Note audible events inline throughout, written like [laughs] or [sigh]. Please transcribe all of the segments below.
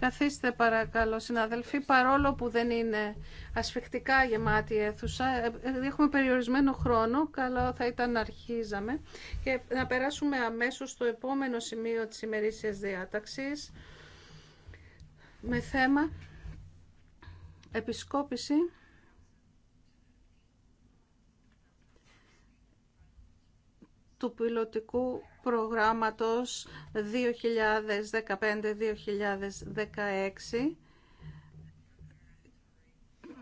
Καθίστε παρακαλώ συναδελφοί, παρόλο που δεν είναι ασφιχτικά γεμάτη η αίθουσα, ε, ε, έχουμε περιορισμένο χρόνο, καλό θα ήταν να αρχίζαμε και να περάσουμε αμέσως στο επόμενο σημείο της ημερήσιας διάταξης με θέμα επισκόπηση του πιλωτικού προγράμματος 2015-2016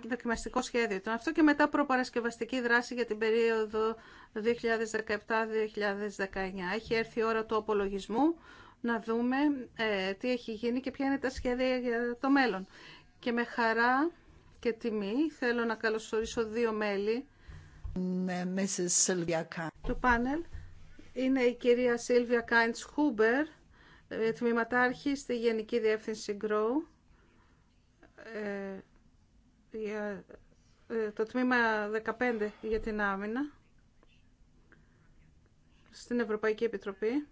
δοκιμαστικό σχέδιο ήταν αυτό και μετά προπαρασκευαστική δράση για την περίοδο 2017-2019. Έχει έρθει η ώρα του απολογισμού να δούμε ε, τι έχει γίνει και ποια είναι τα σχέδια για το μέλλον. Και με χαρά και τιμή θέλω να καλωσορίσω δύο μέλη Mrs. του πάνελ είναι η κυρία Σίλβια Κάιντς Χούμπερ, ε, τμήματάρχη στη Γενική Διεύθυνση Grow, ε, ε, το τμήμα 15 για την άμυνα, στην Ευρωπαϊκή Επιτροπή,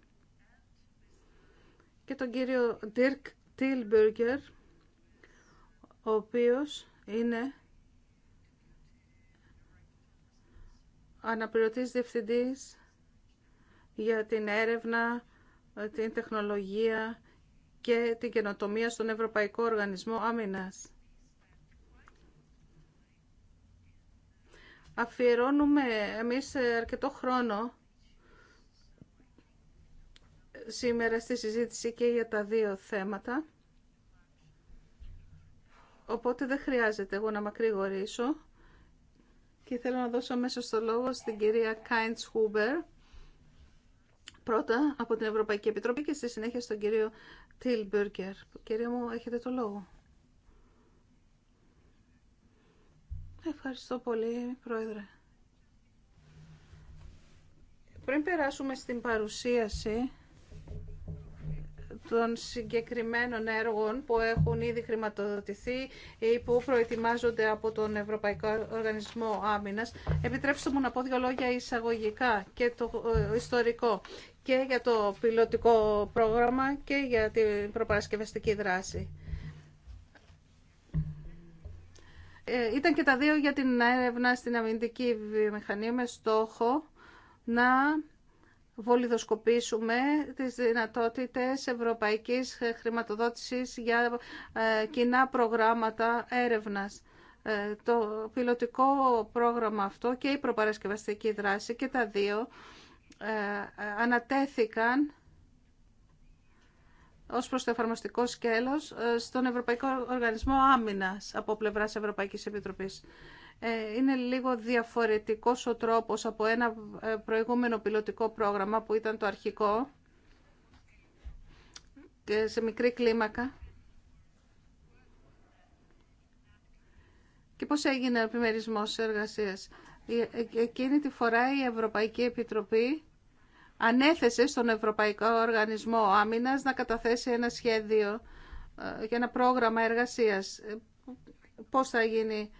και τον κύριο Dirk Tilburger, ο οποίος είναι αναπληρωτής διευθυντής για την έρευνα, την τεχνολογία και την καινοτομία στον Ευρωπαϊκό Οργανισμό Άμυνας. Αφιερώνουμε εμείς αρκετό χρόνο σήμερα στη συζήτηση και για τα δύο θέματα. Οπότε δεν χρειάζεται εγώ να μακρηγορήσω. Και θέλω να δώσω μέσα στο λόγο στην κυρία Κάιντς Χούμπερ, πρώτα από την Ευρωπαϊκή Επιτροπή και στη συνέχεια στον κύριο Μπέρκερ. Κύριε μου, έχετε το λόγο. Ευχαριστώ πολύ, Πρόεδρε. Πριν περάσουμε στην παρουσίαση των συγκεκριμένων έργων που έχουν ήδη χρηματοδοτηθεί ή που προετοιμάζονται από τον Ευρωπαϊκό Οργανισμό Άμυνας. Επιτρέψτε μου να πω δύο λόγια εισαγωγικά και το ε, ιστορικό και για το πιλωτικό πρόγραμμα και για την προπαρασκευαστική δράση. Ε, ήταν και τα δύο για την έρευνα στην αμυντική βιομηχανία με στόχο να βολιδοσκοπήσουμε τις δυνατότητες ευρωπαϊκής χρηματοδότησης για ε, κοινά προγράμματα έρευνας. Ε, το πιλωτικό πρόγραμμα αυτό και η προπαρασκευαστική δράση και τα δύο ε, ανατέθηκαν ως προς το εφαρμοστικό σκέλος στον Ευρωπαϊκό Οργανισμό Άμυνας από πλευράς Ευρωπαϊκής Επιτροπής. Ε, είναι λίγο διαφορετικός ο τρόπος από ένα ε, προηγούμενο πιλωτικό πρόγραμμα που ήταν το αρχικό και σε μικρή κλίμακα. Και πώς έγινε ο επιμερισμός εργασίας. Ε, εκείνη τη φορά η Ευρωπαϊκή Επιτροπή ανέθεσε στον Ευρωπαϊκό Οργανισμό Άμυνας να καταθέσει ένα σχέδιο και ένα πρόγραμμα εργασίας. Πώς θα γίνει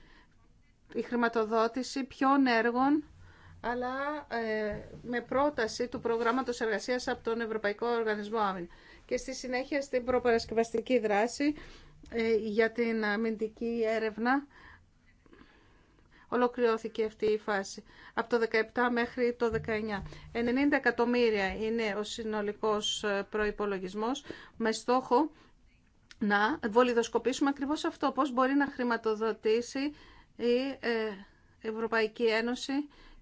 η χρηματοδότηση ποιών έργων αλλά ε, με πρόταση του προγράμματος εργασίας από τον Ευρωπαϊκό Οργανισμό Άμυνα. Και στη συνέχεια στην προπαρασκευαστική δράση ε, για την αμυντική έρευνα ολοκληρώθηκε αυτή η φάση από το 17 μέχρι το 19. 90 εκατομμύρια είναι ο συνολικός ε, προϋπολογισμός με στόχο να βολιδοσκοπήσουμε ακριβώς αυτό, πώς μπορεί να χρηματοδοτήσει η ε, Ευρωπαϊκή Ένωση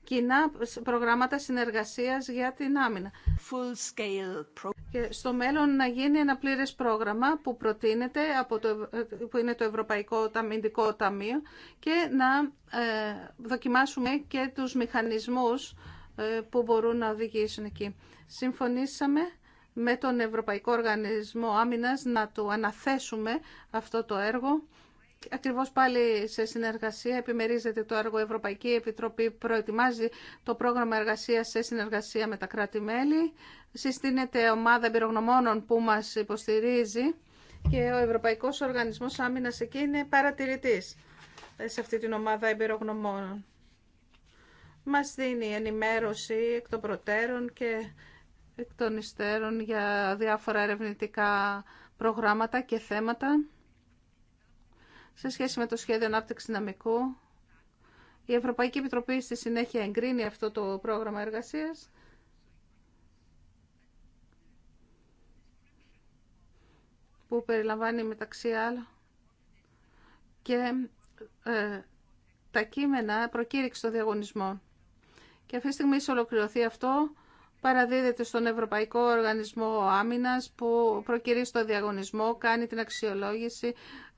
κοινά προγράμματα συνεργασίας για την άμυνα. Full scale και στο μέλλον να γίνει ένα πλήρες πρόγραμμα που προτείνεται, από το, ε, που είναι το Ευρωπαϊκό Ταμιντικό Ταμείο και να ε, δοκιμάσουμε και τους μηχανισμούς που μπορούν να οδηγήσουν εκεί. Συμφωνήσαμε με τον Ευρωπαϊκό Οργανισμό Άμυνας να του αναθέσουμε αυτό το έργο Ακριβώς πάλι σε συνεργασία επιμερίζεται το έργο. Ευρωπαϊκή Επιτροπή προετοιμάζει το πρόγραμμα εργασίας σε συνεργασία με τα κράτη-μέλη. Συστήνεται ομάδα εμπειρογνωμόνων που μας υποστηρίζει και ο Ευρωπαϊκός Οργανισμός Άμυνας εκεί είναι παρατηρητής σε αυτή την ομάδα εμπειρογνωμόνων. Μας δίνει ενημέρωση εκ των προτέρων και εκ των υστέρων για διάφορα ερευνητικά προγράμματα και θέματα σε σχέση με το σχέδιο ανάπτυξη δυναμικού. Η Ευρωπαϊκή Επιτροπή στη συνέχεια εγκρίνει αυτό το πρόγραμμα εργασίας. που περιλαμβάνει μεταξύ άλλων και ε, τα κείμενα προκήρυξη των διαγωνισμών. Και αυτή τη στιγμή ολοκληρωθεί αυτό, παραδίδεται στον Ευρωπαϊκό Οργανισμό Άμυνας που προκυρεί στο διαγωνισμό, κάνει την αξιολόγηση,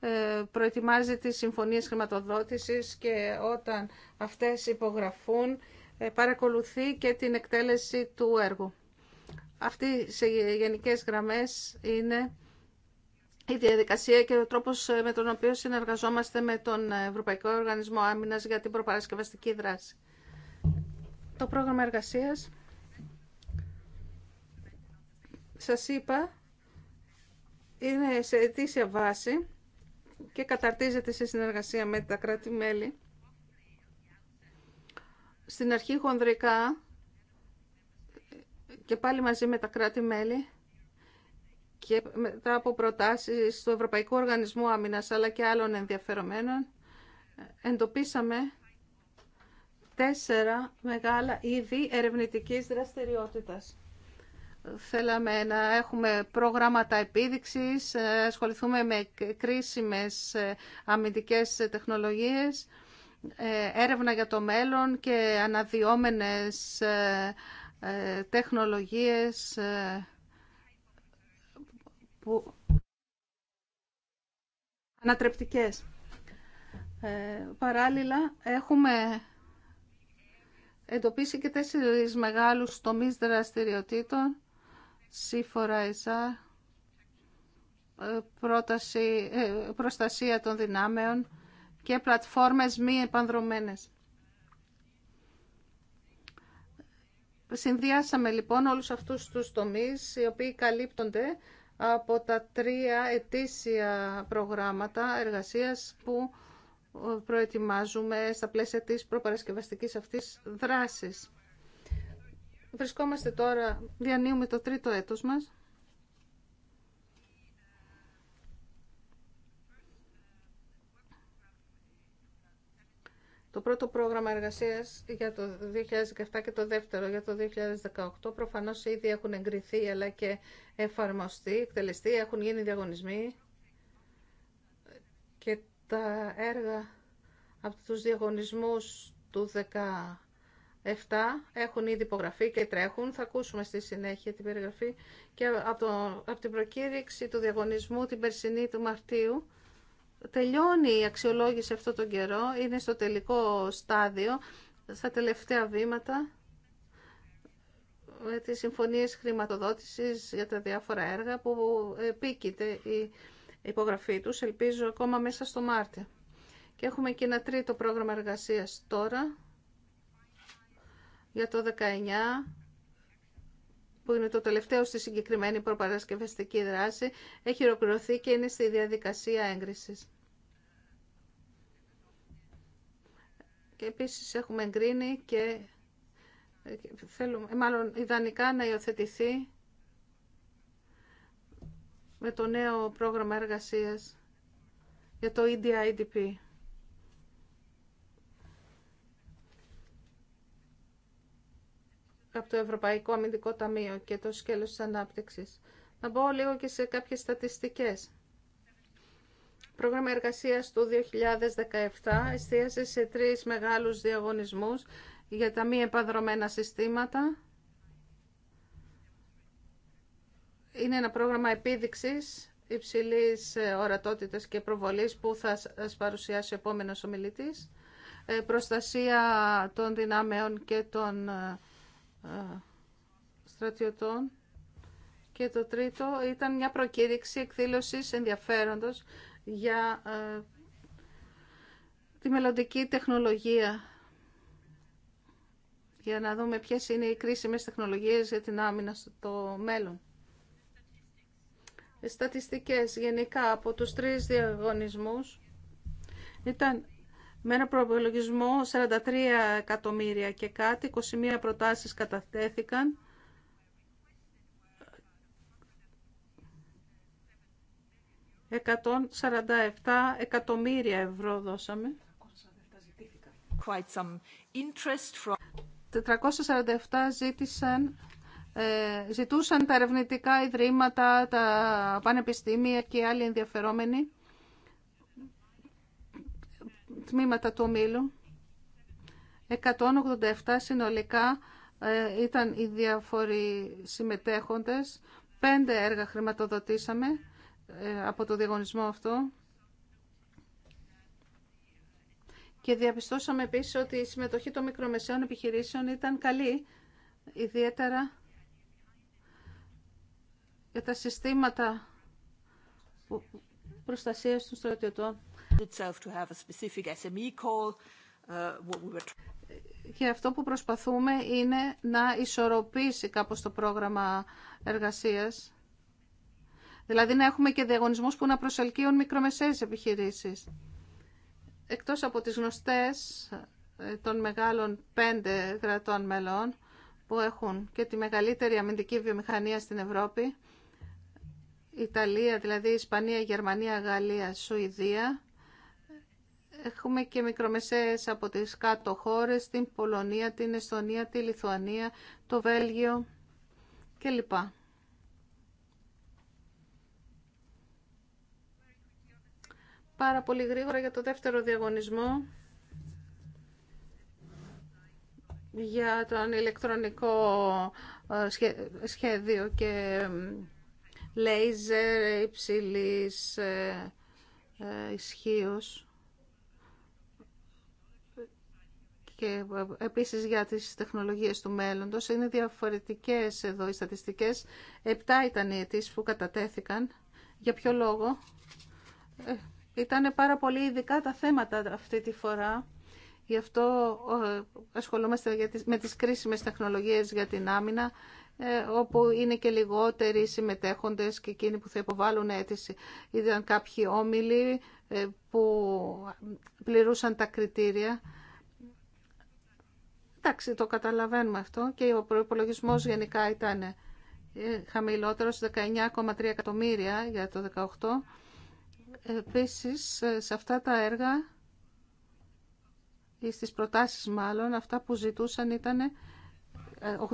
ε, προετοιμάζει τις συμφωνίες χρηματοδότησης και όταν αυτές υπογραφούν ε, παρακολουθεί και την εκτέλεση του έργου. Αυτή σε γενικές γραμμές είναι η διαδικασία και ο τρόπος ε, με τον οποίο συνεργαζόμαστε με τον Ευρωπαϊκό Οργανισμό Άμυνας για την προπαρασκευαστική δράση. Το πρόγραμμα εργασίας, σας είπα, είναι σε αιτήσια βάση και καταρτίζεται σε συνεργασία με τα κράτη-μέλη. Στην αρχή χονδρικά και πάλι μαζί με τα κράτη-μέλη και μετά από προτάσεις του Ευρωπαϊκού Οργανισμού Άμυνας αλλά και άλλων ενδιαφερομένων εντοπίσαμε τέσσερα μεγάλα είδη ερευνητικής δραστηριότητας. Θέλαμε να έχουμε προγράμματα επίδειξης, ε, ασχοληθούμε με κρίσιμες ε, αμυντικές τεχνολογίες, ε, έρευνα για το μέλλον και αναδυόμενες τεχνολογίες που ανατρεπτικές. Παράλληλα, έχουμε εντοπίσει και τέσσερις μεγάλους τομείς δραστηριοτήτων Σύφορα εσα προταση ε, προστασία των δυνάμεων και πλατφόρμες μη επανδρομένες. Συνδυάσαμε λοιπόν όλους αυτούς τους τομείς οι οποίοι καλύπτονται από τα τρία ετήσια προγράμματα εργασίας που ε, προετοιμάζουμε στα πλαίσια της προπαρασκευαστικής αυτής δράσης. Βρισκόμαστε τώρα, διανύουμε το τρίτο έτος μας. Το πρώτο πρόγραμμα εργασίας για το 2017 και το δεύτερο για το 2018 προφανώς ήδη έχουν εγκριθεί αλλά και εφαρμοστεί, εκτελεστεί, έχουν γίνει διαγωνισμοί και τα έργα από τους διαγωνισμούς του Εφτά έχουν ήδη υπογραφεί και τρέχουν. Θα ακούσουμε στη συνέχεια την περιγραφή και από, την προκήρυξη του διαγωνισμού την περσινή του Μαρτίου. Τελειώνει η αξιολόγηση αυτό τον καιρό, είναι στο τελικό στάδιο, στα τελευταία βήματα με τις συμφωνίες χρηματοδότησης για τα διάφορα έργα που επίκειται η υπογραφή τους, ελπίζω ακόμα μέσα στο Μάρτιο. Και έχουμε και ένα τρίτο πρόγραμμα εργασίας τώρα, για το 19 που είναι το τελευταίο στη συγκεκριμένη προπαρασκευαστική δράση, έχει ολοκληρωθεί και είναι στη διαδικασία έγκρισης. Και επίσης έχουμε εγκρίνει και θέλουμε, μάλλον ιδανικά να υιοθετηθεί με το νέο πρόγραμμα εργασίας για το EDIDP. από το Ευρωπαϊκό Αμυντικό Ταμείο και το σκέλος της ανάπτυξης. Να μπω λίγο και σε κάποιες στατιστικές. Πρόγραμμα εργασίας του 2017 εστίασε σε τρεις μεγάλους διαγωνισμούς για τα μη επαδρομένα συστήματα. Είναι ένα πρόγραμμα επίδειξης υψηλής ε, ορατότητας και προβολής που θα σας παρουσιάσει ο επόμενος ομιλητής. Ε, προστασία των δυνάμεων και των ε, στρατιωτών και το τρίτο ήταν μια προκήρυξη εκδήλωσης ενδιαφέροντος για ε, τη μελλοντική τεχνολογία για να δούμε ποιες είναι οι κρίσιμες τεχνολογίες για την άμυνα στο μέλλον. Στατιστικές γενικά από τους τρεις διαγωνισμούς ήταν με ένα προπολογισμό 43 εκατομμύρια και κάτι, 21 προτάσεις καταθέθηκαν. ...147 εκατομμύρια ευρώ δώσαμε. 447 ζήτησαν, ε, ζητούσαν τα ερευνητικά ιδρύματα, τα πανεπιστήμια και άλλοι ενδιαφερόμενοι τμήματα του ομίλου. 187 συνολικά ε, ήταν οι διάφοροι συμμετέχοντες. Πέντε έργα χρηματοδοτήσαμε ε, από το διαγωνισμό αυτό. Και διαπιστώσαμε επίσης ότι η συμμετοχή των μικρομεσαίων επιχειρήσεων ήταν καλή, ιδιαίτερα για τα συστήματα προστασίας των στρατιωτών. Και αυτό που προσπαθούμε είναι να ισορροπήσει κάπως το πρόγραμμα εργασίας. Δηλαδή να έχουμε και διαγωνισμούς που να προσελκύουν μικρομεσαίες επιχειρήσεις. Εκτός από τις γνωστές ε, των μεγάλων πέντε κρατών μελών που έχουν και τη μεγαλύτερη αμυντική βιομηχανία στην Ευρώπη, Ιταλία, δηλαδή Ισπανία, Γερμανία, Γαλλία, Σουηδία, Έχουμε και μικρομεσαίες από τις κάτω χώρες, την Πολωνία, την Εστονία, τη Λιθουανία, το Βέλγιο κλπ. Πάρα πολύ γρήγορα για το δεύτερο διαγωνισμό για τον ηλεκτρονικό ε, σχέδιο και λέιζερ υψηλής ε, ε, ισχύως. και επίσης για τις τεχνολογίες του μέλλοντος. Είναι διαφορετικές εδώ οι στατιστικές. Επτά ήταν οι αιτήσεις που κατατέθηκαν. Για ποιο λόγο. Ε, ήταν πάρα πολύ ειδικά τα θέματα αυτή τη φορά. Γι' αυτό ε, ασχολούμαστε με τις κρίσιμες τεχνολογίες για την άμυνα, ε, όπου είναι και λιγότεροι συμμετέχοντες και εκείνοι που θα υποβάλουν αίτηση. Ήταν κάποιοι όμιλοι ε, που πληρούσαν τα κριτήρια Εντάξει, το καταλαβαίνουμε αυτό και ο προπολογισμό γενικά ήταν ε, χαμηλότερο, 19,3 εκατομμύρια για το 2018. Επίση, ε, σε αυτά τα έργα ή στις προτάσεις μάλλον, αυτά που ζητούσαν ήταν, ε,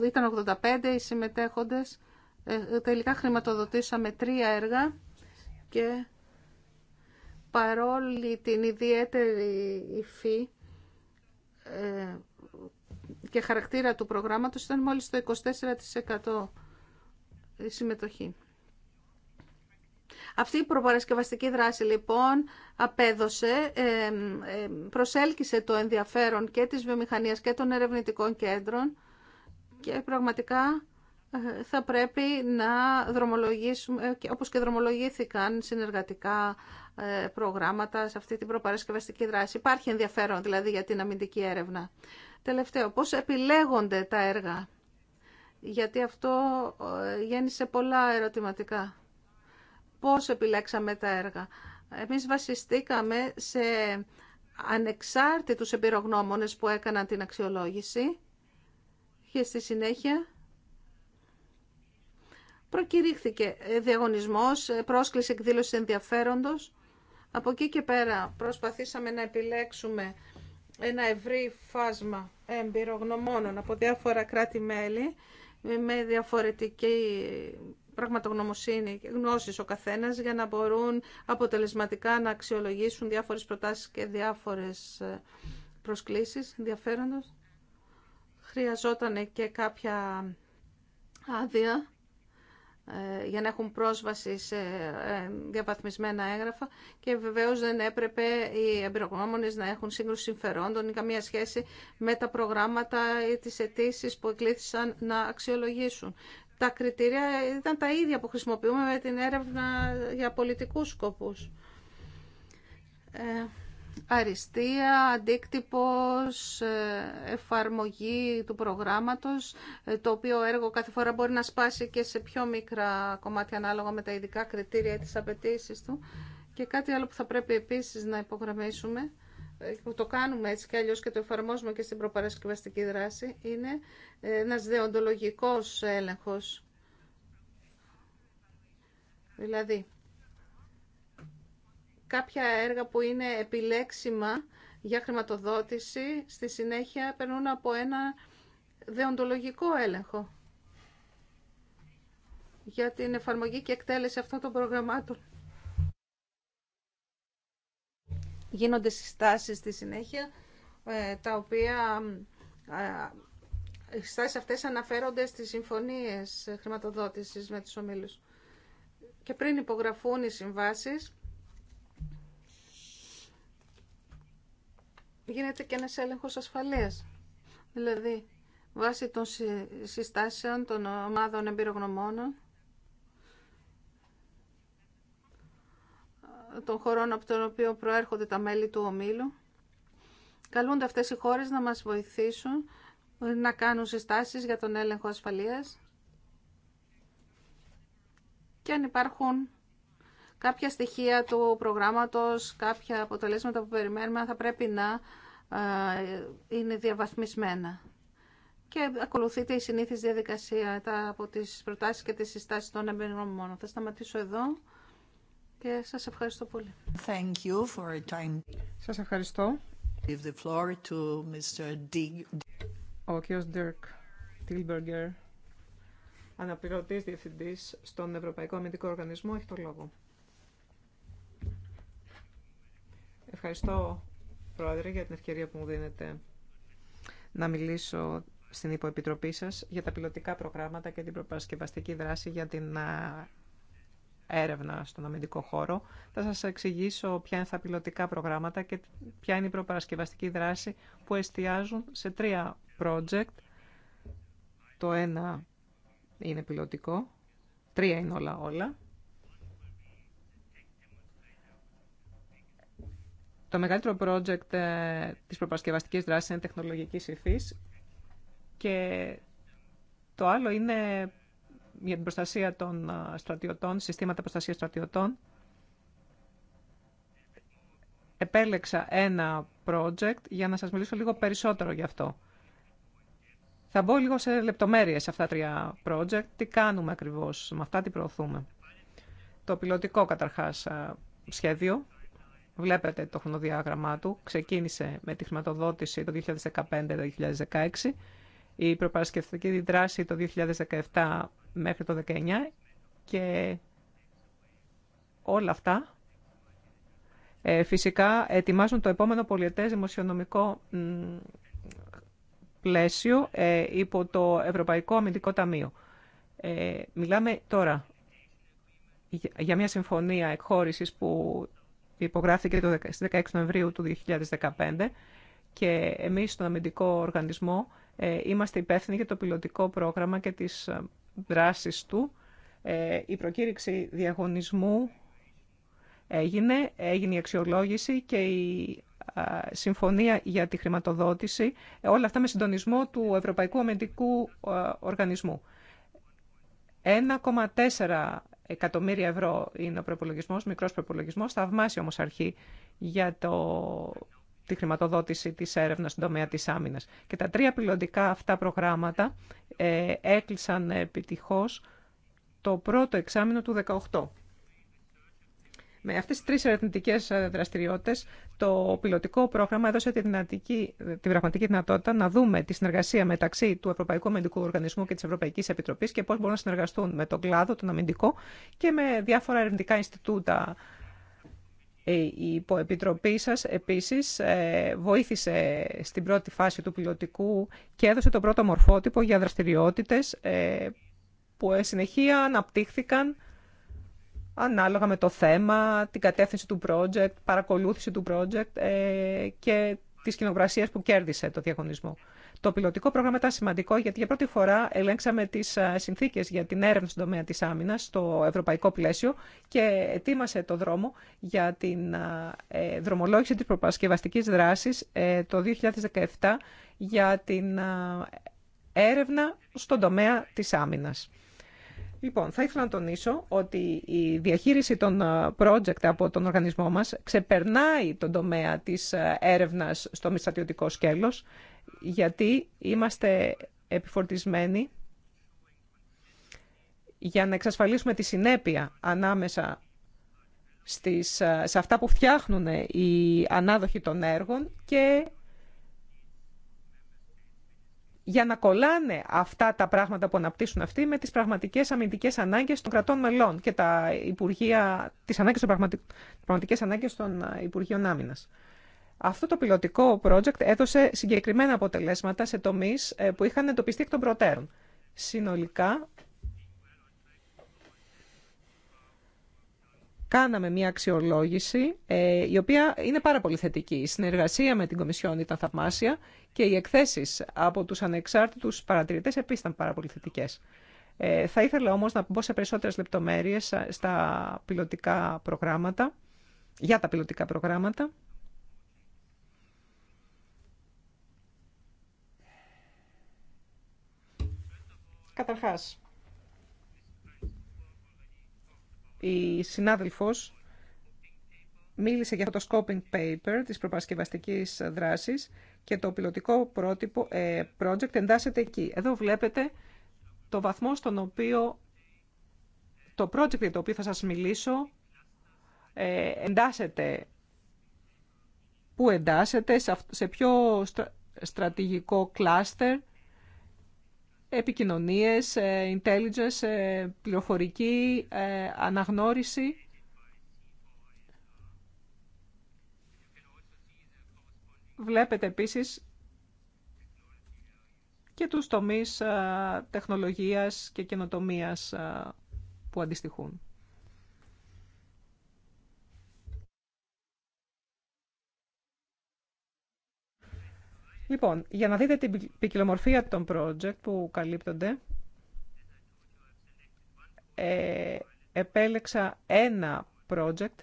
ήταν 85 οι συμμετέχοντες. Τελικά χρηματοδοτήσαμε τρία έργα και παρόλη την ιδιαίτερη υφή και χαρακτήρα του προγράμματος ήταν μόλις το 24% η συμμετοχή. Αυτή η προπαρασκευαστική δράση λοιπόν απέδωσε, ε, ε, προσέλκυσε το ενδιαφέρον και της βιομηχανίας και των ερευνητικών κέντρων και πραγματικά ε, θα πρέπει να δρομολογήσουμε, όπως και δρομολογήθηκαν συνεργατικά προγράμματα σε αυτή την προπαρασκευαστική δράση. Υπάρχει ενδιαφέρον δηλαδή για την αμυντική έρευνα. Τελευταίο, πώς επιλέγονται τα έργα. Γιατί αυτό ε, γέννησε πολλά ερωτηματικά. Πώς επιλέξαμε τα έργα. Εμείς βασιστήκαμε σε ανεξάρτητους εμπειρογνώμονες που έκαναν την αξιολόγηση και στη συνέχεια προκηρύχθηκε διαγωνισμός, πρόσκληση εκδήλωση ενδιαφέροντος. Από εκεί και πέρα προσπαθήσαμε να επιλέξουμε ένα ευρύ φάσμα εμπειρογνωμόνων από διάφορα κράτη-μέλη με διαφορετική πραγματογνωμοσύνη και γνώσεις ο καθένας για να μπορούν αποτελεσματικά να αξιολογήσουν διάφορες προτάσεις και διάφορες ε, προσκλήσεις ενδιαφέροντος. Χρειαζόταν και κάποια άδεια ε, για να έχουν πρόσβαση σε ε, διαβαθμισμένα έγγραφα και βεβαίως δεν έπρεπε οι εμπειρογνώμονες να έχουν σύγκρουση συμφερόντων ή καμία σχέση με τα προγράμματα ή τις αιτήσει που εκλήθησαν να αξιολογήσουν. Τα κριτήρια ήταν τα ίδια που χρησιμοποιούμε με την έρευνα για πολιτικούς σκοπούς. Ε, αριστεία, αντίκτυπος, ε, εφαρμογή του προγράμματος, ε, το οποίο έργο κάθε φορά μπορεί να σπάσει και σε πιο μικρά κομμάτια ανάλογα με τα ειδικά κριτήρια της απαιτήσει του. Και κάτι άλλο που θα πρέπει επίσης να υπογραμμίσουμε, ε, που το κάνουμε έτσι και αλλιώς και το εφαρμόζουμε και στην προπαρασκευαστική δράση, είναι ένας δεοντολογικός έλεγχος. Δηλαδή, κάποια έργα που είναι επιλέξιμα για χρηματοδότηση, στη συνέχεια περνούν από ένα δεοντολογικό έλεγχο για την εφαρμογή και εκτέλεση αυτών των προγραμμάτων. Γίνονται συστάσεις στη συνέχεια, ε, τα οποία ε, οι συστάσεις αυτές αναφέρονται στις συμφωνίες χρηματοδότησης με τους ομίλους. Και πριν υπογραφούν οι συμβάσεις, γίνεται και ένας έλεγχος ασφαλείας. Δηλαδή, βάσει των συστάσεων των ομάδων εμπειρογνωμόνων, των χωρών από τον οποίο προέρχονται τα μέλη του ομίλου, καλούνται αυτές οι χώρες να μας βοηθήσουν να κάνουν συστάσεις για τον έλεγχο ασφαλείας και αν υπάρχουν κάποια στοιχεία του προγράμματος, κάποια αποτελέσματα που περιμένουμε θα πρέπει να ε, είναι διαβαθμισμένα. Και ακολουθείται η συνήθις διαδικασία τα, από τις προτάσεις και τις συστάσεις των εμπειρογνωμών. Θα σταματήσω εδώ και σας ευχαριστώ πολύ. Thank you for your time. Σας ευχαριστώ. Give the floor to Mr. Ο κ. Dirk Tilberger, αναπληρωτής διευθυντής στον Ευρωπαϊκό Αμυντικό Οργανισμό, έχει το λόγο. Ευχαριστώ, Πρόεδρε, για την ευκαιρία που μου δίνετε να μιλήσω στην υποεπιτροπή σας για τα πιλωτικά προγράμματα και την προπαρασκευαστική δράση για την έρευνα στον αμυντικό χώρο. Θα σας εξηγήσω ποια είναι τα πιλωτικά προγράμματα και ποια είναι η προπαρασκευαστική δράση που εστιάζουν σε τρία project. Το ένα είναι πιλωτικό, τρία είναι όλα όλα. Το μεγαλύτερο project ε, της προπαρασκευαστικής δράσης είναι τεχνολογικής υφής και το άλλο είναι για την προστασία των ε, στρατιωτών, συστήματα προστασίας στρατιωτών. Επέλεξα ένα project για να σας μιλήσω λίγο περισσότερο γι' αυτό. Θα μπω λίγο σε λεπτομέρειες σε αυτά τρία project, τι κάνουμε ακριβώς με αυτά, τι προωθούμε. Το πιλωτικό καταρχάς ε, σχέδιο Βλέπετε το χρονοδιάγραμμά του. Ξεκίνησε με τη χρηματοδότηση το 2015-2016, η προπαρασκευτική δράση το 2017 μέχρι το 2019 και όλα αυτά ε, φυσικά ετοιμάζουν το επόμενο πολιετές δημοσιονομικό πλαίσιο ε, υπό το Ευρωπαϊκό Αμυντικό Ταμείο. Ε, μιλάμε τώρα για μια συμφωνία εκχώρησης που υπογράφηκε το, 16 Νοεμβρίου του 2015 και εμείς στον αμυντικό οργανισμό ε, είμαστε υπεύθυνοι για το πιλωτικό πρόγραμμα και τις ε, δράσεις του. Ε, η προκήρυξη διαγωνισμού έγινε, έγινε η αξιολόγηση και η συμφωνία για τη χρηματοδότηση, όλα αυτά με συντονισμό του Ευρωπαϊκού Αμυντικού Οργανισμού. 1,4 εκατομμύρια ευρώ είναι ο προπολογισμό, μικρό προπολογισμό, θαυμάσια όμω αρχή για το, τη χρηματοδότηση τη έρευνα στον τομέα τη άμυνα. Και τα τρία πιλωτικά αυτά προγράμματα ε, έκλεισαν επιτυχώ το πρώτο εξάμεινο του 2018. Με αυτές τις τρεις ερευνητικές ε, δραστηριότητες, το πιλωτικό πρόγραμμα έδωσε την δυνατική, τη πραγματική δυνατότητα να δούμε τη συνεργασία μεταξύ του Ευρωπαϊκού Αμυντικού Οργανισμού και της Ευρωπαϊκής Επιτροπής και πώς μπορούν να συνεργαστούν με τον κλάδο, τον αμυντικό και με διάφορα ερευνητικά Ινστιτούτα. Ε, η υποεπιτροπή σας επίσης ε, βοήθησε στην πρώτη φάση του πιλωτικού και έδωσε τον πρώτο μορφότυπο για δραστηριότητες που συνεχεία αναπτύχθηκαν ανάλογα με το θέμα, την κατεύθυνση του project, παρακολούθηση του project ε, και τη κοινοβρασία που κέρδισε το διαγωνισμό. Το πιλωτικό πρόγραμμα ήταν σημαντικό γιατί για πρώτη φορά ελέγξαμε τι ε, συνθήκε για την έρευνα στον τομέα τη άμυνα στο ευρωπαϊκό πλαίσιο και ετοίμασε το δρόμο για την ε, δρομολόγηση τη προπαρασκευαστική δράση ε, το 2017 για την έρευνα στον τομέα της Άμυνα. Λοιπόν, θα ήθελα να τονίσω ότι η διαχείριση των ε, project από τον οργανισμό μας ξεπερνάει τον τομέα της ε, έρευνας στο μη σκέλος, γιατί είμαστε επιφορτισμένοι για να εξασφαλίσουμε τη συνέπεια ανάμεσα στις, ε, σε αυτά που φτιάχνουν οι ανάδοχοι των έργων και για να κολλάνε αυτά τα πράγματα που αναπτύσσουν αυτοί με τις πραγματικές αμυντικές ανάγκες των κρατών μελών και τα υπουργεία, τις, ανάγκες των πραγματικές ανάγκες των Υπουργείων Άμυνας. Αυτό το πιλωτικό project έδωσε συγκεκριμένα αποτελέσματα σε τομείς ε, που είχαν εντοπιστεί εκ των προτέρων. Συνολικά, Κάναμε μια αξιολόγηση ε, η οποία είναι πάρα πολύ θετική. Η συνεργασία με την Κομισιόν ήταν θαυμάσια και οι εκθέσεις από τους ανεξάρτητους παρατηρητές επίσης ήταν πάρα πολύ θετικές. Ε, θα ήθελα όμως να μπω σε περισσότερες λεπτομέρειες στα πιλωτικά προγράμματα, για τα πιλωτικά προγράμματα. Καταρχάς, η συνάδελφος μίλησε για αυτό το scoping paper της προπαρασκευαστικής δράσης και το πιλωτικό πρότυπο, ε, project εντάσσεται εκεί. Εδώ βλέπετε το βαθμό στον οποίο το project για το οποίο θα σας μιλήσω ε, εντάσσεται, που εντάσσεται, σε ποιο στρατηγικό κλάστερ επικοινωνίες, ε, intelligence, ε, πληροφορική, ε, αναγνώριση. Βλέπετε επίσης και τους τομείς τεχνολογίας και καινοτομίας που αντιστοιχούν. Λοιπόν, για να δείτε την ποικιλομορφία των project που καλύπτονται, ε, επέλεξα ένα project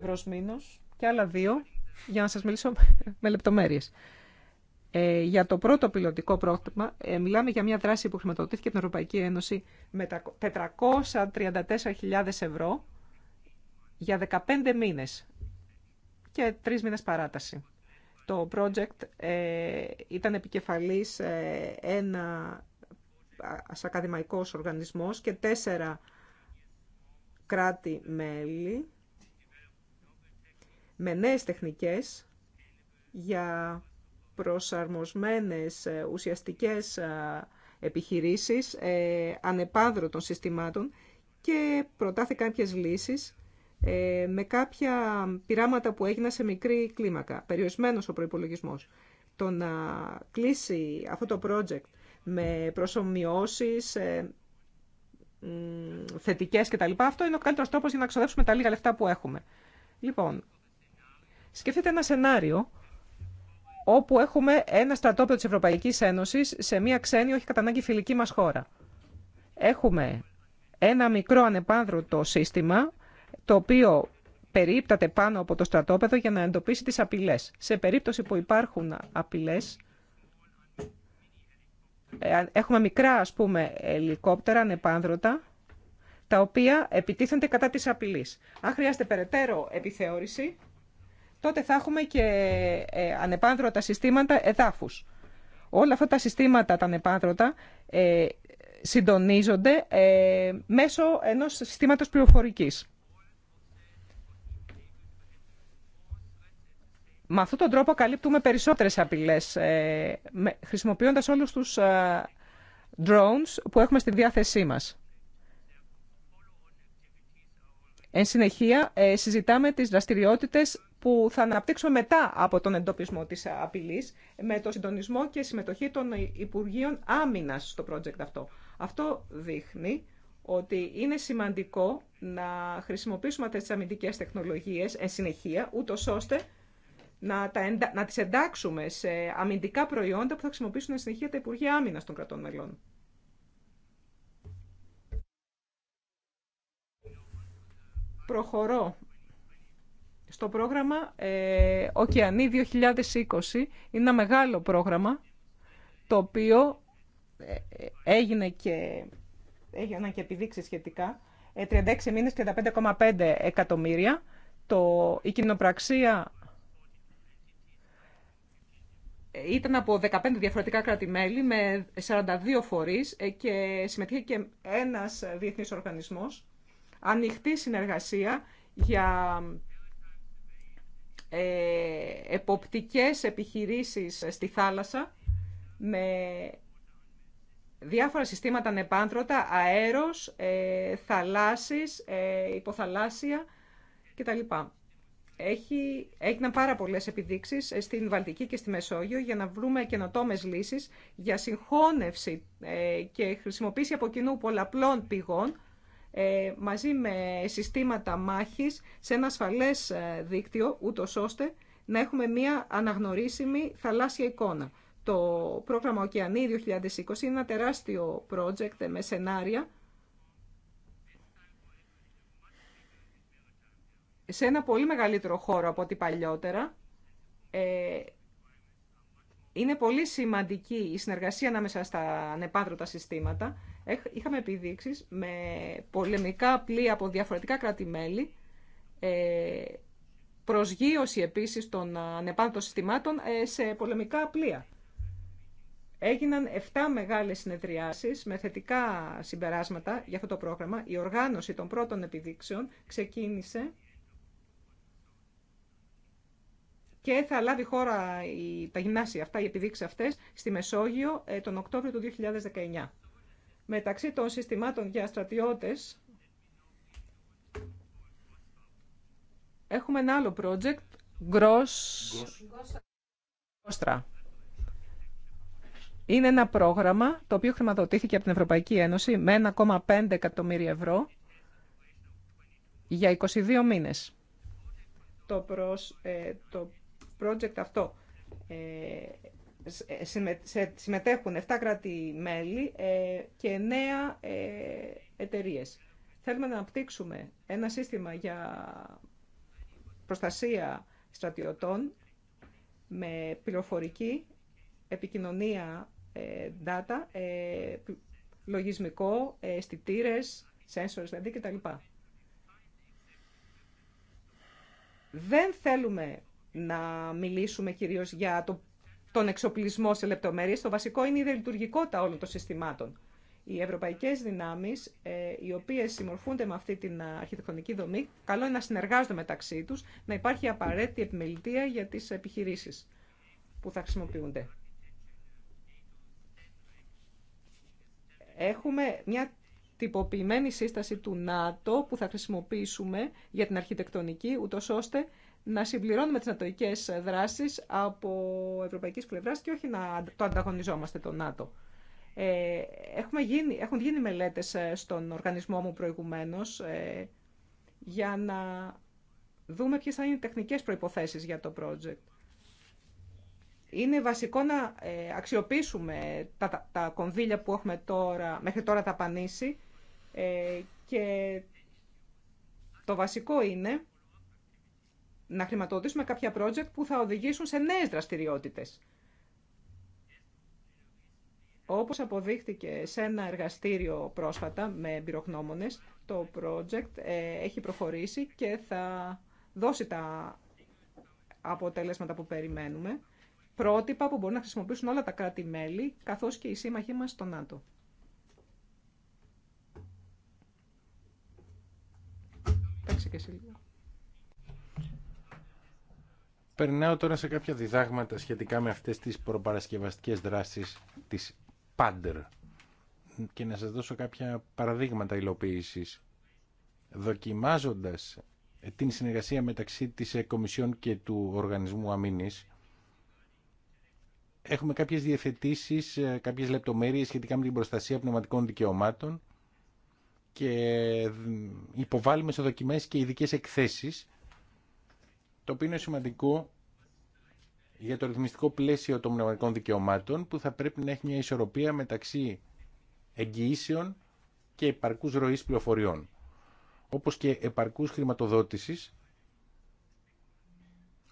ευρώ μήνος και άλλα δύο για να σας μιλήσω [laughs] με λεπτομέρειες. Ε, για το πρώτο πιλωτικό πρόγραμμα ε, μιλάμε για μια δράση που χρηματοδοτήθηκε από την Ευρωπαϊκή Ένωση με 434.000 ευρώ για 15 μήνες και 3 μήνες παράταση. Το project ε, ήταν επικεφαλής ε, ένα ακαδημαϊκός οργανισμός και τέσσερα κράτη-μέλη με νέες τεχνικές για προσαρμοσμένες ε, ουσιαστικές επιχειρήσεις ε, των συστημάτων και προτάθηκαν κάποιες λύσεις ε, με κάποια πειράματα που έγιναν σε μικρή κλίμακα, περιορισμένος ο προϋπολογισμός. Το να κλείσει αυτό το project με προσωμιώσεις, ε, θετικές κτλ. Αυτό είναι ο καλύτερος τρόπος για να ξοδέψουμε τα λίγα λεφτά που έχουμε. Λοιπόν, σκεφτείτε ένα σενάριο όπου έχουμε ένα στρατόπεδο της Ευρωπαϊκής Ένωσης σε μια ξένη, όχι κατά ανάγκη φιλική μας χώρα. Έχουμε ένα μικρό ανεπάνδρωτο σύστημα το οποίο περίπταται πάνω από το στρατόπεδο για να εντοπίσει τις απειλές. Σε περίπτωση που υπάρχουν απειλές, ε, έχουμε μικρά ας πούμε ελικόπτερα ανεπάνδρωτα, τα οποία επιτίθενται κατά της απειλής. Αν χρειάζεται περαιτέρω επιθεώρηση, τότε θα έχουμε και ε, ανεπάνδρωτα συστήματα εδάφους. Όλα αυτά τα συστήματα, τα ανεπάνδρωτα, ε, συντονίζονται μέσω ενός συστήματος πληροφορικής. Με αυτόν τον τρόπο καλύπτουμε περισσότερες απειλές, ε, χρησιμοποιώντας όλους τους ε, drones που έχουμε στη διάθεσή μας. Εν συνεχεία, ε, συζητάμε τις δραστηριότητες που θα αναπτύξουμε μετά από τον εντοπισμό της απειλής, με το συντονισμό και συμμετοχή των Υπουργείων Άμυνα στο project αυτό. Αυτό δείχνει ότι είναι σημαντικό να χρησιμοποιήσουμε αυτές τις αμυντικές τεχνολογίες εν συνεχεία, ούτω ώστε να, τα να τις εντάξουμε σε αμυντικά προϊόντα που θα χρησιμοποιήσουν συνεχεία τα Υπουργεία Άμυνας των κρατών μελών. Προχωρώ στο πρόγραμμα ε, Οκεανή 2020. Είναι ένα μεγάλο πρόγραμμα το οποίο ε, ε, έγινε και, έγιναν και επιδείξει σχετικά. 36 ε, μήνες, 35,5 εκατομμύρια. Το, η κοινοπραξία ήταν από 15 διαφορετικά κράτη-μέλη με 42 φορείς ε, και συμμετείχε και ένας διεθνής οργανισμός. Ανοιχτή συνεργασία για ε, εποπτικές επιχειρήσεις στη θάλασσα με διάφορα συστήματα ανεπάντρωτα, αέρος, ε, θαλάσσης, υποθαλάσσια κτλ έχει, έγιναν πάρα πολλές επιδείξεις ε, στην Βαλτική και στη Μεσόγειο για να βρούμε καινοτόμε λύσεις για συγχώνευση ε, και χρησιμοποίηση από κοινού πολλαπλών πηγών ε, μαζί με συστήματα μάχης σε ένα ασφαλές δίκτυο, ούτω ώστε να έχουμε μία αναγνωρίσιμη θαλάσσια εικόνα. Το πρόγραμμα Οκεανή 2020 είναι ένα τεράστιο project με σενάρια σε ένα πολύ μεγαλύτερο χώρο από ό,τι παλιότερα. Ε, είναι πολύ σημαντική η συνεργασία ανάμεσα στα ανεπάντρωτα συστήματα. Είχαμε επιδείξεις με πολεμικά πλοία από διαφορετικά κράτη-μέλη, ε, προσγείωση επίσης των ανεπάντρωτων συστημάτων ε, σε πολεμικά πλοία. Έγιναν 7 μεγάλες συνεδριάσεις με θετικά συμπεράσματα για αυτό το πρόγραμμα. Η οργάνωση των πρώτων επιδείξεων ξεκίνησε και θα λάβει χώρα η, τα γυμνάσια αυτά, οι επιδείξει αυτές, στη Μεσόγειο ε, τον Οκτώβριο του 2019. Μεταξύ των συστημάτων για στρατιώτες έχουμε ένα άλλο project, Gross Είναι ένα πρόγραμμα το οποίο χρηματοδοτήθηκε από την Ευρωπαϊκή Ένωση με 1,5 εκατομμύρια ευρώ για 22 μήνες. Το, προς, ε, το project αυτό. Ε, ε, συμμετέχουν 7 κράτη-μέλη ε, και 9 εταιρείε. Θέλουμε να αναπτύξουμε ένα σύστημα για προστασία στρατιωτών με πληροφορική, επικοινωνία, data, λογισμικό, αισθητήρε, sensors δηλαδή κτλ. Δεν θέλουμε να μιλήσουμε κυρίως για τον εξοπλισμό σε λεπτομέρειες. Το βασικό είναι η διαλειτουργικότητα όλων των συστημάτων. Οι ευρωπαϊκές δυνάμεις, ε, οι οποίες συμμορφούνται με αυτή την αρχιτεκτονική δομή, καλό είναι να συνεργάζονται μεταξύ τους, να υπάρχει απαραίτητη επιμελητία για τις επιχειρήσεις που θα χρησιμοποιούνται. Έχουμε μια τυποποιημένη σύσταση του ΝΑΤΟ που θα χρησιμοποιήσουμε για την αρχιτεκτονική, ούτως ώστε να συμπληρώνουμε τις νατοικές δράσεις από ευρωπαϊκής Πλευρά και όχι να το ανταγωνιζόμαστε το ΝΑΤΟ. Ε, έχουμε γίνει, έχουν γίνει μελέτες ε, στον οργανισμό μου προηγουμένως ε, για να δούμε ποιες θα είναι οι τεχνικές προϋποθέσεις για το project. Είναι βασικό να αξιοποιήσουμε τα, κονδύλια που έχουμε τώρα, μέχρι τώρα τα πανίσει και το βασικό είναι να χρηματοδοτήσουμε κάποια project που θα οδηγήσουν σε νέες δραστηριότητες. Όπως αποδείχτηκε σε ένα εργαστήριο πρόσφατα με εμπειρογνώμονες, το project ε, έχει προχωρήσει και θα δώσει τα αποτέλεσματα που περιμένουμε, πρότυπα που μπορούν να χρησιμοποιήσουν όλα τα κράτη-μέλη, καθώς και οι σύμμαχοί μας στο ΝΑΤΟ. Περνάω τώρα σε κάποια διδάγματα σχετικά με αυτές τις προπαρασκευαστικές δράσεις της Πάντερ και να σας δώσω κάποια παραδείγματα υλοποίησης. Δοκιμάζοντας ε, την συνεργασία μεταξύ της Κομισιόν και του Οργανισμού Αμήνης, έχουμε κάποιες διευθετήσεις, ε, κάποιες λεπτομέρειες σχετικά με την προστασία πνευματικών δικαιωμάτων και ε, υποβάλλουμε σε δοκιμές και ειδικέ εκθέσεις το οποίο είναι σημαντικό για το ρυθμιστικό πλαίσιο των πνευματικών δικαιωμάτων που θα πρέπει να έχει μια ισορροπία μεταξύ εγγυήσεων και επαρκούς ροής πληροφοριών, όπως και επαρκούς χρηματοδότησης,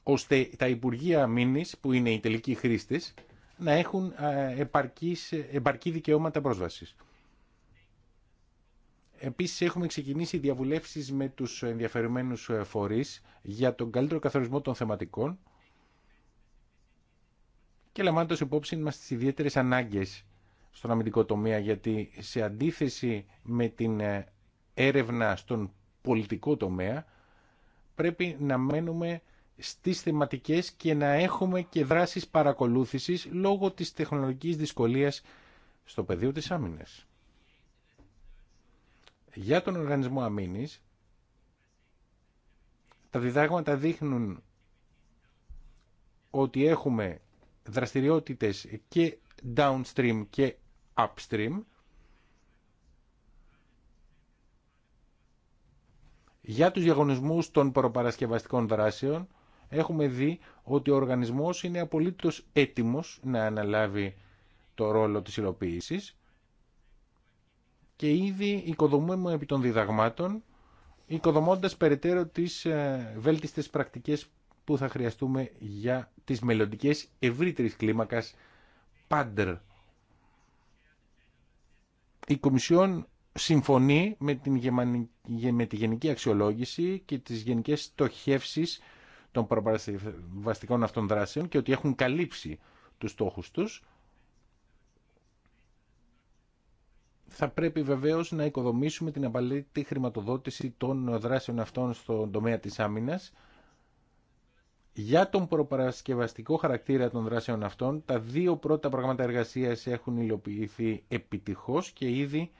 ώστε τα Υπουργεία Μήνης, που είναι οι τελικοί χρήστες, να έχουν ε, ε, επαρκή δικαιώματα πρόσβασης. Επίσης έχουμε ξεκινήσει διαβουλεύσεις με τους ενδιαφερουμένους ε, φορείς για τον καλύτερο καθορισμό των θεματικών και λαμβάνοντας υπόψη μας τις ιδιαίτερες ανάγκες στον αμυντικό τομέα γιατί σε αντίθεση με την ε, έρευνα στον πολιτικό τομέα πρέπει να μένουμε στις θεματικές και να έχουμε και δράσεις παρακολούθησης λόγω της τεχνολογικής δυσκολίας στο πεδίο της άμυνας. Για τον οργανισμό αμήνης, τα διδάγματα δείχνουν ότι έχουμε δραστηριότητες και downstream και upstream. Για τους διαγωνισμούς των προπαρασκευαστικών δράσεων έχουμε δει ότι ο οργανισμός είναι απολύτως έτοιμος να αναλάβει το ρόλο της υλοποίησης και ήδη οικοδομούμε επί των διδαγμάτων, οικοδομώντας περαιτέρω τις ε, βέλτιστες πρακτικές που θα χρειαστούμε για τις μελλοντικέ ευρύτερης κλίμακας πάντερ. Η Κομισιόν συμφωνεί με, την με τη γενική αξιολόγηση και τις γενικές στοχεύσεις των προπαρασκευαστικών αυτών δράσεων και ότι έχουν καλύψει τους στόχους τους θα πρέπει βεβαίως να οικοδομήσουμε την απαλήτητη χρηματοδότηση των δράσεων αυτών στον τομέα της άμυνας. Για τον προπαρασκευαστικό χαρακτήρα των δράσεων αυτών, τα δύο πρώτα προγράμματα εργασία έχουν υλοποιηθεί επιτυχώς και ήδη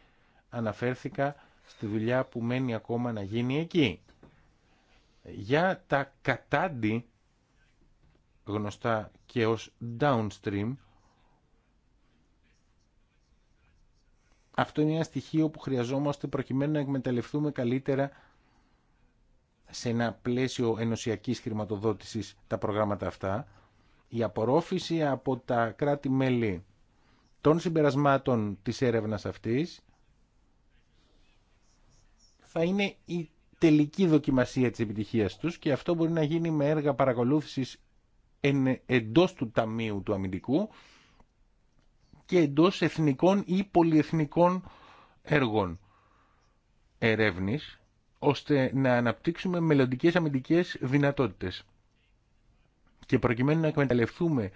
αναφέρθηκα στη δουλειά που μένει ακόμα να γίνει εκεί. Για τα κατάντι, γνωστά και ως downstream, Αυτό είναι ένα στοιχείο που χρειαζόμαστε προκειμένου να εκμεταλλευτούμε καλύτερα σε ένα πλαίσιο ενωσιακής χρηματοδότησης τα προγράμματα αυτά. Η απορρόφηση από τα κράτη-μέλη των συμπερασμάτων της έρευνας αυτής θα είναι η τελική δοκιμασία της επιτυχίας τους και αυτό μπορεί να γίνει με έργα παρακολούθησης εντός του Ταμείου του Αμυντικού και εντός εθνικών ή πολυεθνικών έργων ερεύνης, ώστε να αναπτύξουμε μελλοντικές αμυντικές δυνατότητες. Και προκειμένου να εκμεταλλευτούμε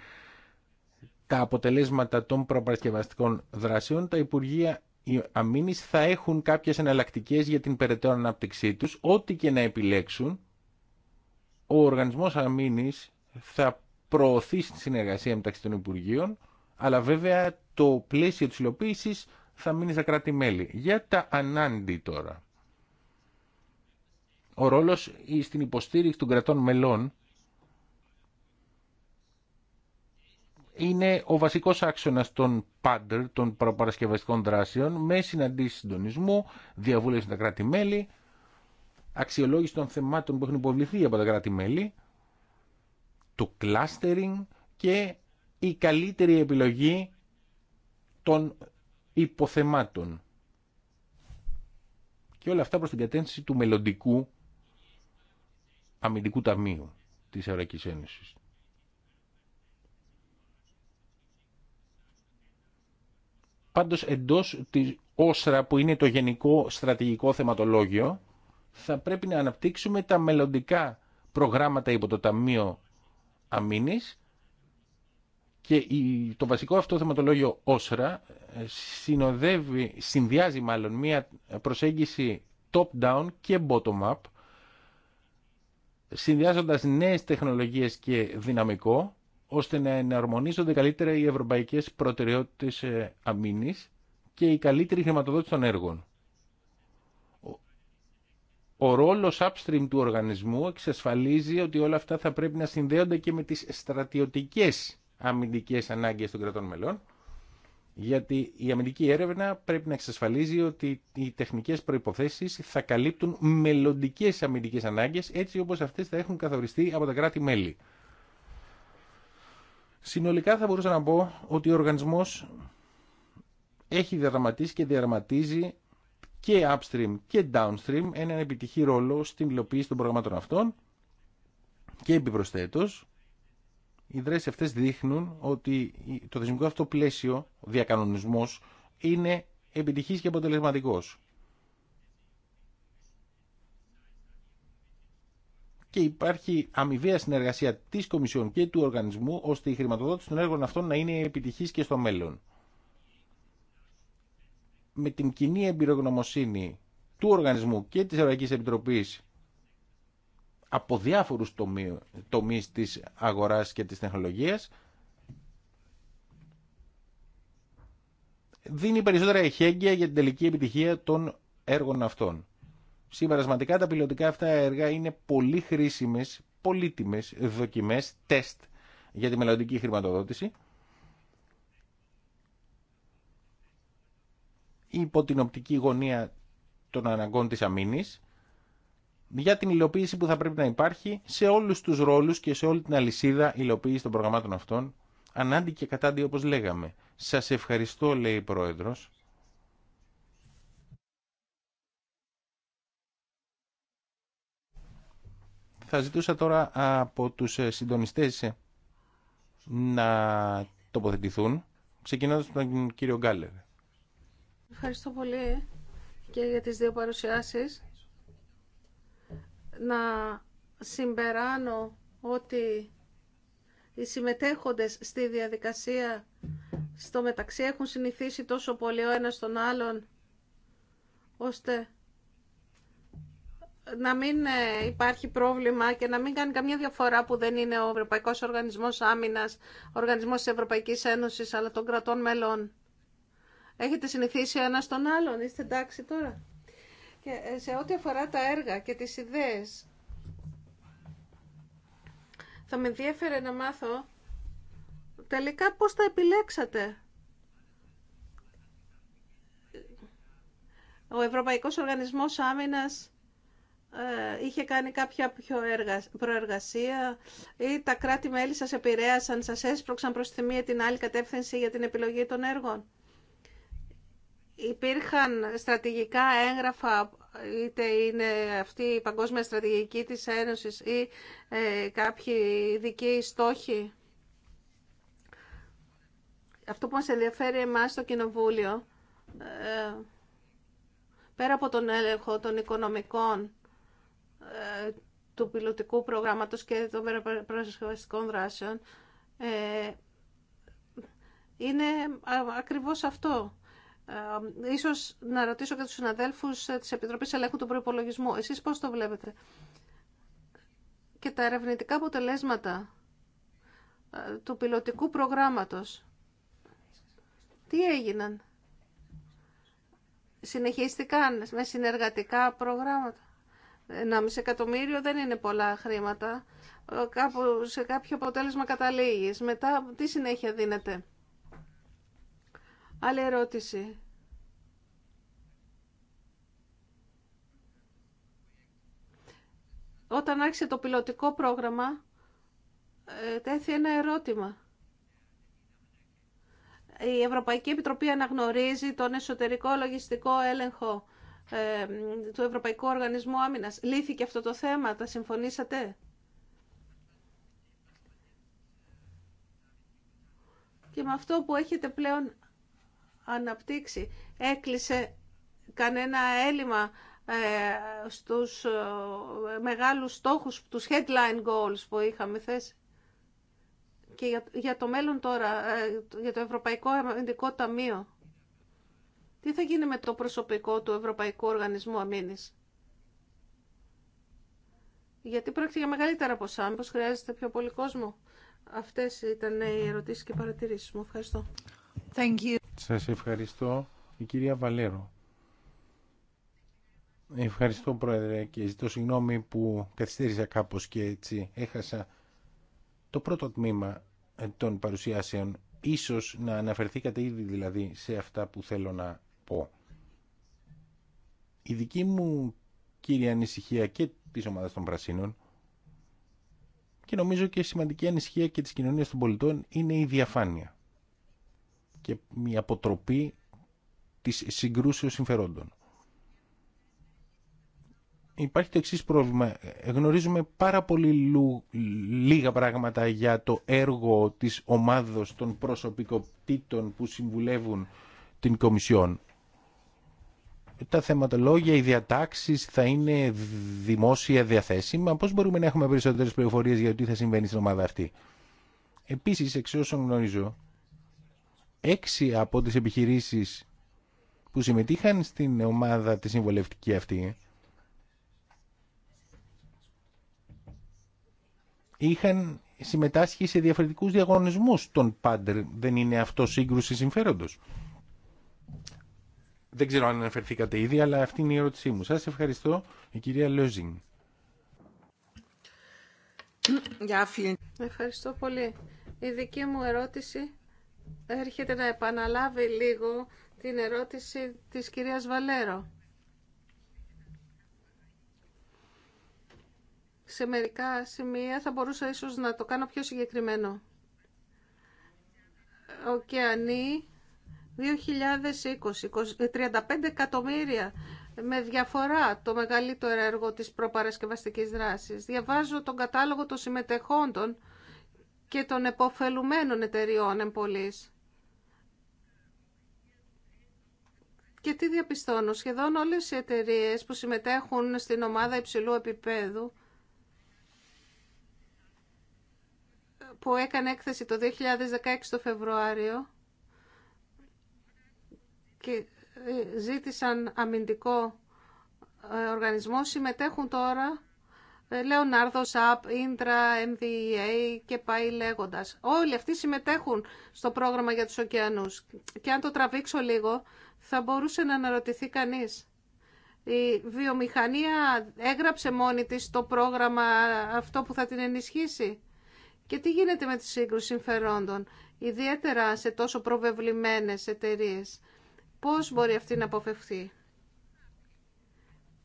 τα αποτελέσματα των προπαρασκευαστικών δράσεων, τα Υπουργεία Αμήνης θα έχουν κάποιες εναλλακτικέ για την περαιτέρω ανάπτυξή τους, ό,τι και να επιλέξουν, ο Οργανισμός Αμήνης θα προωθεί στη συνεργασία μεταξύ των Υπουργείων, αλλά βέβαια το πλαίσιο της υλοποίηση θα μείνει στα κράτη-μέλη. Για τα ανάντι τώρα. Ο ρόλος στην υποστήριξη των κρατών μελών είναι ο βασικός άξονας των πάντερ, των προπαρασκευαστικών δράσεων, με συναντήσεις συντονισμού, διαβούλευση στα κράτη-μέλη, αξιολόγηση των θεμάτων που έχουν υποβληθεί από τα κράτη-μέλη, το clustering και η καλύτερη επιλογή των υποθεμάτων. Και όλα αυτά προς την κατεύθυνση του μελλοντικού αμυντικού ταμείου της Ευρωπαϊκής Ένωσης. Πάντως εντός της όσρα που είναι το γενικό στρατηγικό θεματολόγιο θα πρέπει να αναπτύξουμε τα μελλοντικά προγράμματα υπό το Ταμείο Αμήνης και το βασικό αυτό θεματολόγιο όσρα ε, συνδυάζει μάλλον μια προσέγγιση top-down και bottom-up, συνδυάζοντας νέες τεχνολογίες και δυναμικό, ώστε να εναρμονίζονται καλύτερα οι ευρωπαϊκές προτεραιότητες ε, αμήνης και η καλύτερη χρηματοδότηση των έργων. Ο ρόλος upstream του οργανισμού εξασφαλίζει ότι όλα αυτά θα πρέπει να συνδέονται και με τις στρατιωτικές αμυντικέ ανάγκε των κρατών μελών, γιατί η αμυντική έρευνα πρέπει να εξασφαλίζει ότι οι τεχνικέ προποθέσει θα καλύπτουν μελλοντικέ αμυντικέ ανάγκε, έτσι όπω αυτέ θα έχουν καθοριστεί από τα κράτη-μέλη. Συνολικά θα μπορούσα να πω ότι ο οργανισμό έχει διαδραματίσει και διαρματίζει και upstream και downstream έναν επιτυχή ρόλο στην υλοποίηση των προγραμμάτων αυτών και επιπροσθέτως οι δράσει αυτές δείχνουν ότι το θεσμικό αυτό πλαίσιο, ο διακανονισμός, είναι επιτυχής και αποτελεσματικός. Και υπάρχει αμοιβαία συνεργασία της Κομισιόν και του οργανισμού, ώστε η χρηματοδότηση των έργων αυτών να είναι επιτυχής και στο μέλλον. Με την κοινή εμπειρογνωμοσύνη του οργανισμού και της Ευρωπαϊκής Επιτροπής από διάφορους τομείς της αγοράς και της τεχνολογίας δίνει περισσότερα εχέγγυα για την τελική επιτυχία των έργων αυτών. Συμπερασματικά τα πιλωτικά αυτά έργα είναι πολύ χρήσιμες, πολύτιμες δοκιμές, τεστ για τη μελλοντική χρηματοδότηση. Υπό την οπτική γωνία των αναγκών της αμήνης, για την υλοποίηση που θα πρέπει να υπάρχει σε όλους τους ρόλους και σε όλη την αλυσίδα υλοποίηση των προγραμμάτων αυτών, ανάντι και κατάντι όπω λέγαμε. Σας ευχαριστώ, λέει η Πρόεδρος. Θα ζητούσα τώρα από τους συντονιστές να τοποθετηθούν, ξεκινώντας τον κύριο Γκάλερ. Ευχαριστώ πολύ και για τις δύο παρουσιάσεις να συμπεράνω ότι οι συμμετέχοντες στη διαδικασία στο μεταξύ έχουν συνηθίσει τόσο πολύ ο ένας τον άλλον ώστε να μην ε, υπάρχει πρόβλημα και να μην κάνει καμία διαφορά που δεν είναι ο Ευρωπαϊκός Οργανισμός Άμυνας, ο Οργανισμός της Ευρωπαϊκής Ένωσης, αλλά των κρατών μελών. Έχετε συνηθίσει ο ένας τον άλλον, είστε εντάξει τώρα και ε, σε ό,τι αφορά τα έργα και τις ιδέες. Θα με ενδιέφερε να μάθω τελικά πώς τα επιλέξατε. Ο Ευρωπαϊκός Οργανισμός Άμυνας ε, είχε κάνει κάποια πιο προεργασία ή τα κράτη-μέλη σας επηρέασαν, σας έσπρωξαν προς τη μία την άλλη κατεύθυνση για την επιλογή των έργων υπήρχαν στρατηγικά έγγραφα, είτε είναι αυτή η παγκόσμια στρατηγική της Ένωσης ή ε, κάποιοι ειδικοί στόχοι. Αυτό που μας ενδιαφέρει εμάς στο Κοινοβούλιο, ε, πέρα από τον έλεγχο των οικονομικών ε, του πιλωτικού προγράμματος και των προσχεστικών δράσεων, ε, είναι ακριβώς αυτό ίσως να ρωτήσω και τους συναδέλφους ε, της Επιτροπής Ελέγχου του Προϋπολογισμού. Εσείς πώς το βλέπετε. Και τα ερευνητικά αποτελέσματα ε, του πιλωτικού προγράμματος. Τι έγιναν. Συνεχίστηκαν με συνεργατικά προγράμματα. 1,5 εκατομμύριο δεν είναι πολλά χρήματα. Ε, κάπου, σε κάποιο αποτέλεσμα καταλήγεις. Μετά τι συνέχεια δίνεται. Άλλη ερώτηση. Όταν άρχισε το πιλωτικό πρόγραμμα, ε, τέθη ένα ερώτημα. Η Ευρωπαϊκή Επιτροπή αναγνωρίζει τον εσωτερικό λογιστικό έλεγχο ε, του Ευρωπαϊκού Οργανισμού Άμυνας. Λύθηκε αυτό το θέμα, τα συμφωνήσατε. Και με αυτό που έχετε πλέον αναπτύξει. Έκλεισε κανένα έλλειμμα ε, στους ε, μεγάλους στόχους, τους headline goals που είχαμε θέσει. Και για το μέλλον τώρα, ε, για το Ευρωπαϊκό Αμυντικό Ταμείο, τι θα γίνει με το προσωπικό του Ευρωπαϊκού Οργανισμού Αμήνης. Γιατί πρόκειται για μεγαλύτερα ποσά, μήπως χρειάζεται πιο πολύ κόσμο. Αυτές ήταν οι ερωτήσεις και παρατηρήσεις μου. Ευχαριστώ. Σας ευχαριστώ η κυρία Βαλέρο. Ευχαριστώ πρόεδρε και ζητώ συγγνώμη που καθυστέρησα κάπως και έτσι έχασα το πρώτο τμήμα των παρουσιάσεων. Ίσως να αναφερθήκατε ήδη δηλαδή σε αυτά που θέλω να πω. Η δική μου κύρια ανησυχία και της ομάδας των Πρασίνων και νομίζω και σημαντική ανησυχία και της κοινωνίας των πολιτών είναι η διαφάνεια και μια αποτροπή της συγκρούσεως συμφερόντων. Υπάρχει το εξή πρόβλημα. Γνωρίζουμε πάρα πολύ λίγα πράγματα για το έργο της ομάδος των προσωπικότητων που συμβουλεύουν την Κομισιόν. Τα θεματολόγια, οι διατάξεις θα είναι δημόσια διαθέσιμα. Πώς μπορούμε να έχουμε περισσότερες πληροφορίες για το τι θα συμβαίνει στην ομάδα αυτή. Επίσης, εξ όσων γνωρίζω, έξι από τις επιχειρήσεις που συμμετείχαν στην ομάδα τη συμβολευτική αυτή είχαν συμμετάσχει σε διαφορετικούς διαγωνισμούς των πάντερ. Δεν είναι αυτό σύγκρουση συμφέροντος. Δεν ξέρω αν αναφερθήκατε ήδη, αλλά αυτή είναι η ερώτησή μου. Σας ευχαριστώ, η κυρία Λόζινγκ. [coughs] Ευχαριστώ πολύ. Η δική μου ερώτηση έρχεται να επαναλάβει λίγο την ερώτηση της κυρίας Βαλέρο. Σε μερικά σημεία θα μπορούσα ίσως να το κάνω πιο συγκεκριμένο. Οκεανή 2020, 35 εκατομμύρια με διαφορά το μεγαλύτερο έργο της προπαρασκευαστικής δράσης. Διαβάζω τον κατάλογο των συμμετεχόντων και των επωφελουμένων εταιριών εμπολής. Και τι διαπιστώνω, σχεδόν όλες οι εταιρείες που συμμετέχουν στην ομάδα υψηλού επίπεδου που έκανε έκθεση το 2016 το Φεβρουάριο και ε, ζήτησαν αμυντικό ε, οργανισμό συμμετέχουν τώρα Λεωνάρδο, ΣΑΠ, Ίντρα, MDA και πάει λέγοντα. Όλοι αυτοί συμμετέχουν στο πρόγραμμα για του ωκεανού. Και αν το τραβήξω λίγο, θα μπορούσε να αναρωτηθεί κανεί. Η βιομηχανία έγραψε μόνη της το πρόγραμμα αυτό που θα την ενισχύσει. Και τι γίνεται με τη σύγκρουση συμφερόντων, ιδιαίτερα σε τόσο προβεβλημένες εταιρείες. Πώς μπορεί αυτή να αποφευθεί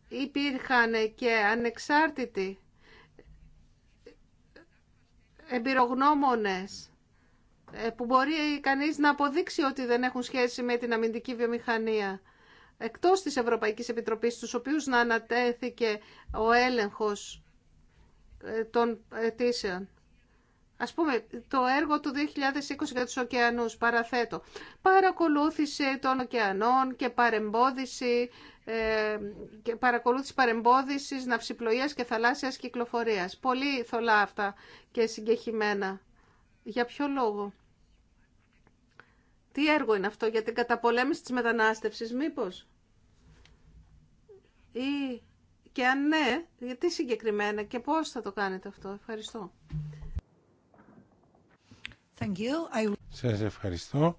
υπήρχαν και ανεξάρτητοι εμπειρογνώμονες ε, που μπορεί κανείς να αποδείξει ότι δεν έχουν σχέση με την αμυντική βιομηχανία εκτός της Ευρωπαϊκής Επιτροπής, τους οποίους να ανατέθηκε ο έλεγχος ε, των αιτήσεων. Ας πούμε, το έργο του 2020 για τους ωκεανούς, παραθέτω, παρακολούθηση των ωκεανών και παρεμπόδιση ε, και παρακολούθηση παρεμπόδισης ναυσιπλοείας και θαλάσσιας κυκλοφορίας. Πολύ θολά αυτά και συγκεχημένα. Για ποιο λόγο. Τι έργο είναι αυτό για την καταπολέμηση της μετανάστευσης, μήπως. Ή... Και αν ναι, γιατί συγκεκριμένα και πώς θα το κάνετε αυτό. Ευχαριστώ. Thank ευχαριστώ.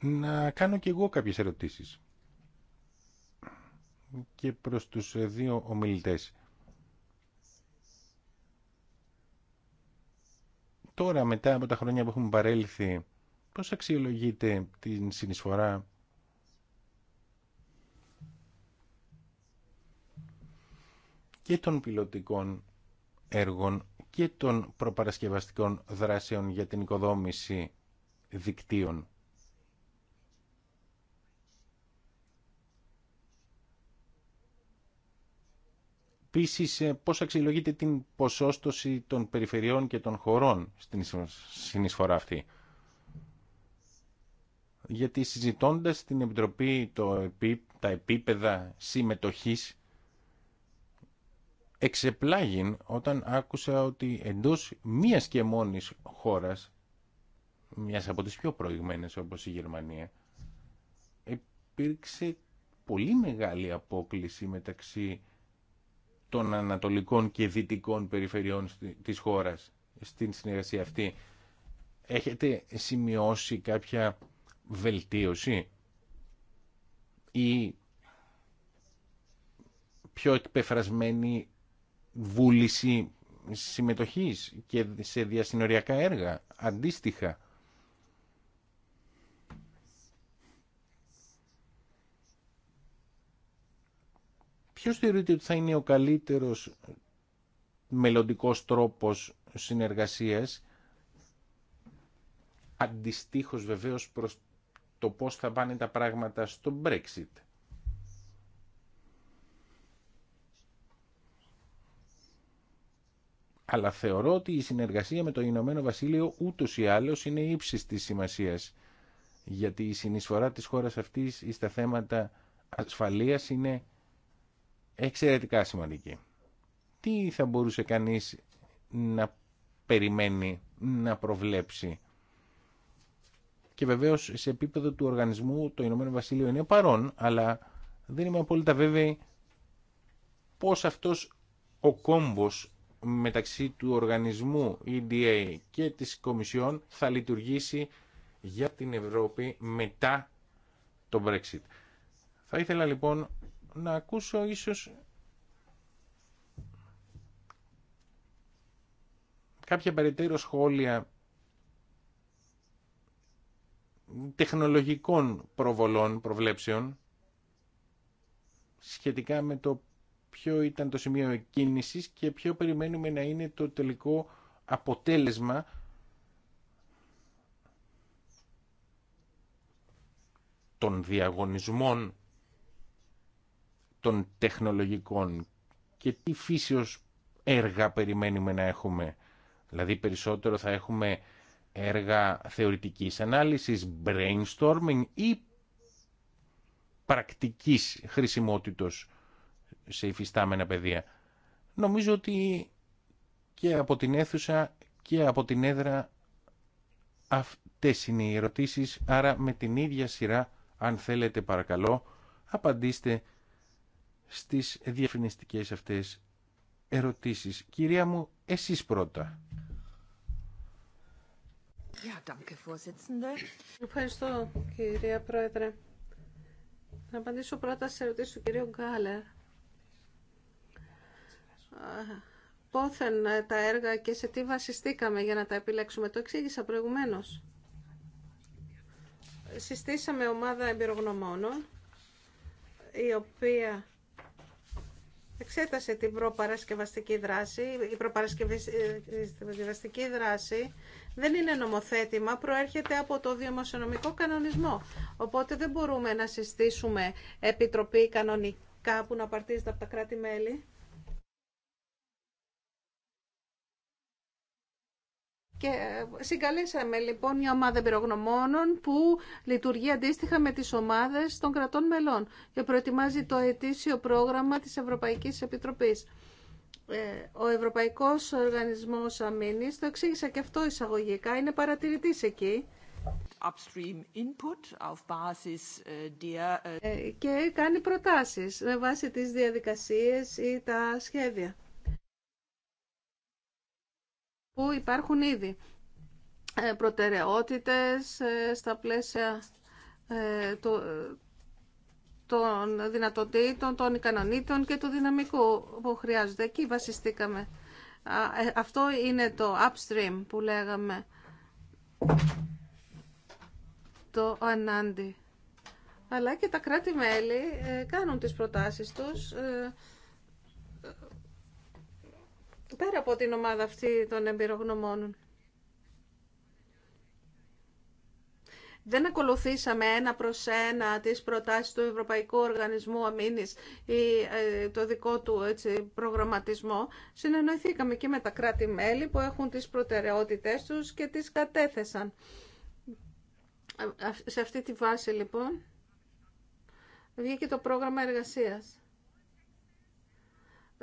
Να κάνω και εγώ κάποιες ερωτήσεις. Και προς τους δύο ομιλητές. Τώρα, μετά από τα χρόνια που έχουμε παρέλθει, πώς αξιολογείτε την συνεισφορά και των πιλωτικών έργων και των προπαρασκευαστικών δράσεων για την οικοδόμηση δικτύων. Επίση, ε, πώς αξιολογείται την ποσόστοση των περιφερειών και των χωρών στην συνεισφορά αυτή. Γιατί συζητώντας στην Επιτροπή το, τα επίπεδα συμμετοχής Εξεπλάγην όταν άκουσα ότι εντός μίας και μόνης χώρας, μιας από τις πιο προηγμένες όπως η Γερμανία, υπήρξε πολύ μεγάλη απόκληση μεταξύ των ανατολικών και δυτικών περιφερειών της χώρας στην συνεργασία αυτή. Έχετε σημειώσει κάποια βελτίωση ή πιο εκπεφρασμένη βούληση συμμετοχής και σε διασυνοριακά έργα, αντίστοιχα. Ποιος θεωρείται ότι θα είναι ο καλύτερος μελλοντικός τρόπος συνεργασίας, αντιστοίχως βεβαίως προς το πώς θα πάνε τα πράγματα στο Brexit. αλλά θεωρώ ότι η συνεργασία με το Ηνωμένο Βασίλειο ούτως ή άλλως είναι ύψης της σημασίας, γιατί η συνεισφορά της χώρας αυτής στα θέματα ασφαλείας είναι εξαιρετικά σημαντική. Τι θα μπορούσε κανείς να περιμένει, να προβλέψει. Και βεβαίως σε επίπεδο του οργανισμού το Ηνωμένο Βασίλειο είναι παρόν, αλλά δεν είμαι απόλυτα βέβαιη πώς αυτός ο κόμβος μεταξύ του οργανισμού EDA και της Κομισιόν θα λειτουργήσει για την Ευρώπη μετά το Brexit. Θα ήθελα λοιπόν να ακούσω ίσως κάποια περαιτέρω σχόλια τεχνολογικών προβολών, προβλέψεων σχετικά με το ποιο ήταν το σημείο εκκίνησης και ποιο περιμένουμε να είναι το τελικό αποτέλεσμα των διαγωνισμών των τεχνολογικών και τι φύσεως έργα περιμένουμε να έχουμε. Δηλαδή περισσότερο θα έχουμε έργα θεωρητικής ανάλυσης, brainstorming ή πρακτικής χρησιμότητος σε υφιστάμενα πεδία. Νομίζω ότι και από την αίθουσα και από την έδρα αυτές είναι οι ερωτήσεις, άρα με την ίδια σειρά, αν θέλετε παρακαλώ, απαντήστε στις διαφημιστικές αυτές ερωτήσεις. Κυρία μου, εσείς πρώτα. Ευχαριστώ, κυρία Πρόεδρε. Να απαντήσω πρώτα σε ερωτήσει του κυρίου Γκάλερ πόθεν ε, τα έργα και σε τι βασιστήκαμε για να τα επιλέξουμε. Το εξήγησα προηγουμένως. Συστήσαμε ομάδα εμπειρογνωμόνων, η οποία εξέτασε την προπαρασκευαστική δράση. Η προπαρασκευαστική δράση δεν είναι νομοθέτημα, προέρχεται από το δημοσιονομικό κανονισμό. Οπότε δεν μπορούμε να συστήσουμε επιτροπή κανονικά που να παρτίζεται από τα κράτη-μέλη. Και ε, συγκαλέσαμε λοιπόν μια ομάδα πυρογνωμόνων που λειτουργεί αντίστοιχα με τις ομάδες των κρατών μελών και προετοιμάζει το ετήσιο πρόγραμμα της Ευρωπαϊκής Επιτροπής. Ε, ο Ευρωπαϊκός Οργανισμός Αμήνης, το εξήγησα και αυτό εισαγωγικά, είναι παρατηρητής εκεί. Upstream input, ε, και κάνει προτάσεις με βάση τις διαδικασίες ή τα σχέδια που υπάρχουν ήδη ε, προτεραιότητες ε, στα πλαίσια ε, των δυνατοτήτων, των ικανονίτων και του δυναμικού που χρειάζονται. Εκεί βασιστήκαμε. Αυτό είναι το upstream που λέγαμε το ανάντι. Αλλά και τα κράτη-μέλη κάνουν τις προτάσεις τους πέρα από την ομάδα αυτή των εμπειρογνωμόνων. Δεν ακολουθήσαμε ένα προς ένα τις προτάσεις του Ευρωπαϊκού Οργανισμού Αμήνης ή ε, το δικό του έτσι, προγραμματισμό. Συνεννοηθήκαμε και με τα κράτη-μέλη που έχουν τις προτεραιότητές τους και τις κατέθεσαν. Ε, σε αυτή τη βάση λοιπόν βγήκε το πρόγραμμα εργασίας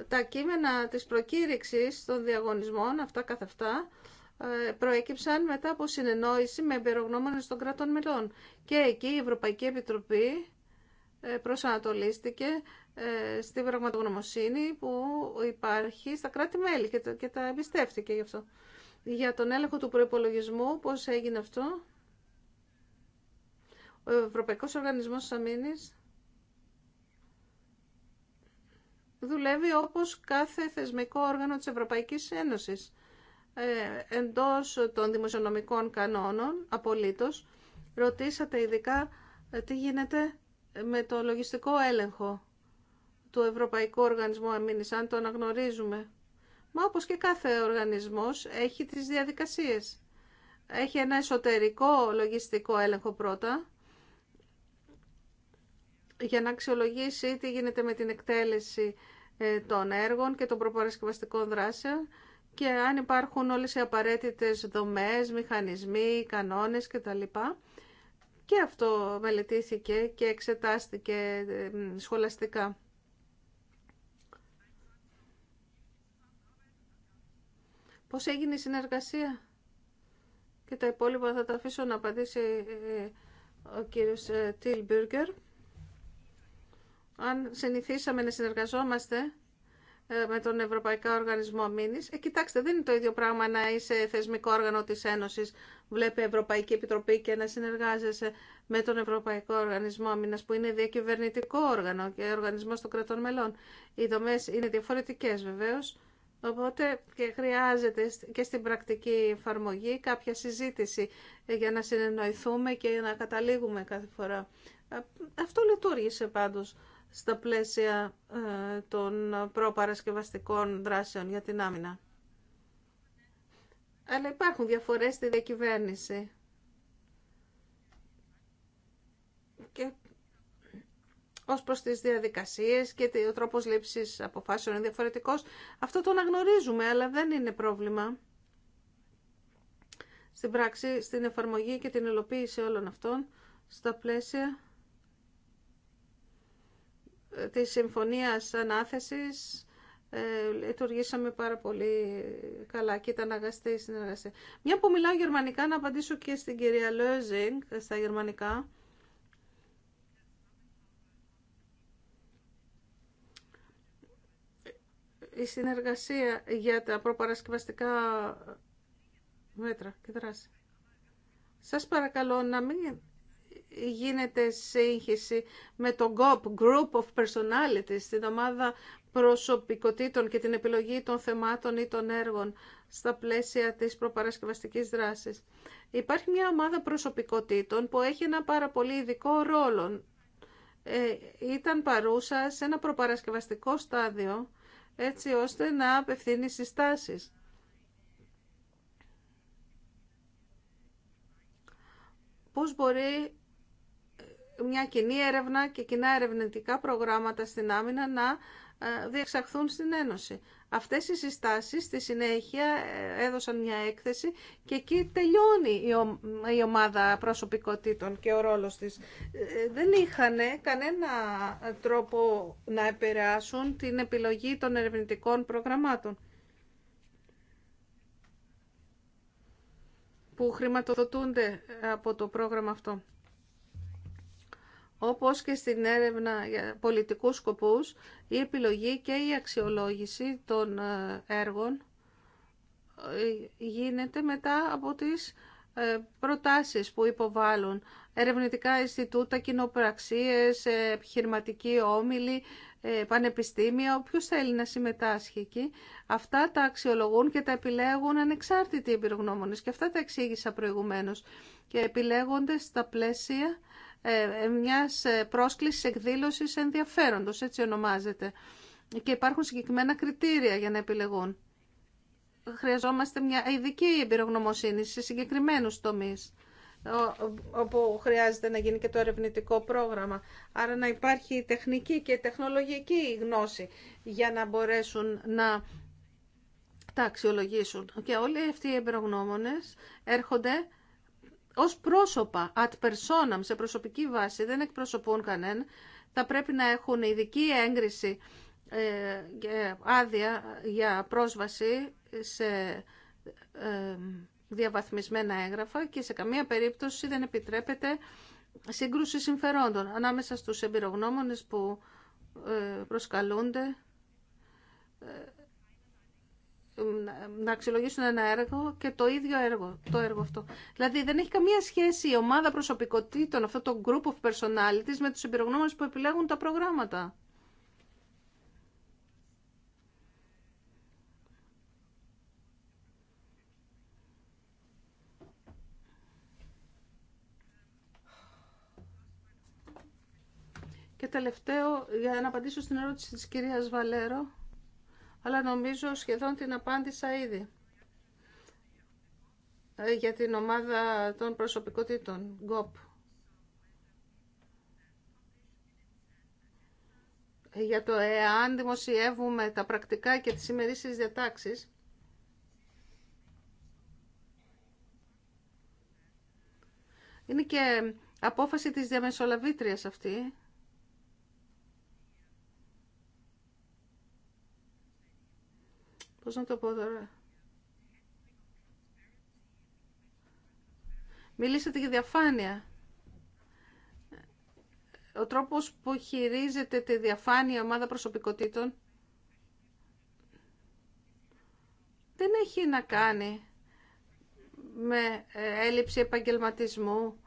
τα κείμενα της προκήρυξης των διαγωνισμών, αυτά καθ' αυτά, ε, προέκυψαν μετά από συνεννόηση με εμπειρογνώμονες των κρατών μελών. Και εκεί η Ευρωπαϊκή Επιτροπή ε, προσανατολίστηκε ε, στη πραγματογνωμοσύνη που υπάρχει στα κράτη-μέλη και τα εμπιστεύτηκε γι' αυτό. Για τον έλεγχο του προϋπολογισμού, πώς έγινε αυτό. Ο Ευρωπαϊκός Οργανισμός Αμήνης δουλεύει όπως κάθε θεσμικό όργανο της Ευρωπαϊκής Ένωσης ε, εντός των δημοσιονομικών κανόνων, απολύτως. Ρωτήσατε ειδικά ε, τι γίνεται με το λογιστικό έλεγχο του Ευρωπαϊκού Οργανισμού Αμήνης, αν το αναγνωρίζουμε. Μα όπως και κάθε οργανισμός έχει τις διαδικασίες. Έχει ένα εσωτερικό λογιστικό έλεγχο πρώτα, για να αξιολογήσει τι γίνεται με την εκτέλεση ε, των έργων και των προπαρασκευαστικών δράσεων και αν υπάρχουν όλες οι απαραίτητες δομές, μηχανισμοί, κανόνες κτλ. Και αυτό μελετήθηκε και εξετάστηκε ε, σχολαστικά. Πώς έγινε η συνεργασία και τα υπόλοιπα θα τα αφήσω να απαντήσει ε, ο κύριος Τιλμπιργκερ αν συνηθίσαμε να συνεργαζόμαστε ε, με τον Ευρωπαϊκό Οργανισμό Μήνης. Ε, κοιτάξτε, δεν είναι το ίδιο πράγμα να είσαι θεσμικό όργανο της Ένωσης, βλέπει Ευρωπαϊκή Επιτροπή και να συνεργάζεσαι με τον Ευρωπαϊκό Οργανισμό Μήνας, που είναι διακυβερνητικό όργανο και οργανισμός των κρατών μελών. Οι δομές είναι διαφορετικές βεβαίως, οπότε και χρειάζεται και στην πρακτική εφαρμογή κάποια συζήτηση ε, για να συνεννοηθούμε και να καταλήγουμε κάθε φορά. Ε, αυτό λειτουργήσε πάντως στα πλαίσια ε, των προπαρασκευαστικών δράσεων για την άμυνα. Αλλά υπάρχουν διαφορές στη διακυβέρνηση. Και ως προς τις διαδικασίες και ο τρόπος λήψης αποφάσεων είναι διαφορετικός. Αυτό το αναγνωρίζουμε, αλλά δεν είναι πρόβλημα. Στην πράξη, στην εφαρμογή και την υλοποίηση όλων αυτών, στα πλαίσια της συμφωνίας ανάθεσης ε, λειτουργήσαμε πάρα πολύ καλά και ήταν αγαστή η συνεργασία. Μια που μιλάω γερμανικά, να απαντήσω και στην κυρία Λόζινγκ στα γερμανικά. Η συνεργασία για τα προπαρασκευαστικά μέτρα και δράση. Σας παρακαλώ να μην γίνεται σύγχυση με το GOP, Group of Personalities, την ομάδα προσωπικότητων και την επιλογή των θεμάτων ή των έργων στα πλαίσια της προπαρασκευαστικής δράσης. Υπάρχει μια ομάδα προσωπικότητων που έχει ένα πάρα πολύ ειδικό ρόλο. Ε, ήταν παρούσα σε ένα προπαρασκευαστικό στάδιο έτσι ώστε να απευθύνει συστάσεις. Πώς μπορεί μια κοινή έρευνα και κοινά ερευνητικά προγράμματα στην άμυνα να ε, διεξαχθούν στην Ένωση. Αυτές οι συστάσεις στη συνέχεια ε, έδωσαν μια έκθεση και εκεί τελειώνει η ομάδα προσωπικότητων και ο ρόλος της. Ε, δεν είχαν κανένα τρόπο να επηρεάσουν την επιλογή των ερευνητικών προγραμμάτων που χρηματοδοτούνται από το πρόγραμμα αυτό όπως και στην έρευνα για πολιτικούς σκοπούς, η επιλογή και η αξιολόγηση των ε, έργων ε, γίνεται μετά από τις ε, προτάσεις που υποβάλλουν ερευνητικά Ινστιτούτα, κοινοπραξίες, επιχειρηματικοί όμιλοι, πανεπιστήμια, όποιος θέλει να συμμετάσχει εκεί. Αυτά τα αξιολογούν και τα επιλέγουν ανεξάρτητοι εμπειρογνώμονες και αυτά τα εξήγησα προηγουμένως και επιλέγονται στα πλαίσια ε, ε, μιας ε, πρόσκλησης εκδήλωσης ενδιαφέροντος, έτσι ονομάζεται. Και υπάρχουν συγκεκριμένα κριτήρια για να επιλεγούν. Χρειαζόμαστε μια ειδική εμπειρογνωμοσύνη σε συγκεκριμένους τομείς όπου χρειάζεται να γίνει και το ερευνητικό πρόγραμμα. Άρα να υπάρχει τεχνική και τεχνολογική γνώση για να μπορέσουν να τα αξιολογήσουν. Και όλοι αυτοί οι εμπειρογνώμονες έρχονται ως πρόσωπα, ad personam, σε προσωπική βάση, δεν εκπροσωπούν κανέναν, θα πρέπει να έχουν ειδική έγκριση ε, και άδεια για πρόσβαση σε ε, διαβαθμισμένα έγγραφα και σε καμία περίπτωση δεν επιτρέπεται σύγκρουση συμφερόντων ανάμεσα στους εμπειρογνώμονες που ε, προσκαλούνται να αξιολογήσουν ένα έργο και το ίδιο έργο, το έργο αυτό. Δηλαδή δεν έχει καμία σχέση η ομάδα προσωπικότητων, αυτό το group of personalities με τους εμπειρογνώμονες που επιλέγουν τα προγράμματα. Και τελευταίο, για να απαντήσω στην ερώτηση της κυρίας Βαλέρο, αλλά νομίζω σχεδόν την απάντησα ήδη ε, για την ομάδα των προσωπικότητων, GOP. Ε, για το εάν δημοσιεύουμε τα πρακτικά και τις ημερήσεις διατάξεις, είναι και απόφαση της διαμεσολαβήτριας αυτή, πώς να το πω Μιλήσατε για διαφάνεια. Ο τρόπος που χειρίζεται τη διαφάνεια ομάδα προσωπικότητων δεν έχει να κάνει με ε, έλλειψη επαγγελματισμού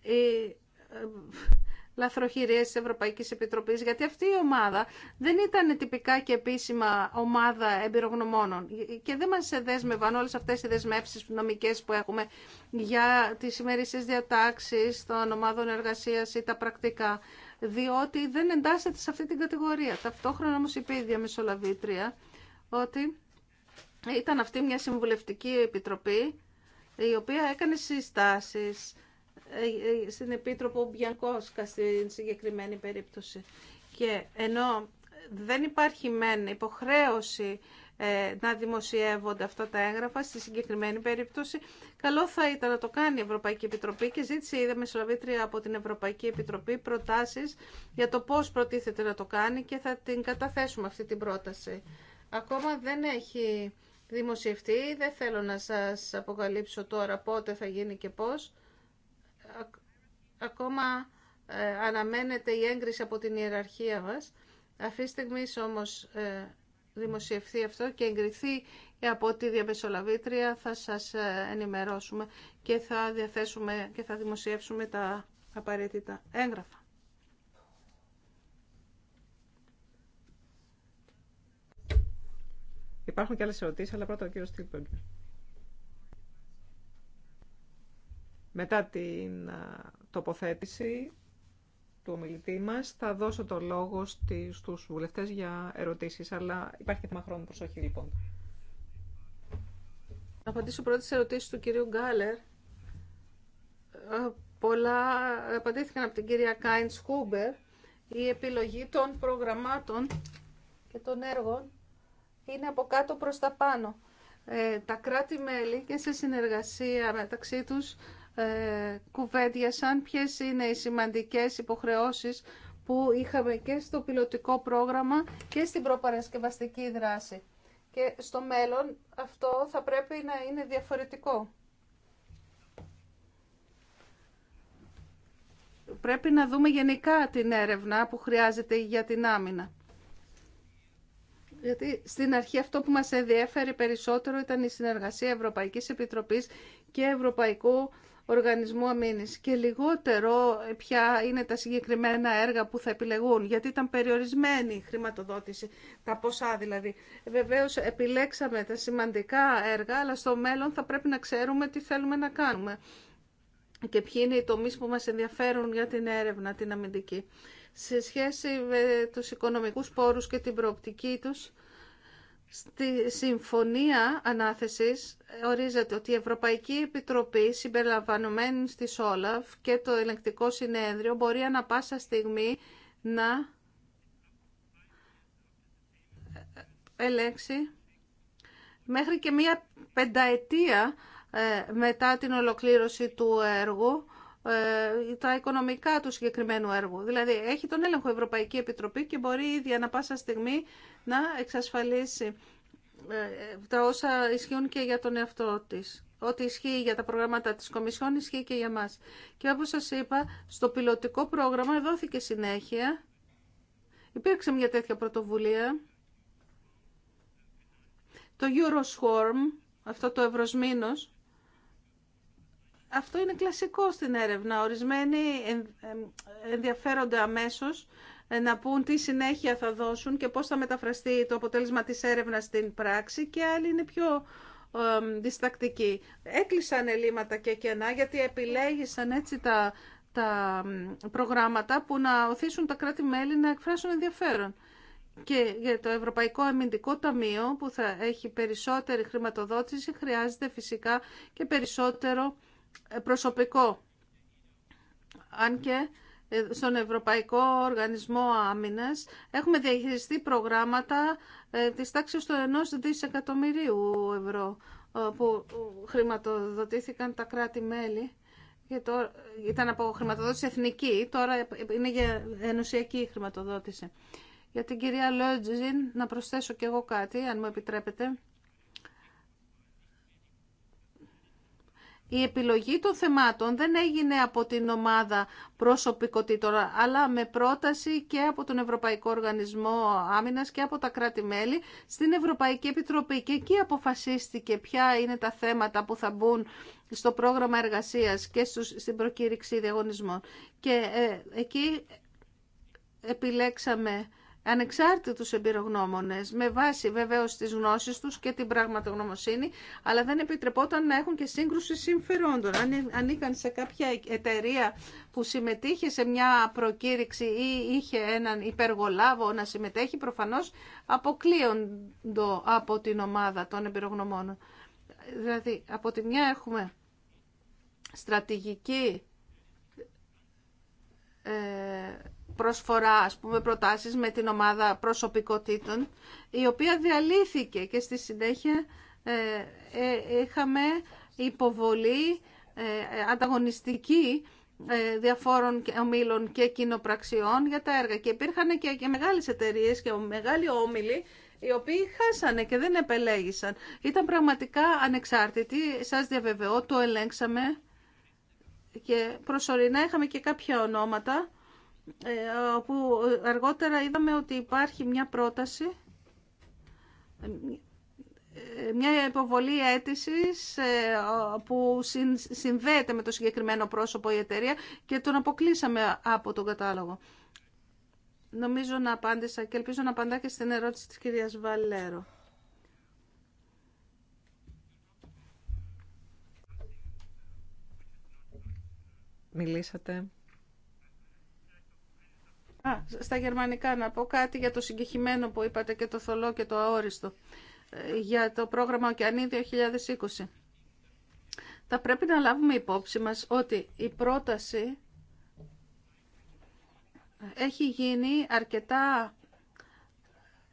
ή ε, λαθροχειρίες της Ευρωπαϊκής Επιτροπής, γιατί αυτή η ομάδα δεν ήταν τυπικά και επίσημα ομάδα εμπειρογνωμόνων και δεν μας δέσμευαν όλες αυτές οι δεσμεύσεις νομικές που έχουμε για τις ημερήσεις διατάξεις των ομάδων εργασίας ή τα πρακτικά, διότι δεν εντάσσεται σε αυτή την κατηγορία. Ταυτόχρονα όμως είπε η διαμεσολαβήτρια ότι ήταν αυτή μια συμβουλευτική επιτροπή η οποία έκανε συστάσεις στην Επίτροπο Μπιανκόσκα στην συγκεκριμένη περίπτωση. Και ενώ δεν υπάρχει μεν υποχρέωση ε, να δημοσιεύονται αυτά τα έγγραφα στη συγκεκριμένη περίπτωση. Καλό θα ήταν να το κάνει η Ευρωπαϊκή Επιτροπή και ζήτησε η Δεμεσολαβήτρια από την Ευρωπαϊκή Επιτροπή προτάσεις για το πώς προτίθεται να το κάνει και θα την καταθέσουμε αυτή την πρόταση. Ακόμα δεν έχει δημοσιευτεί, δεν θέλω να σας αποκαλύψω τώρα πότε θα γίνει και πώς ακόμα ε, αναμένεται η έγκριση από την ιεραρχία μας. Αυτή τη στιγμή όμως ε, δημοσιευθεί αυτό και εγκριθεί από τη διαμεσολαβήτρια θα σας ε, ενημερώσουμε και θα διαθέσουμε και θα δημοσιεύσουμε τα απαραίτητα έγγραφα. Υπάρχουν και άλλες ερωτήσεις, αλλά πρώτα ο κύριος Μετά την τοποθέτηση του ομιλητή μας θα δώσω το λόγο στους βουλευτές για ερωτήσεις, αλλά υπάρχει και θέμα χρόνου προσοχή λοιπόν. Να απαντήσω πρώτα σε ερωτήσεις του κυρίου Γκάλερ. Ε, πολλά απαντήθηκαν από την κυρία Κάιντς Χούμπερ. Η επιλογή των προγραμμάτων και των έργων είναι από κάτω προς τα πάνω. Ε, τα κράτη-μέλη και σε συνεργασία μεταξύ τους ε, κουβέντιασαν ποιες είναι οι σημαντικές υποχρεώσεις που είχαμε και στο πιλωτικό πρόγραμμα και στην προπαρασκευαστική δράση. Και στο μέλλον αυτό θα πρέπει να είναι διαφορετικό. Πρέπει να δούμε γενικά την έρευνα που χρειάζεται για την άμυνα. Γιατί στην αρχή αυτό που μας ενδιέφερε περισσότερο ήταν η συνεργασία Ευρωπαϊκής Επιτροπής και Ευρωπαϊκού Οργανισμού Αμήνης και λιγότερο ποια είναι τα συγκεκριμένα έργα που θα επιλεγούν, γιατί ήταν περιορισμένη η χρηματοδότηση, τα ποσά δηλαδή. Βεβαίως επιλέξαμε τα σημαντικά έργα, αλλά στο μέλλον θα πρέπει να ξέρουμε τι θέλουμε να κάνουμε και ποιοι είναι οι τομείς που μας ενδιαφέρουν για την έρευνα, την αμυντική. Σε σχέση με τους οικονομικούς πόρους και την προοπτική τους, Στη Συμφωνία Ανάθεσης ορίζεται ότι η Ευρωπαϊκή Επιτροπή συμπεριλαμβανομένη στη ΣΟΛΑΦ και το Ελεγκτικό Συνέδριο μπορεί ανα πάσα στιγμή να ελέγξει μέχρι και μία πενταετία ε, μετά την ολοκλήρωση του έργου ε, τα οικονομικά του συγκεκριμένου έργου. Δηλαδή έχει τον έλεγχο η Ευρωπαϊκή Επιτροπή και μπορεί ήδη ανα πάσα στιγμή να εξασφαλίσει ε, τα όσα ισχύουν και για τον εαυτό τη. Ό,τι ισχύει για τα προγράμματα της Κομισιόν ισχύει και για μας. Και όπως σας είπα, στο πιλωτικό πρόγραμμα δόθηκε συνέχεια. Υπήρξε μια τέτοια πρωτοβουλία. Το Euroswarm, αυτό το ευρωσμήνος, αυτό είναι κλασικό στην έρευνα. Ορισμένοι ενδιαφέρονται αμέσως ε, να πούν τι συνέχεια θα δώσουν και πώς θα μεταφραστεί το αποτέλεσμα της έρευνας στην πράξη και άλλοι είναι πιο διστακτικοί. Έκλεισαν ελλείμματα και κενά γιατί επιλέγησαν έτσι τα, τα προγράμματα που να οθήσουν τα κράτη-μέλη να εκφράσουν ενδιαφέρον. Και για το Ευρωπαϊκό Αμυντικό Ταμείο που θα έχει περισσότερη χρηματοδότηση χρειάζεται φυσικά και περισσότερο προσωπικό. Αν και ε, στον Ευρωπαϊκό Οργανισμό Άμυνας έχουμε διαχειριστεί προγράμματα ε, της τάξης του 1 δισεκατομμυρίου ευρώ ε, που χρηματοδοτήθηκαν τα κράτη-μέλη. Ήταν από χρηματοδότηση εθνική, τώρα είναι για ενωσιακή χρηματοδότηση. Για την κυρία Λότζιν να προσθέσω κι εγώ κάτι, αν μου επιτρέπετε. η επιλογή των θεμάτων δεν έγινε από την ομάδα προσωπικότητων, αλλά με πρόταση και από τον Ευρωπαϊκό Οργανισμό Άμυνας και από τα κράτη-μέλη στην Ευρωπαϊκή Επιτροπή. Και εκεί αποφασίστηκε ποια είναι τα θέματα που θα μπουν στο πρόγραμμα εργασίας και στην προκήρυξη διαγωνισμών. Και ε, εκεί επιλέξαμε ανεξάρτητους εμπειρογνώμονες, με βάση βεβαίως τι γνώσεις τους και την πραγματογνωμοσύνη, αλλά δεν επιτρεπόταν να έχουν και σύγκρουση συμφερόντων. Αν ανήκαν σε κάποια εταιρεία που συμμετείχε σε μια προκήρυξη ή είχε έναν υπεργολάβο να συμμετέχει, προφανώς αποκλείοντο από την ομάδα των εμπειρογνωμόνων. Δηλαδή, από τη μια έχουμε στρατηγική ε, προσφορά, ας πούμε, προτάσεις με την ομάδα προσωπικότητων, η οποία διαλύθηκε και στη συνέχεια ε, ε, είχαμε υποβολή ε, ανταγωνιστική διαφόρων ομίλων και κοινοπραξιών για τα έργα. Και υπήρχαν και μεγάλες εταιρείες και μεγάλοι όμιλοι οι οποίοι χάσανε και δεν επελέγησαν. Ήταν πραγματικά ανεξάρτητοι, σας διαβεβαιώ, το ελέγξαμε και προσωρινά είχαμε και κάποια ονόματα ε, όπου αργότερα είδαμε ότι υπάρχει μια πρόταση, ε, μια υποβολή αίτησης ε, που συνδέεται με το συγκεκριμένο πρόσωπο η εταιρεία και τον αποκλείσαμε από τον κατάλογο. Νομίζω να απάντησα και ελπίζω να απαντά και στην ερώτηση της κυρίας Βαλέρο. Μιλήσατε στα γερμανικά να πω κάτι για το συγκεχημένο που είπατε και το θολό και το αόριστο ε, για το πρόγραμμα Οκεανή 2020. Θα πρέπει να λάβουμε υπόψη μας ότι η πρόταση έχει γίνει αρκετά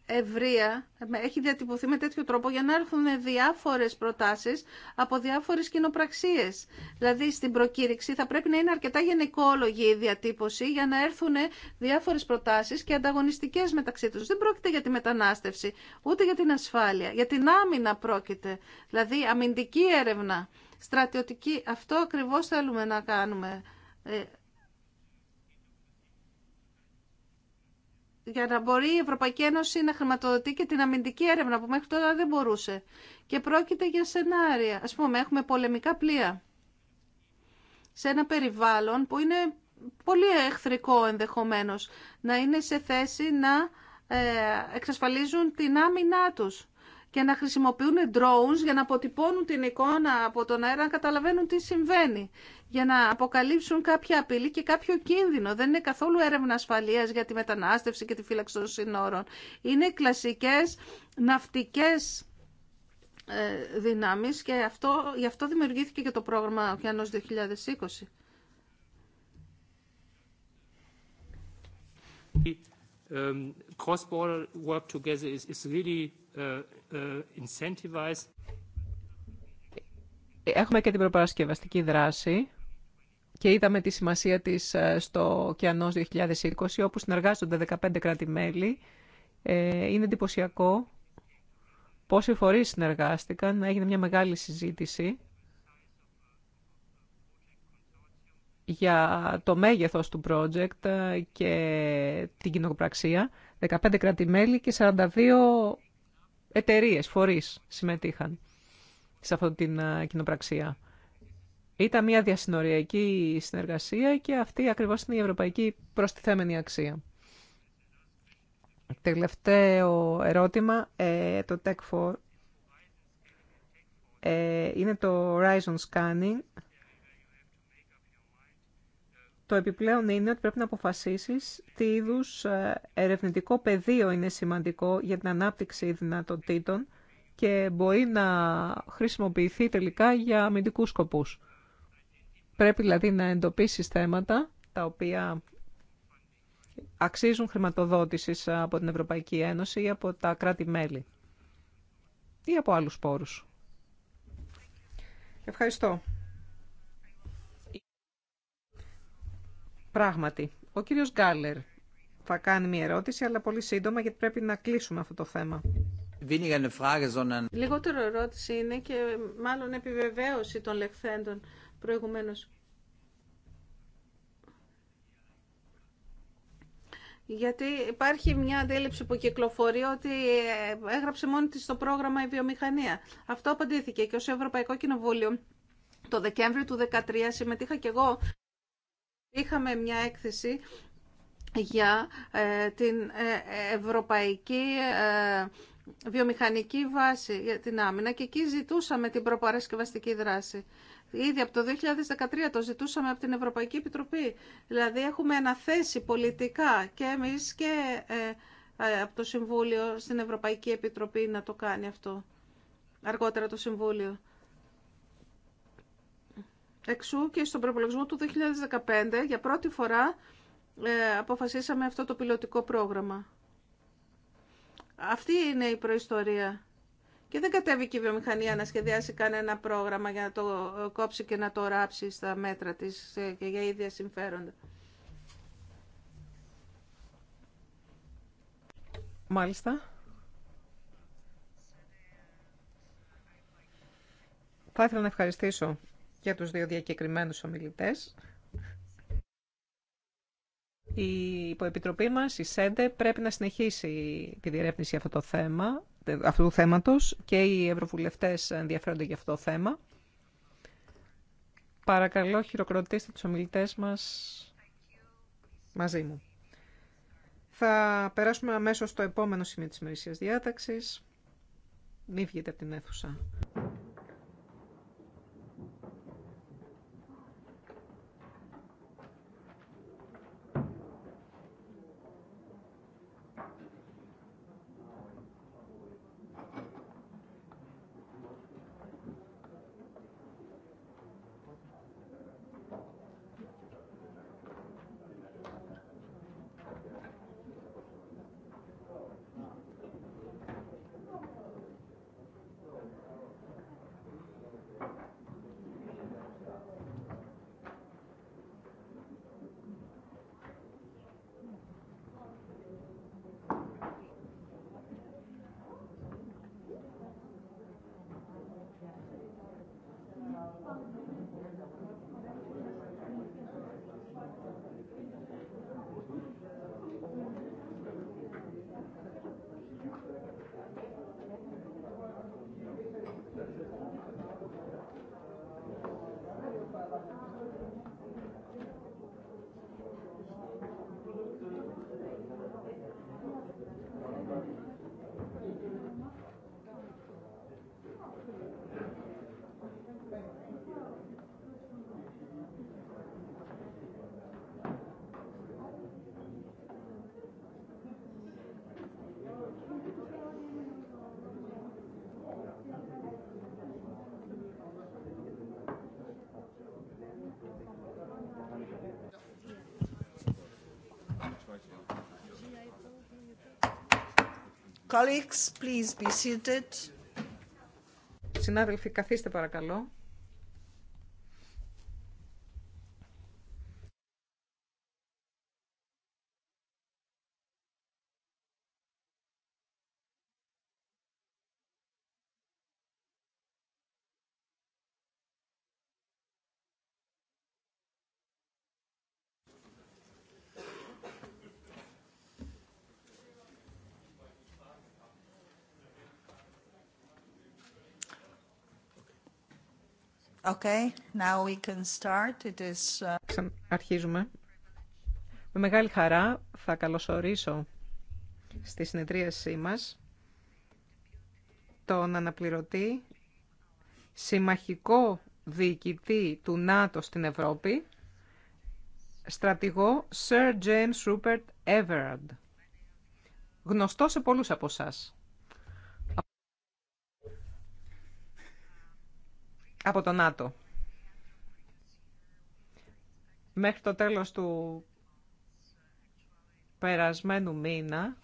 ευρεία, έχει διατυπωθεί με τέτοιο τρόπο για να έρθουν διάφορες προτάσεις από διάφορες κοινοπραξίες. Δηλαδή στην προκήρυξη θα πρέπει να είναι αρκετά γενικόλογη η διατύπωση για να έρθουν διάφορες προτάσεις και ανταγωνιστικές μεταξύ τους. Δεν πρόκειται για τη μετανάστευση, ούτε για την ασφάλεια. Για την άμυνα πρόκειται, δηλαδή αμυντική έρευνα, στρατιωτική. Αυτό ακριβώς θέλουμε να κάνουμε ε, για να μπορεί η Ευρωπαϊκή Ένωση να χρηματοδοτεί και την αμυντική έρευνα που μέχρι τώρα δεν μπορούσε. Και πρόκειται για σενάρια. Ας πούμε, έχουμε πολεμικά πλοία σε ένα περιβάλλον που είναι πολύ εχθρικό ενδεχομένως να είναι σε θέση να ε, εξασφαλίζουν την άμυνά τους και να χρησιμοποιούν drones για να αποτυπώνουν την εικόνα από τον αέρα, να καταλαβαίνουν τι συμβαίνει, για να αποκαλύψουν κάποια απειλή και κάποιο κίνδυνο. Δεν είναι καθόλου έρευνα ασφαλεία για τη μετανάστευση και τη φύλαξη των συνόρων. Είναι κλασικές ναυτικές ε, δυνάμεις και αυτό, γι' αυτό δημιουργήθηκε και το πρόγραμμα Οκεανός 2020. Um, cross-border work together is, really uh, uh, incentivized. Έχουμε και την προπαρασκευαστική δράση και είδαμε τη σημασία της ε, στο Ωκεανός 2020 όπου συνεργάζονται 15 κράτη-μέλη. Ε, είναι εντυπωσιακό πόσοι φορείς συνεργάστηκαν, έγινε μια μεγάλη συζήτηση για το μέγεθος του project ε, και την κοινοπραξία. 15 κρατη και 42 εταιρείες, φορείς συμμετείχαν σε αυτή την ε, κοινοπραξία. Ήταν μια διασυνοριακή συνεργασία και αυτή ακριβώς είναι η ευρωπαϊκή προστιθέμενη αξία. Τελευταίο ερώτημα, ε, το Tech4 είναι το Horizon Scanning το επιπλέον είναι ότι πρέπει να αποφασίσεις τι είδους ε, ερευνητικό πεδίο είναι σημαντικό για την ανάπτυξη δυνατοτήτων και μπορεί να χρησιμοποιηθεί τελικά για αμυντικούς σκοπούς. Πρέπει δηλαδή να εντοπίσεις θέματα τα οποία αξίζουν χρηματοδότησης από την Ευρωπαϊκή Ένωση ή από τα κράτη-μέλη ή από άλλους πόρους. Ευχαριστώ. Πράγματι, ο κύριος Γκάλερ θα κάνει μια ερώτηση, αλλά πολύ σύντομα γιατί πρέπει να κλείσουμε αυτό το θέμα. Λιγότερο ερώτηση είναι και μάλλον επιβεβαίωση των λεχθέντων προηγουμένως. Γιατί υπάρχει μια αντίληψη που κυκλοφορεί ότι ε, έγραψε μόνη της το πρόγραμμα η βιομηχανία. Αυτό απαντήθηκε και ως Ευρωπαϊκό Κοινοβούλιο το Δεκέμβριο του 2013 συμμετείχα και εγώ είχαμε μια έκθεση για ε, την ε, ευρωπαϊκή ε, βιομηχανική βάση για την άμυνα και εκεί ζητούσαμε την προπαρασκευαστική δράση. Ήδη από το 2013 το ζητούσαμε από την Ευρωπαϊκή Επιτροπή. Δηλαδή έχουμε αναθέσει πολιτικά και εμείς και από το Συμβούλιο στην Ευρωπαϊκή Επιτροπή να το κάνει αυτό. Αργότερα το Συμβούλιο. Εξού και στον προπολογισμό του 2015 για πρώτη φορά ε, αποφασίσαμε αυτό το πιλωτικό πρόγραμμα. Αυτή είναι η προϊστορία. Και δεν κατέβηκε η βιομηχανία να σχεδιάσει κανένα πρόγραμμα για να το ε, κόψει και να το ράψει στα μέτρα της ε, και για ίδια συμφέροντα. Μάλιστα. Θα ήθελα να ευχαριστήσω για τους δύο διακεκριμένους ομιλητές. Η υποεπιτροπή μας, η ΣΕΝΤΕ, πρέπει να συνεχίσει τη διερεύνηση αυτό το θέμα, αυτού του θέματος και οι ευρωβουλευτές ενδιαφέρονται για αυτό το θέμα. Παρακαλώ, χειροκροτήστε τους ομιλητές μας μαζί μου. Θα περάσουμε αμέσως στο επόμενο σημείο της μερίσιας διάταξης. Μην βγείτε από την αίθουσα. Colleagues, please be seated. Συνάδελφοι, καθίστε παρακαλώ. Okay, now we can start. It uh, Αρχίζουμε. Με μεγάλη χαρά θα καλωσορίσω στη συνεδρίασή μας τον αναπληρωτή συμμαχικό διοικητή του ΝΑΤΟ στην Ευρώπη, στρατηγό Sir James Rupert Everard, γνωστό σε πολλούς από εσά. από το ΝΑΤΟ. Μέχρι το τέλος του περασμένου μήνα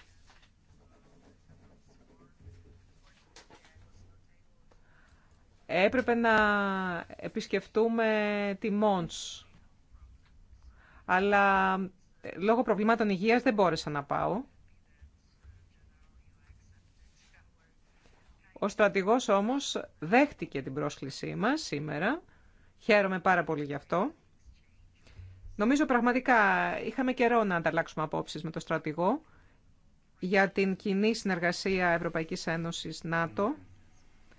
έπρεπε να επισκεφτούμε τη Μόντς. Αλλά ε, λόγω προβλημάτων υγείας δεν μπόρεσα να πάω. Ο στρατηγός όμως δέχτηκε την πρόσκλησή μας σήμερα. Χαίρομαι πάρα πολύ γι' αυτό. Νομίζω πραγματικά είχαμε καιρό να ανταλλάξουμε απόψεις με τον στρατηγό για την κοινή συνεργασία Ευρωπαϊκής Ένωσης ΝΑΤΟ,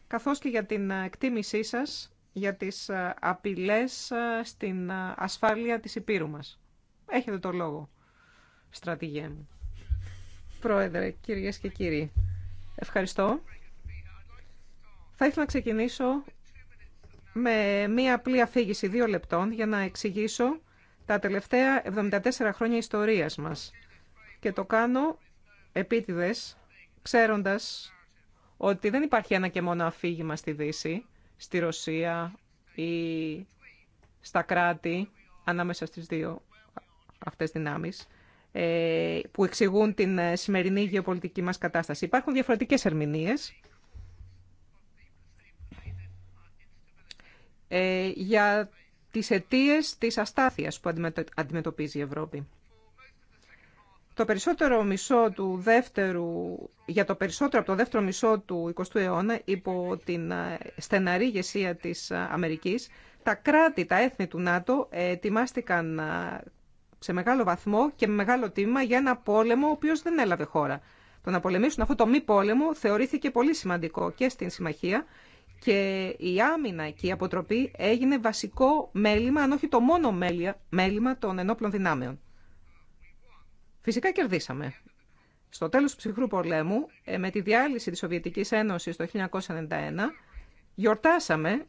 καθώς και για την εκτίμησή σας για τις απειλές στην ασφάλεια της Υπήρου μας. Έχετε το λόγο, στρατηγέ μου. Πρόεδρε, κυρίες και κύριοι, ευχαριστώ. Θα ήθελα να ξεκινήσω με μία απλή αφήγηση δύο λεπτών για να εξηγήσω τα τελευταία 74 χρόνια ιστορίας μας. Και το κάνω επίτηδες, ξέροντας ότι δεν υπάρχει ένα και μόνο αφήγημα στη Δύση, στη Ρωσία ή στα κράτη, ανάμεσα στις δύο αυτές δυνάμεις, ε, που εξηγούν την ε, σημερινή γεωπολιτική μας κατάσταση. Υπάρχουν διαφορετικές ερμηνείες Ε, για τις αιτίε της αστάθειας που αντιμετωπίζει η Ευρώπη. Το περισσότερο μισό του δεύτερου, για το περισσότερο από το δεύτερο μισό του 20ου αιώνα, υπό την ε, στεναρή ηγεσία της ε, Αμερικής, τα κράτη, τα έθνη του ΝΑΤΟ ετοιμάστηκαν σε μεγάλο βαθμό και με μεγάλο τίμημα για ένα πόλεμο ο οποίος δεν έλαβε χώρα. Το να πολεμήσουν αυτό το μη πόλεμο θεωρήθηκε πολύ σημαντικό και στην συμμαχία και η άμυνα και η αποτροπή έγινε βασικό μέλημα, αν όχι το μόνο μέλημα των ενόπλων δυνάμεων. Φυσικά κερδίσαμε. Στο τέλος του ψυχρού πολέμου, ε, με τη διάλυση της Σοβιετικής Ένωσης το 1991, γιορτάσαμε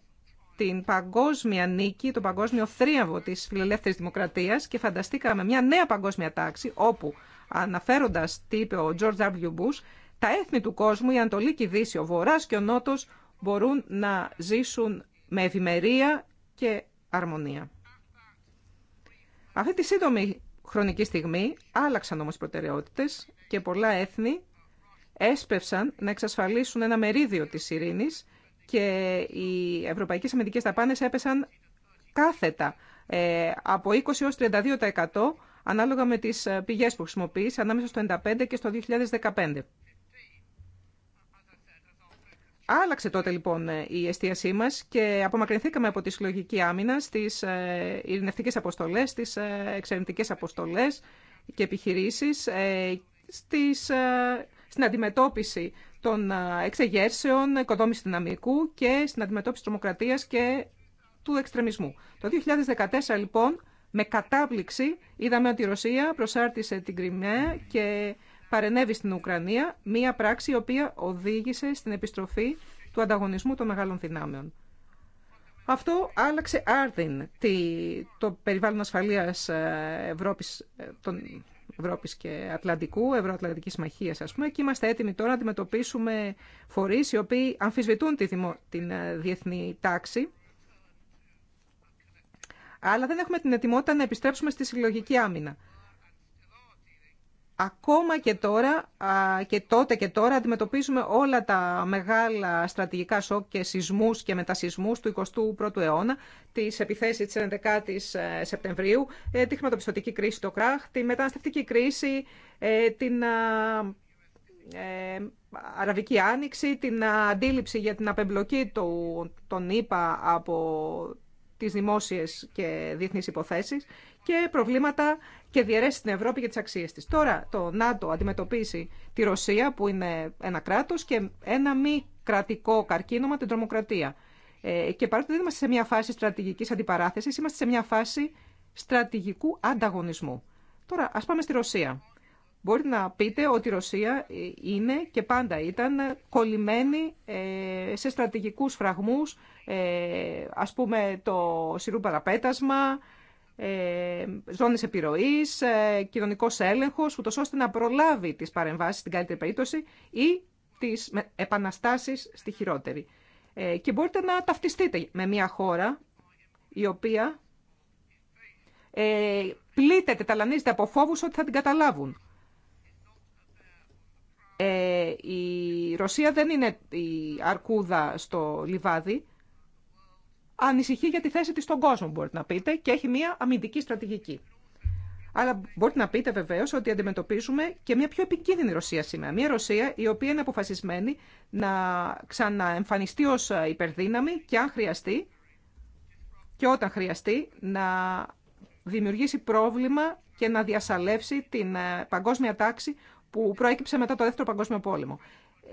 την παγκόσμια νίκη, το παγκόσμιο θρίαμβο της φιλελεύθερης δημοκρατίας και φανταστήκαμε μια νέα παγκόσμια τάξη όπου αναφέροντας τι είπε ο George W. Bush, τα έθνη του κόσμου, η Ανατολή και Δύση, ο Βορράς και ο Νότος μπορούν να ζήσουν με ευημερία και αρμονία. Αυτή τη σύντομη χρονική στιγμή άλλαξαν όμως οι προτεραιότητες και πολλά έθνη έσπευσαν να εξασφαλίσουν ένα μερίδιο της ειρήνης και οι ευρωπαϊκές αμυντικές ταπάνες έπεσαν κάθετα ε, από 20 έως 32% ανάλογα με τις ε, πηγές που χρησιμοποιείς ανάμεσα στο 1995 και στο 2015. Άλλαξε τότε λοιπόν ε, η εστίασή μας και απομακρυνθήκαμε από τη συλλογική άμυνα στις ε, ειρηνευτικές αποστολές, στις ε, εξαιρετικές αποστολές και επιχειρήσεις, στην αντιμετώπιση των εξεγέρσεων, οικοδόμηση δυναμικού και στην αντιμετώπιση τρομοκρατίας και του εξτρεμισμού. Το 2014 λοιπόν με κατάπληξη είδαμε ότι η Ρωσία προσάρτησε την Κρυμαία και παρενέβη στην Ουκρανία, μία πράξη η οποία οδήγησε στην επιστροφή του ανταγωνισμού των μεγάλων δυνάμεων. Αυτό άλλαξε άρδιν το περιβάλλον ασφαλείας ε, Ευρώπης, ε, των Ευρώπης και Ατλαντικού, Ευρωατλαντικής Συμμαχία, α πούμε και είμαστε έτοιμοι τώρα να αντιμετωπίσουμε φορείς οι οποίοι αμφισβητούν τη την ε, διεθνή τάξη αλλά δεν έχουμε την ετοιμότητα να επιστρέψουμε στη συλλογική άμυνα. Ακόμα και τώρα, και τότε και τώρα, αντιμετωπίζουμε όλα τα μεγάλα στρατηγικά σοκ και σεισμούς και μετασεισμούς του 21ου αιώνα, τις επιθέσεις της 11ης ε, Σεπτεμβρίου, ε, τη χρηματοπιστωτική κρίση το κράχ, τη μεταναστευτική κρίση, ε, την Αραβική Άνοιξη, την αντίληψη για την απεμπλοκή των ΗΠΑ από τις δημόσιες και διεθνείς υποθέσεις και προβλήματα και διαιρέσει στην Ευρώπη για τις αξίες της. Τώρα το ΝΑΤΟ αντιμετωπίσει τη Ρωσία που είναι ένα κράτος και ένα μη κρατικό καρκίνωμα την τρομοκρατία. Ε, και παρότι δεν είμαστε σε μια φάση στρατηγικής αντιπαράθεσης, είμαστε σε μια φάση στρατηγικού ανταγωνισμού. Τώρα ας πάμε στη Ρωσία. Μπορείτε να πείτε ότι η Ρωσία ε, είναι και πάντα ήταν κολλημένη ε, σε στρατηγικούς φραγμούς, ας πούμε το σιρού παραπέτασμα, ε, ζώνες επιρροής, ε, κοινωνικός έλεγχος, ούτως ώστε να προλάβει τις παρεμβάσεις στην καλύτερη περίπτωση ή τις επαναστάσεις στη χειρότερη. Ε, και μπορείτε να ταυτιστείτε με μια χώρα η οποία ε, πλήττεται, ταλανίζεται από φόβους ότι θα την καταλάβουν. Ε, η Ρωσία δεν είναι η αρκούδα στο λιβάδι ανησυχεί για τη θέση της στον κόσμο, μπορείτε να πείτε, και έχει μια αμυντική στρατηγική. Αλλά μπορείτε να πείτε βεβαίω ότι αντιμετωπίζουμε και μια πιο επικίνδυνη Ρωσία σήμερα. Μια Ρωσία η οποία είναι αποφασισμένη να ξαναεμφανιστεί ω υπερδύναμη και αν χρειαστεί και όταν χρειαστεί να δημιουργήσει πρόβλημα και να διασαλεύσει την ε, παγκόσμια τάξη που προέκυψε μετά το Δεύτερο Παγκόσμιο Πόλεμο.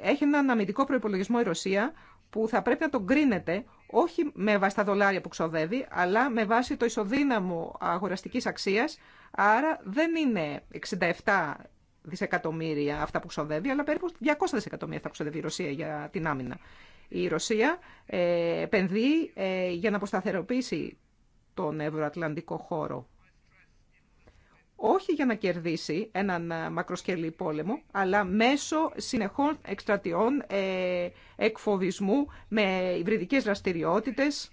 Έχει έναν αμυντικό προπολογισμό η Ρωσία που θα πρέπει να τον κρίνεται όχι με βάση τα δολάρια που ξοδεύει, αλλά με βάση το ισοδύναμο αγοραστικής αξίας, άρα δεν είναι 67 δισεκατομμύρια αυτά που ξοδεύει, αλλά περίπου 200 δισεκατομμύρια αυτά που ξοδεύει η Ρωσία για την άμυνα. Η Ρωσία ε, επενδύει ε, για να αποσταθεροποιήσει τον ευρωατλαντικό χώρο όχι για να κερδίσει έναν ε, μακροσκελή πόλεμο, αλλά μέσω συνεχών εκστρατιών, ε, εκφοβισμού, με υβριδικές δραστηριότητες.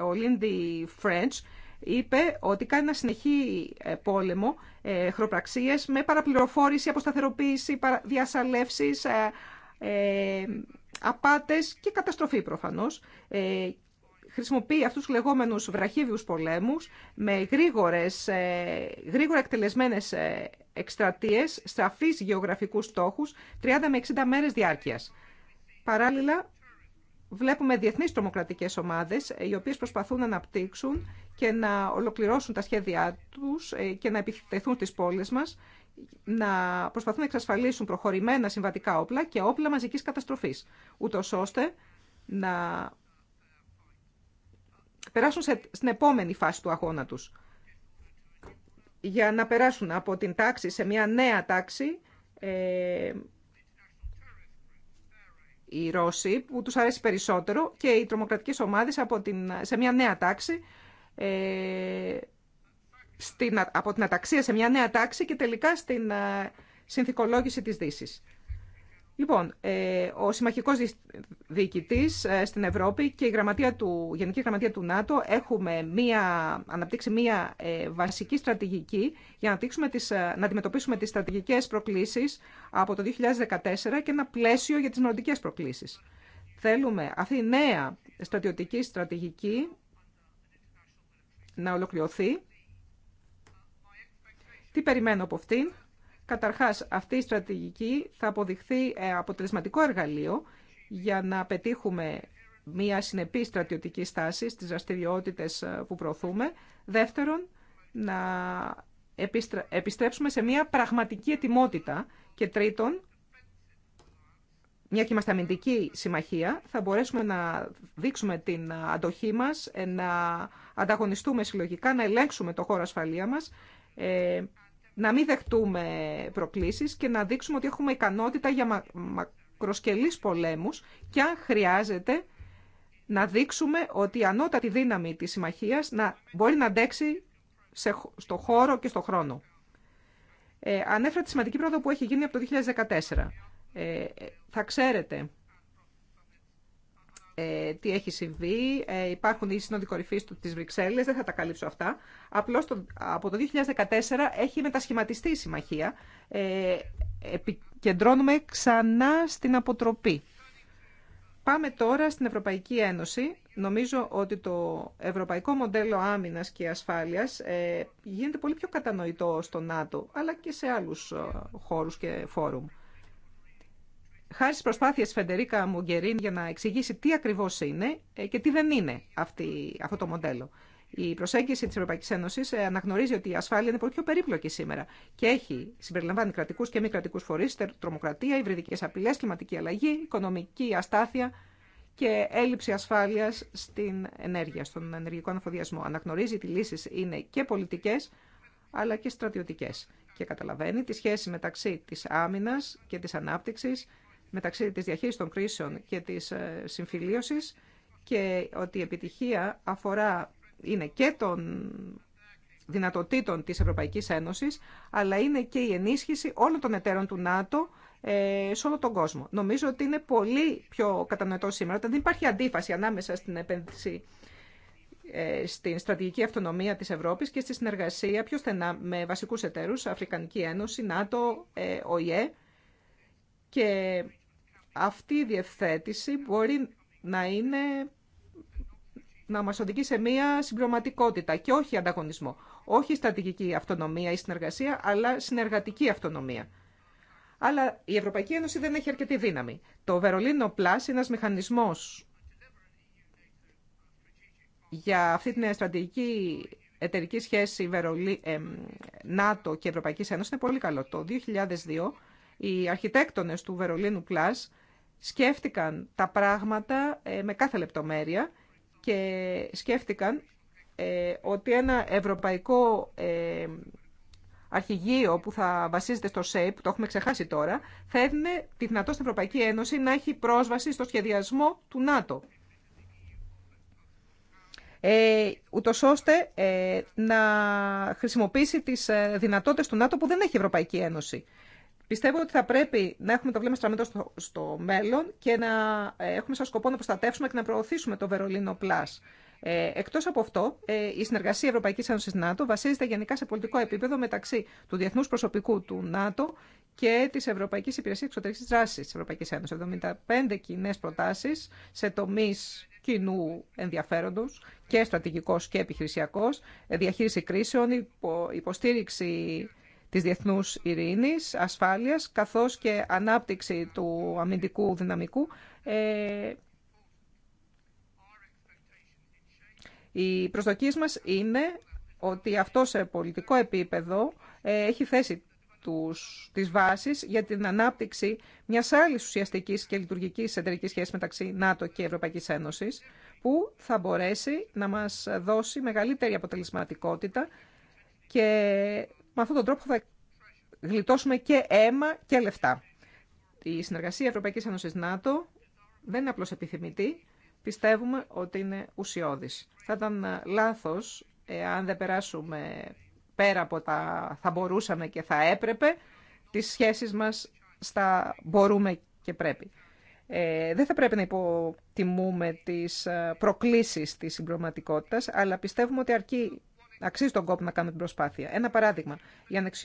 Ο Λίνδι Φρέντς είπε ότι κάνει ένα συνεχή ε, πόλεμο, ε, χροπραξίες, με παραπληροφόρηση, αποσταθεροποίηση, παρα, διασαλεύσεις, απάτες και καταστροφή προφανώς χρησιμοποιεί αυτούς τους λεγόμενους βραχίβιους πολέμους με γρήγορες, ε, γρήγορα εκτελεσμένες ε, εκστρατείες, σαφείς γεωγραφικούς στόχους, 30 με 60 μέρες διάρκειας. Παράλληλα, βλέπουμε διεθνείς τρομοκρατικές ομάδες, ε, οι οποίες προσπαθούν να αναπτύξουν και να ολοκληρώσουν τα σχέδιά τους και να επιτεθούν στις πόλεις μας, να προσπαθούν να εξασφαλίσουν προχωρημένα συμβατικά όπλα και όπλα μαζικής καταστροφής, ούτως ώστε να περάσουν στην επόμενη φάση του αγώνα τους. Για να περάσουν από την τάξη σε μια νέα τάξη, ε, οι Ρώσοι που τους αρέσει περισσότερο και οι τρομοκρατικές ομάδες σε μια νέα τάξη, ε, στην, από την αταξία σε μια νέα τάξη και τελικά στην ε, συνθηκολόγηση της δύση. Λοιπόν, ε, ο συμμαχικός διοικητής ε, στην Ευρώπη και η, γραμματεία του, Γενική Γραμματεία του ΝΑΤΟ έχουμε μία, αναπτύξει μία ε, βασική στρατηγική για να, τις, να αντιμετωπίσουμε τις στρατηγικές προκλήσεις από το 2014 και ένα πλαίσιο για τις μελλοντικές προκλήσεις. Θέλουμε αυτή η νέα στρατιωτική στρατηγική να ολοκληρωθεί. Τι περιμένω από αυτήν. Καταρχάς, αυτή η στρατηγική θα αποδειχθεί ε, αποτελεσματικό εργαλείο για να πετύχουμε μια συνεπή στρατιωτική στάση στις δραστηριότητε ε, που προωθούμε. Δεύτερον, να επιστρέψουμε σε μια πραγματική ετοιμότητα. Και τρίτον, μια και είμαστε συμμαχία, θα μπορέσουμε να δείξουμε την αντοχή μας, ε, να ανταγωνιστούμε συλλογικά, να ελέγξουμε το χώρο ασφαλεία μας, να μην δεχτούμε προκλήσεις και να δείξουμε ότι έχουμε ικανότητα για μακροσκελείς πολέμους και αν χρειάζεται να δείξουμε ότι η ανώτατη δύναμη της συμμαχίας να μπορεί να αντέξει σε, στο χώρο και στο χρόνο. Ε, ανέφερα τη σημαντική πρόοδο που έχει γίνει από το 2014. Ε, ε, θα ξέρετε ε, τι έχει συμβεί. Ε, υπάρχουν οι σύνοδοι κορυφή τη Βρυξέλλε, δεν θα τα καλύψω αυτά. Απλώ από το 2014 έχει μετασχηματιστεί η συμμαχία. Ε, επικεντρώνουμε ξανά στην αποτροπή. Πάμε τώρα στην Ευρωπαϊκή Ένωση. Νομίζω ότι το ευρωπαϊκό μοντέλο άμυνας και ασφάλειας ε, γίνεται πολύ πιο κατανοητό στο ΝΑΤΟ, αλλά και σε άλλους ε, χώρους και φόρουμ. Χάρη στις προσπάθειες Φεντερίκα Μουγκερίν για να εξηγήσει τι ακριβώς είναι ε, και τι δεν είναι αυτή, αυτό το μοντέλο. Η προσέγγιση τη Ευρωπαϊκή Ένωση ε, αναγνωρίζει ότι η ασφάλεια είναι πολύ πιο περίπλοκη σήμερα και έχει συμπεριλαμβάνει κρατικού και μη κρατικού φορεί, τρομοκρατία, υβριδικέ απειλέ, κλιματική αλλαγή, οικονομική αστάθεια και έλλειψη ασφάλεια στην ενέργεια, στον ενεργικό αναφοδιασμό. Αναγνωρίζει ότι οι λύσει είναι και πολιτικέ αλλά και στρατιωτικέ και καταλαβαίνει τη σχέση μεταξύ τη άμυνα και τη ανάπτυξη μεταξύ της διαχείρισης των κρίσεων και της ε, συμφιλίωσης και ότι η επιτυχία αφορά, είναι και των δυνατοτήτων της Ευρωπαϊκής Ένωσης, αλλά είναι και η ενίσχυση όλων των εταίρων του ΝΑΤΟ ε, σε όλο τον κόσμο. Νομίζω ότι είναι πολύ πιο κατανοητό σήμερα, όταν δεν υπάρχει αντίφαση ανάμεσα στην επένδυση ε, στην στρατηγική αυτονομία της Ευρώπης και στη συνεργασία πιο στενά με βασικούς εταίρους, Αφρικανική Ένωση, ΝΑΤΟ, ΟΗΕ και αυτή η διευθέτηση μπορεί να είναι να μας οδηγεί σε μία συμπληρωματικότητα και όχι ανταγωνισμό. Όχι στατικική αυτονομία ή συνεργασία, αλλά συνεργατική αυτονομία. Αλλά η Ευρωπαϊκή Ένωση δεν έχει αρκετή δύναμη. Το Βερολίνο Plus είναι ένας μηχανισμός για αυτή την στρατηγική εταιρική σχέση Βερολί, ε, ΝΑΤΟ και Ευρωπαϊκής Ένωσης είναι πολύ καλό. Το 2002 οι αρχιτέκτονες του Βερολίνου Plus σκέφτηκαν τα πράγματα ε, με κάθε λεπτομέρεια και σκέφτηκαν ε, ότι ένα ευρωπαϊκό ε, αρχηγείο που θα βασίζεται στο ΣΕΙΠ, το έχουμε ξεχάσει τώρα, θα έδινε τη δυνατότητα στην Ευρωπαϊκή Ένωση να έχει πρόσβαση στο σχεδιασμό του ΝΑΤΟ. Ε, ούτως ώστε να χρησιμοποιήσει τις δυνατότητες του ΝΑΤΟ που δεν έχει η Ευρωπαϊκή Ένωση. Πιστεύω ότι θα πρέπει να έχουμε το βλέμμα στραμμένο στο, στο μέλλον και να ε, έχουμε σαν σκοπό να προστατεύσουμε και να προωθήσουμε το Βερολίνο Plus. Ε, Εκτό από αυτό, ε, η συνεργασία Ευρωπαϊκή Ένωση ΝΑΤΟ βασίζεται γενικά σε πολιτικό επίπεδο μεταξύ του διεθνού προσωπικού του ΝΑΤΟ και τη Ευρωπαϊκή Υπηρεσία Εξωτερική Δράση τη Ευρωπαϊκή Ένωση. 75 κοινέ προτάσει σε τομεί κοινού ενδιαφέροντο και στρατηγικό και επιχειρησιακό, ε, διαχείριση κρίσεων, υποστήριξη της διεθνούς ειρήνης, ασφάλειας, καθώς και ανάπτυξη του αμυντικού δυναμικού. Ε, οι προσδοκίες μας είναι ότι αυτό σε πολιτικό επίπεδο ε, έχει θέσει τους, τις βάσεις για την ανάπτυξη μιας άλλης ουσιαστικής και λειτουργικής εταιρικής σχέσης μεταξύ ΝΑΤΟ και Ευρωπαϊκής Ένωσης, που θα μπορέσει να μας δώσει μεγαλύτερη αποτελεσματικότητα και με αυτόν τον τρόπο θα γλιτώσουμε και αίμα και λεφτά. Η συνεργασία Ευρωπαϊκής Ένωση ΝΑΤΟ δεν είναι απλώ επιθυμητή, πιστεύουμε ότι είναι ουσιώδης. Θα ήταν ε, λάθο ε, αν δεν περάσουμε πέρα από τα θα μπορούσαμε και θα έπρεπε τις σχέσεις μας στα μπορούμε και πρέπει. Ε, δεν θα πρέπει να υποτιμούμε τις ε, προκλήσεις της συμπληρωματικότητας, αλλά πιστεύουμε ότι αρκεί Αξίζει τον κόπο να κάνουμε την προσπάθεια. Ένα παράδειγμα.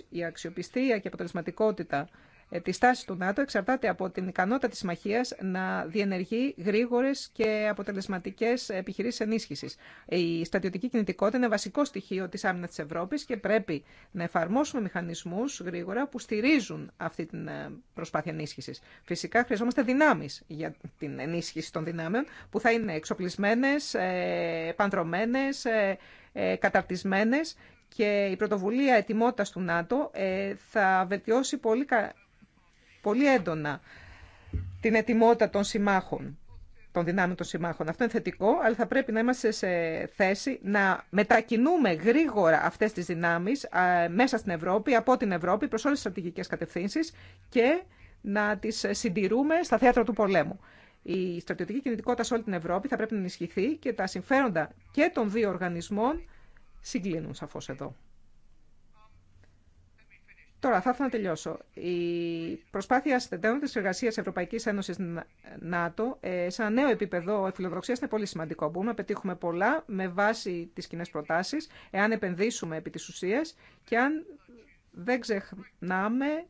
Η αξιοπιστία και η αποτελεσματικότητα ε, τη στάση του ΝΑΤΟ εξαρτάται από την ικανότητα τη συμμαχία να διενεργεί γρήγορε και αποτελεσματικέ επιχειρήσει ενίσχυση. Η στρατιωτική κινητικότητα είναι βασικό στοιχείο τη άμυνας τη Ευρώπη και πρέπει να εφαρμόσουμε μηχανισμού γρήγορα που στηρίζουν αυτή την ε, προσπάθεια ενίσχυση. Φυσικά χρειαζόμαστε δυνάμει για την ενίσχυση των δυνάμεων που θα είναι εξοπλισμένες, ε, ε, καταρτισμένες και η πρωτοβουλία ετοιμότητας του ΝΑΤΟ ε, θα βελτιώσει πολύ, πολύ έντονα την ετοιμότητα των συμμάχων, των δυνάμεων των συμμάχων. Αυτό είναι θετικό, αλλά θα πρέπει να είμαστε σε θέση να μετακινούμε γρήγορα αυτές τις δυνάμεις μέσα στην Ευρώπη, από την Ευρώπη, προς όλες τις στρατηγικές κατευθύνσεις και να τις συντηρούμε στα θέατρα του πολέμου. Η στρατιωτική κινητικότητα σε όλη την Ευρώπη θα πρέπει να ενισχυθεί και τα συμφέροντα και των δύο οργανισμών συγκλίνουν σαφώς εδώ. Τώρα, θα ήθελα να τελειώσω. Η προσπάθεια στεντέρων τη εργασία Ευρωπαϊκή Ένωση ΝΑΤΟ ε, σε ένα νέο επίπεδο φιλοδοξία είναι πολύ σημαντικό. Μπορούμε να πετύχουμε πολλά με βάση τι κοινέ προτάσει, εάν επενδύσουμε επί τη ουσία και αν δεν ξεχνάμε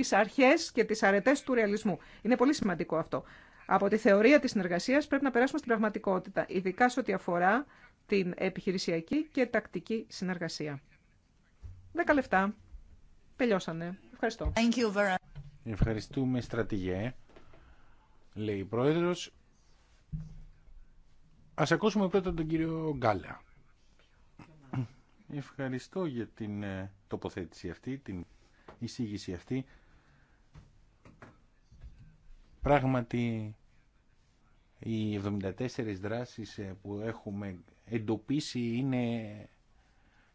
τις αρχές και τις αρετές του ρεαλισμού. Είναι πολύ σημαντικό αυτό. Από τη θεωρία της συνεργασίας πρέπει να περάσουμε στην πραγματικότητα, ειδικά σε ό,τι αφορά την επιχειρησιακή και τακτική συνεργασία. Δέκα λεφτά. Τελειώσανε. Ευχαριστώ. Thank you very Ευχαριστούμε, στρατηγέ, λέει η πρόεδρος. Ας ακούσουμε πρώτα τον κύριο Γκάλα. Ευχαριστώ για την ε, τοποθέτηση αυτή, την εισήγηση αυτή. Πράγματι, οι 74 δράσεις ε, που έχουμε εντοπίσει είναι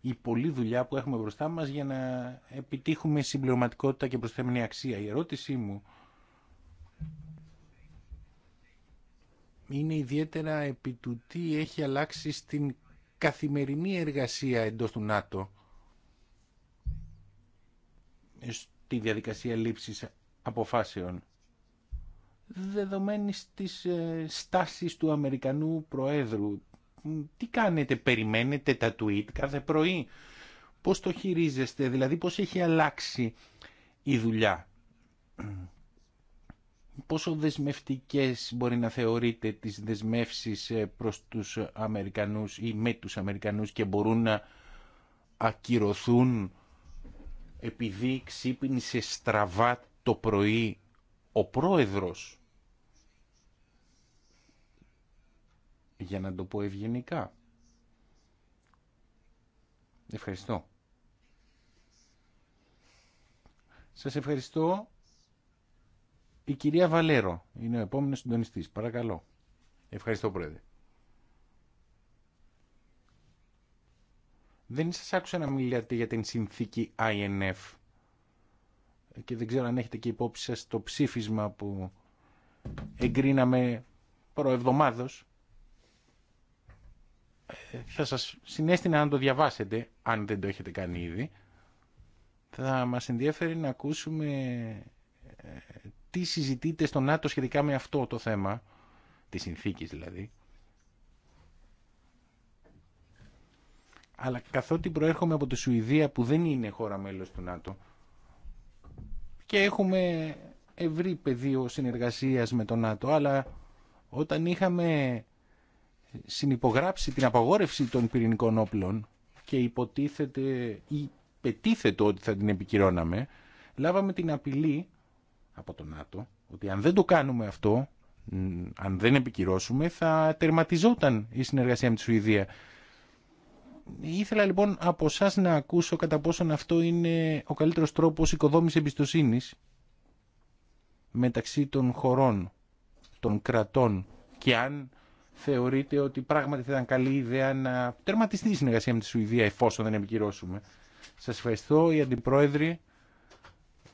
η πολλή δουλειά που έχουμε μπροστά μας για να επιτύχουμε συμπληρωματικότητα και προσθέμενη αξία. Η ερώτησή μου είναι ιδιαίτερα επί του τι έχει αλλάξει στην καθημερινή εργασία εντός του ΝΑΤΟ στη διαδικασία λήψης αποφάσεων δεδομένης της ε, στάσης του Αμερικανού Προέδρου. Τι κάνετε, περιμένετε τα tweet κάθε πρωί, πώς το χειρίζεστε, δηλαδή πώς έχει αλλάξει η δουλειά. Πόσο δεσμευτικές μπορεί να θεωρείτε τις δεσμεύσεις ε, προς τους Αμερικανούς ή με τους Αμερικανούς και μπορούν να ακυρωθούν επειδή ξύπνησε στραβά το πρωί ο πρόεδρος για να το πω ευγενικά. Ευχαριστώ. Σας ευχαριστώ. Η κυρία Βαλέρο είναι ο επόμενος συντονιστής. Παρακαλώ. Ευχαριστώ πρόεδρε. Δεν σας άκουσα να μιλάτε για την συνθήκη INF και δεν ξέρω αν έχετε και υπόψη σας το ψήφισμα που εγκρίναμε προεβδομάδος θα σας συνέστηνα να το διαβάσετε, αν δεν το έχετε κάνει ήδη. Θα μας ενδιαφέρει να ακούσουμε ε, τι συζητείτε στο ΝΑΤΟ σχετικά με αυτό το θέμα, τη συνθήκη δηλαδή. Αλλά καθότι προέρχομαι από τη Σουηδία που δεν είναι χώρα μέλος του ΝΑΤΟ και έχουμε ευρύ πεδίο συνεργασίας με το ΝΑΤΟ, αλλά όταν είχαμε συνυπογράψει την απαγόρευση των πυρηνικών όπλων και υποτίθεται ή πετίθεται ότι θα την επικυρώναμε, λάβαμε την απειλή από τον ΝΑΤΟ ότι αν δεν το κάνουμε αυτό, αν δεν επικυρώσουμε, θα τερματιζόταν η συνεργασία με τη Σουηδία. Ήθελα λοιπόν από εσά να ακούσω κατά πόσον αυτό είναι ο καλύτερος τρόπος οικοδόμησης εμπιστοσύνης μεταξύ των χωρών, των κρατών και αν θεωρείτε ότι πράγματι θα ήταν καλή ιδέα να τερματιστεί η συνεργασία με τη Σουηδία εφόσον δεν επικυρώσουμε. Σας ευχαριστώ. Η Αντιπρόεδρη,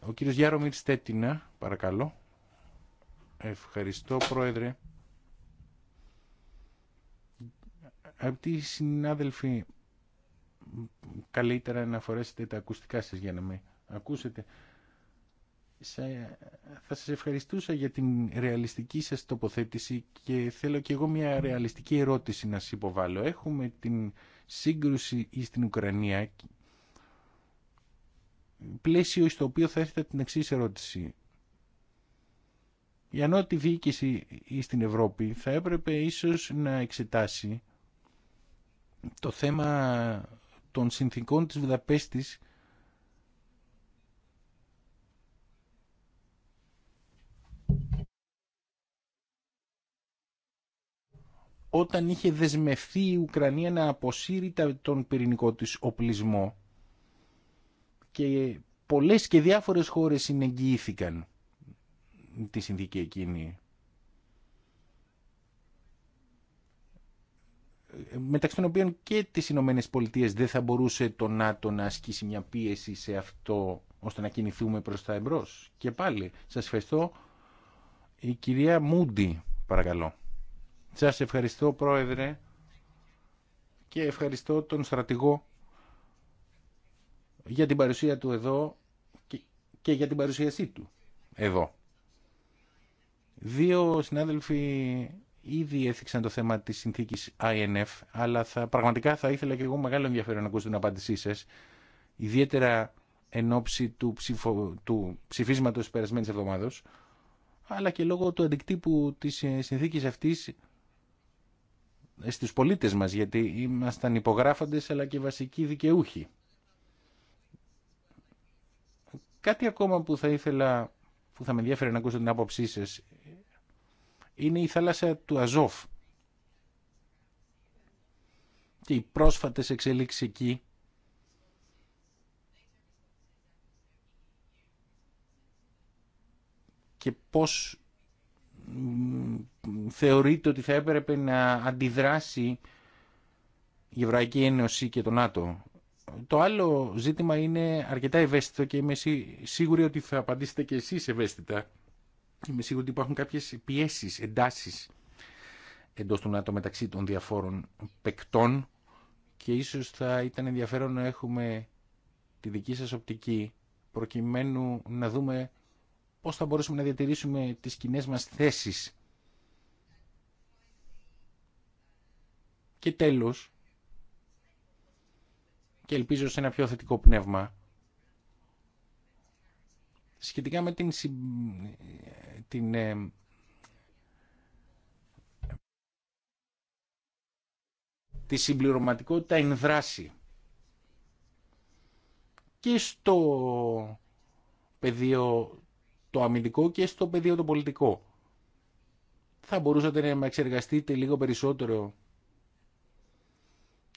ο κύριος Γιάρομιρ Στέτινα, παρακαλώ. Ευχαριστώ, Πρόεδρε. οι συνάδελφοι, καλύτερα να φορέσετε τα ακουστικά σας για να με ακούσετε θα σας ευχαριστούσα για την ρεαλιστική σας τοποθέτηση και θέλω και εγώ μια ρεαλιστική ερώτηση να σας υποβάλω. Έχουμε την σύγκρουση στην Ουκρανία, πλαίσιο στο οποίο θα έρθετε την εξή ερώτηση. Η ανώτη διοίκηση στην Ευρώπη θα έπρεπε ίσως να εξετάσει το θέμα των συνθήκων της Βουδαπέστης όταν είχε δεσμευθεί η Ουκρανία να αποσύρει τον πυρηνικό της οπλισμό και πολλές και διάφορες χώρες συνεγγυήθηκαν τη συνθήκη εκείνη. Μεταξύ των οποίων και τις Ηνωμένε Πολιτείες δεν θα μπορούσε το ΝΑΤΟ να ασκήσει μια πίεση σε αυτό ώστε να κινηθούμε προς τα εμπρός. Και πάλι, σας ευχαριστώ. Η κυρία Μούντι, παρακαλώ. Σας ευχαριστώ Πρόεδρε και ευχαριστώ τον στρατηγό για την παρουσία του εδώ και για την παρουσίασή του εδώ. Δύο συνάδελφοι ήδη έθιξαν το θέμα της συνθήκης INF, αλλά θα, πραγματικά θα ήθελα και εγώ μεγάλο ενδιαφέρον να ακούσω την απάντησή σας, ιδιαίτερα εν ώψη του, ψηφο, του ψηφίσματος περασμένης εβδομάδος, αλλά και λόγω του αντικτύπου της συνθήκης αυτής στους πολίτες μας, γιατί ήμασταν υπογράφοντες αλλά και βασικοί δικαιούχοι. Κάτι ακόμα που θα ήθελα, που θα με ενδιαφέρει να ακούσω την άποψή σας, είναι η θάλασσα του Αζόφ και οι πρόσφατες εξελίξεις εκεί και πώς θεωρείτε ότι θα έπρεπε να αντιδράσει η Ευρωπαϊκή Ένωση και το ΝΑΤΟ. Το άλλο ζήτημα είναι αρκετά ευαίσθητο και είμαι σίγουρη ότι θα απαντήσετε και εσείς ευαίσθητα. Είμαι σίγουρη ότι υπάρχουν κάποιες πιέσεις, εντάσεις εντός του ΝΑΤΟ μεταξύ των διαφόρων παικτών και ίσως θα ήταν ενδιαφέρον να έχουμε τη δική σας οπτική προκειμένου να δούμε πώς θα μπορέσουμε να διατηρήσουμε τις κοινέ μας θέσεις Και τέλος, και ελπίζω σε ένα πιο θετικό πνεύμα, σχετικά με την, την ε, τη συμπληρωματικότητα εν δράση. Και στο πεδίο το αμυντικό και στο πεδίο το πολιτικό. Θα μπορούσατε να με εξεργαστείτε λίγο περισσότερο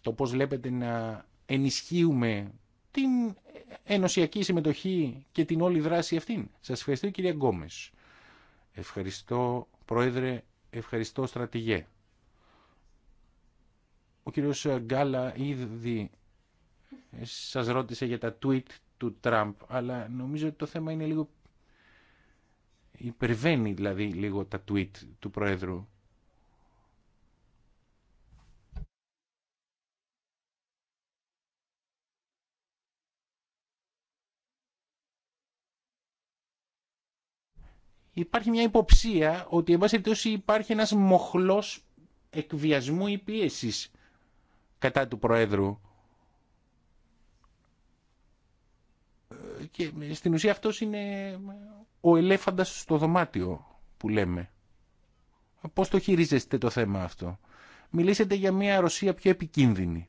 το πώς βλέπετε να ενισχύουμε την ενωσιακή συμμετοχή και την όλη δράση αυτήν. Σας ευχαριστώ κυρία Γκόμες. Ευχαριστώ πρόεδρε, ευχαριστώ στρατηγέ. Ο κύριος Γκάλα ήδη ε, σας ρώτησε για τα tweet του Τραμπ, αλλά νομίζω ότι το θέμα είναι λίγο υπερβαίνει δηλαδή λίγο τα tweet του Πρόεδρου. υπάρχει μια υποψία ότι εν πάση υπάρχει ένας μοχλός εκβιασμού ή πίεσης κατά του Προέδρου. Και στην ουσία αυτός είναι ο ελέφαντας στο δωμάτιο που λέμε. Πώς το χειρίζεστε το θέμα αυτό. Μιλήσετε για μια Ρωσία πιο επικίνδυνη.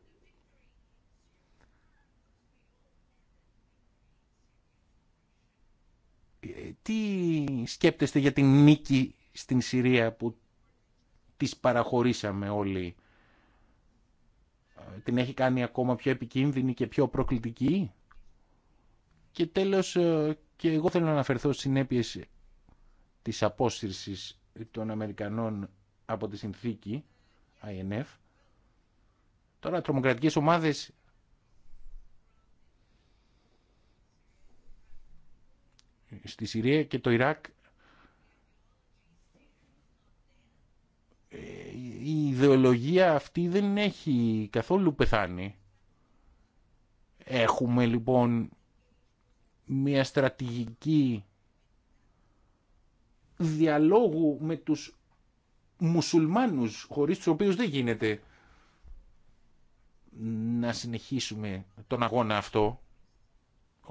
τι σκέπτεστε για την νίκη στην Συρία που τις παραχωρήσαμε όλοι. Ε, την έχει κάνει ακόμα πιο επικίνδυνη και πιο προκλητική. Και τέλος, ε, και εγώ θέλω να αναφερθώ στις συνέπειες της απόσυρσης των Αμερικανών από τη συνθήκη INF. Τώρα τρομοκρατικές ομάδες στη Συρία και το Ιράκ ε, η ιδεολογία αυτή δεν έχει καθόλου πεθάνει. Έχουμε λοιπόν μια στρατηγική διαλόγου με τους μουσουλμάνους χωρίς τους οποίους δεν γίνεται να συνεχίσουμε τον αγώνα αυτό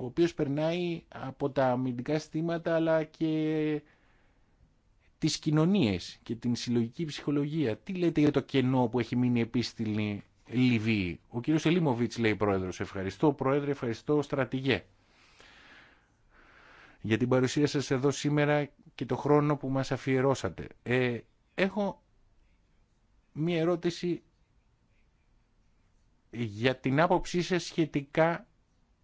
ο οποίος περνάει από τα αμυντικά συστήματα αλλά και τις κοινωνίες και την συλλογική ψυχολογία. Τι λέτε για το κενό που έχει μείνει επίστηλη Λιβύη. Ο κύριος Ελίμοβιτς λέει πρόεδρος. Ευχαριστώ πρόεδρε, ευχαριστώ στρατηγέ για την παρουσία σας εδώ σήμερα και το χρόνο που μας αφιερώσατε. Ε, έχω μία ερώτηση για την άποψή σας σχετικά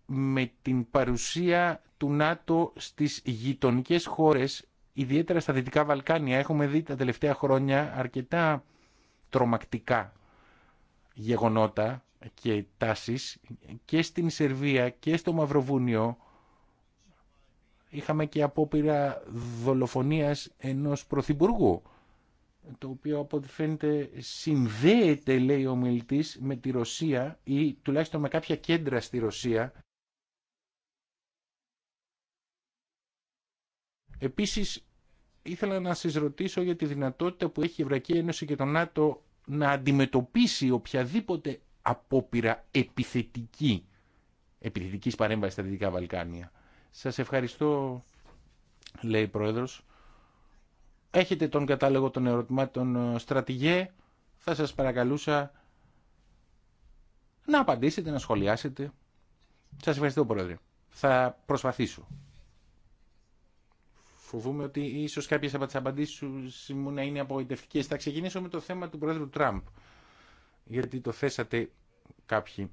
με την παρουσία του ΝΑΤΟ στις γειτονικές χώρες, ιδιαίτερα στα Δυτικά Βαλκάνια. Έχουμε δει τα τελευταία χρόνια αρκετά τρομακτικά γεγονότα και τάσεις και στην Σερβία και στο Μαυροβούνιο είχαμε και απόπειρα δολοφονίας ενός πρωθυπουργού το οποίο από ό,τι φαίνεται συνδέεται λέει ο μιλητής με τη Ρωσία ή τουλάχιστον με κάποια κέντρα στη Ρωσία Επίσης, ήθελα να σας ρωτήσω για τη δυνατότητα που έχει η Ευρωπαϊκή Ένωση και το ΝΑΤΟ να αντιμετωπίσει οποιαδήποτε απόπειρα επιθετική, επιθετικής παρέμβασης στα Δυτικά Βαλκάνια. Σας ευχαριστώ, λέει ο Πρόεδρος. Έχετε τον κατάλογο των ερωτημάτων ε, στρατηγέ. Θα σας παρακαλούσα να απαντήσετε, να σχολιάσετε. Σας ευχαριστώ, Πρόεδρε. Θα προσπαθήσω. Φοβούμαι ότι ίσω κάποιε από τι απαντήσει μου να είναι απογοητευτικέ. Θα ξεκινήσω με το θέμα του Πρόεδρου Τραμπ. Γιατί το θέσατε κάποιοι.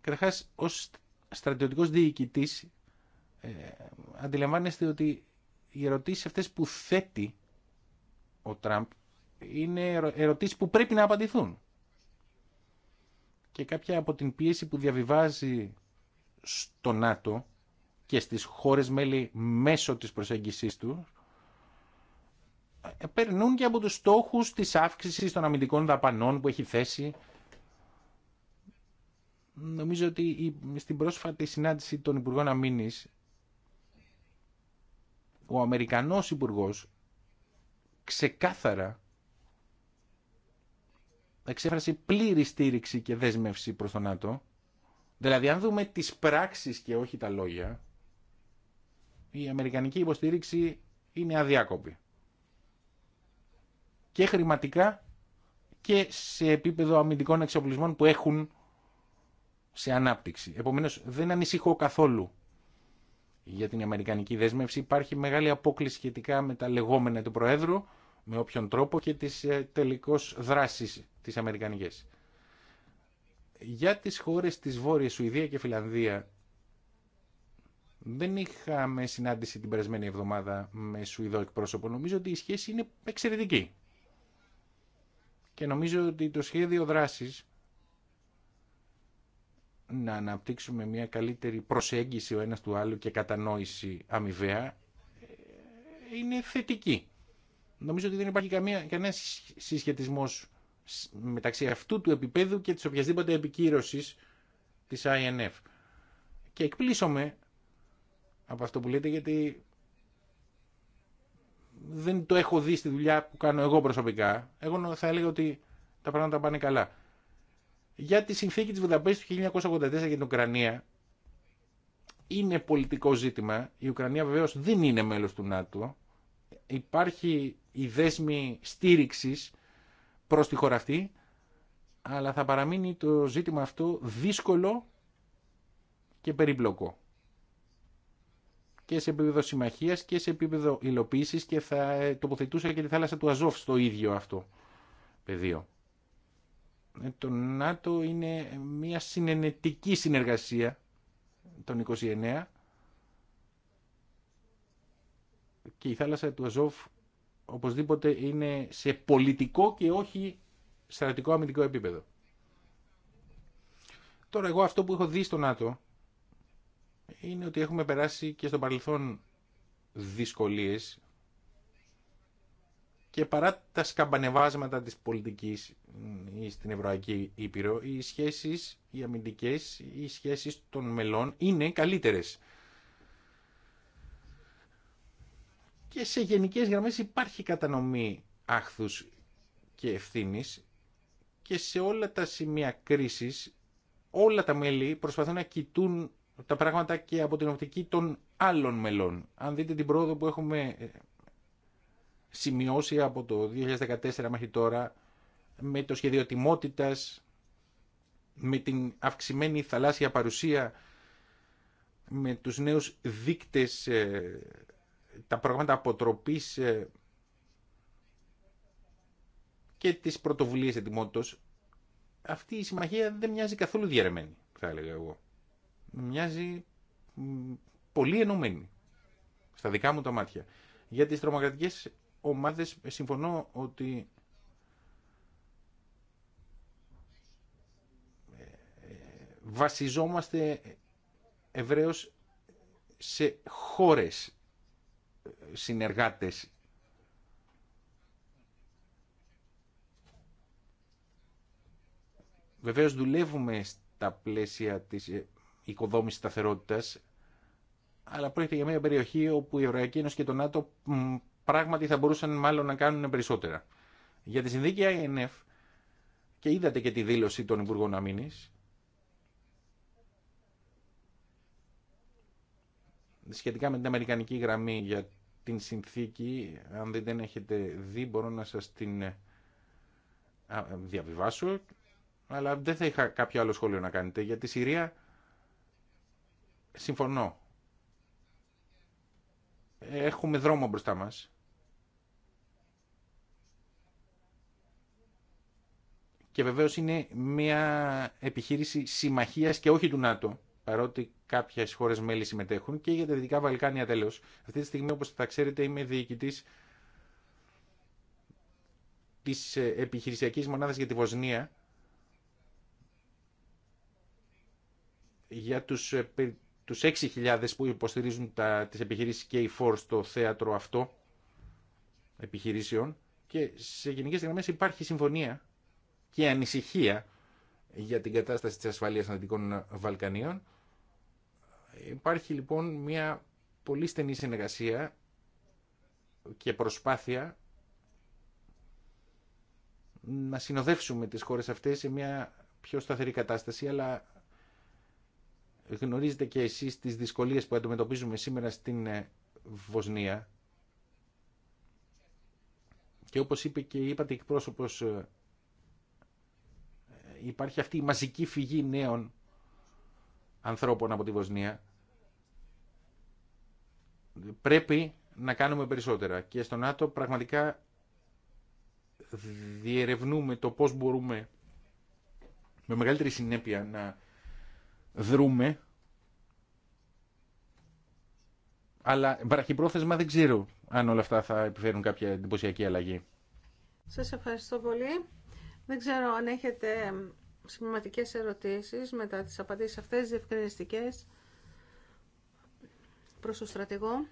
Καταρχά, ω στρατιωτικό διοικητή, ε, αντιλαμβάνεστε ότι οι ερωτήσει αυτέ που θέτει ο Τραμπ είναι ερωτήσεις που πρέπει να απαντηθούν. Και κάποια από την πίεση που διαβιβάζει στο ΝΑΤΟ και στις χώρες μέλη μέσω της προσέγγισής του ε, περνούν και από τους στόχους της αύξησης των αμυντικών δαπανών που έχει θέσει. Νομίζω ότι στην πρόσφατη συνάντηση των Υπουργών Αμήνης ο Αμερικανός Υπουργός ξεκάθαρα εξέφρασε πλήρη στήριξη και δέσμευση προς τον ΝΑΤΟ. Δηλαδή αν δούμε τις πράξεις και όχι τα λόγια, η αμερικανική υποστήριξη είναι αδιάκοπη. Και χρηματικά και σε επίπεδο αμυντικών εξοπλισμών που έχουν σε ανάπτυξη. Επομένως δεν ανησυχώ καθόλου για την αμερικανική δέσμευση. Υπάρχει μεγάλη απόκληση σχετικά με τα λεγόμενα του Προέδρου, με όποιον τρόπο και τις ε, τελικώς δράσεις της αμερικανικές. Για τις χώρες της Βόρειας Σουηδία και Φιλανδία δεν είχαμε συνάντηση την περασμένη εβδομάδα με Σουηδό εκπρόσωπο. Νομίζω ότι η σχέση είναι εξαιρετική. Και νομίζω ότι το σχέδιο δράσης να αναπτύξουμε μια καλύτερη προσέγγιση ο ένας του άλλου και κατανόηση αμοιβαία είναι θετική. Νομίζω ότι δεν υπάρχει καμία, κανένας συσχετισμός μεταξύ αυτού του επίπεδου και της οποιασδήποτε επικύρωσης της INF. Και εκπλήσωμε από αυτό που λέτε γιατί δεν το έχω δει στη δουλειά που κάνω εγώ προσωπικά. Εγώ θα έλεγα ότι τα πράγματα πάνε καλά. Για τη συνθήκη της Βουδαπέστης του 1984 για την Ουκρανία είναι πολιτικό ζήτημα. Η Ουκρανία βεβαίω δεν είναι μέλος του ΝΑΤΟ. Υπάρχει η δέσμη στήριξης προς τη χώρα αυτή, αλλά θα παραμείνει το ζήτημα αυτό δύσκολο και περιπλοκό και σε επίπεδο συμμαχία και σε επίπεδο υλοποίηση και θα τοποθετούσα και τη θάλασσα του Αζόφ στο ίδιο αυτό πεδίο. Ε, το ΝΑΤΟ είναι μια συνενετική συνεργασία των 29 και η θάλασσα του Αζόφ οπωσδήποτε είναι σε πολιτικό και όχι στρατικό αμυντικό επίπεδο. Τώρα εγώ αυτό που έχω δει στο ΝΑΤΟ είναι ότι έχουμε περάσει και στο παρελθόν δυσκολίες και παρά τα σκαμπανεβάσματα της πολιτικής στην Ευρωακή Ήπειρο, οι σχέσεις, οι αμυντικές, οι σχέσεις των μελών είναι καλύτερες. Και σε γενικές γραμμές υπάρχει κατανομή άχθους και ευθύνης και σε όλα τα σημεία κρίσης όλα τα μέλη προσπαθούν να κοιτούν τα πράγματα και από την οπτική των άλλων μελών. Αν δείτε την πρόοδο που έχουμε ε, σημειώσει από το 2014 μέχρι τώρα με το σχέδιο τιμότητας, με την αυξημένη θαλάσσια παρουσία, με τους νέους δίκτες, ε, τα προγράμματα αποτροπής ε, και τις πρωτοβουλίες ετοιμότητας, αυτή η συμμαχία δεν μοιάζει καθόλου διαρρεμένη θα έλεγα εγώ μοιάζει πολύ ενωμένη στα δικά μου τα μάτια. Για τις τρομοκρατικές ομάδες συμφωνώ ότι ε, βασιζόμαστε ευρέως σε χώρες ε, συνεργάτες Βεβαίως δουλεύουμε στα πλαίσια της ε, οικοδόμηση σταθερότητα, αλλά πρόκειται για μια περιοχή όπου η Ευρωπαϊκή Ένωση και το ΝΑΤΟ πράγματι θα μπορούσαν μάλλον να κάνουν περισσότερα. Για τη συνθήκη INF, και είδατε και τη δήλωση των Υπουργών Αμήνη. σχετικά με την Αμερικανική γραμμή για την συνθήκη, αν δεν την έχετε δει μπορώ να σας την ε, διαβιβάσω, αλλά δεν θα είχα κάποιο άλλο σχόλιο να κάνετε. Για τη Συρία Συμφωνώ. Έχουμε δρόμο μπροστά μας. Και βεβαίως είναι μια επιχείρηση συμμαχίας και όχι του ΝΑΤΟ, παρότι κάποιες χώρες μέλη συμμετέχουν και για τα Δυτικά Βαλκάνια τέλος. Αυτή τη στιγμή, όπως θα ξέρετε, είμαι διοικητής της ε, επιχειρησιακής μονάδας για τη Βοσνία για τους ε, τους 6.000 που υποστηρίζουν τα, τις επιχειρήσεις K4 στο θέατρο αυτό επιχειρήσεων και σε γενικές γραμμές υπάρχει συμφωνία και ανησυχία για την κατάσταση της ασφαλείας Ανατολικών Βαλκανίων. Υπάρχει λοιπόν μια πολύ στενή συνεργασία και προσπάθεια να συνοδεύσουμε τις χώρες αυτές σε μια πιο σταθερή κατάσταση, αλλά γνωρίζετε και εσείς τις δυσκολίες που αντιμετωπίζουμε σήμερα στην ε, Βοσνία και όπως είπε και είπατε εκπρόσωπος ε, ε, υπάρχει αυτή η μαζική φυγή νέων ανθρώπων από τη Βοσνία πρέπει να κάνουμε περισσότερα και στο ΝΑΤΟ πραγματικά διερευνούμε το πώς μπορούμε με μεγαλύτερη συνέπεια να δρούμε, αλλά βραχυπρόθεσμα δεν ξέρω αν όλα αυτά θα επιφέρουν κάποια εντυπωσιακή αλλαγή. Σας ευχαριστώ πολύ. Δεν ξέρω αν έχετε σημαντικές ερωτήσεις μετά τις απαντήσεις αυτές, διευκρινιστικές προς τον στρατηγό.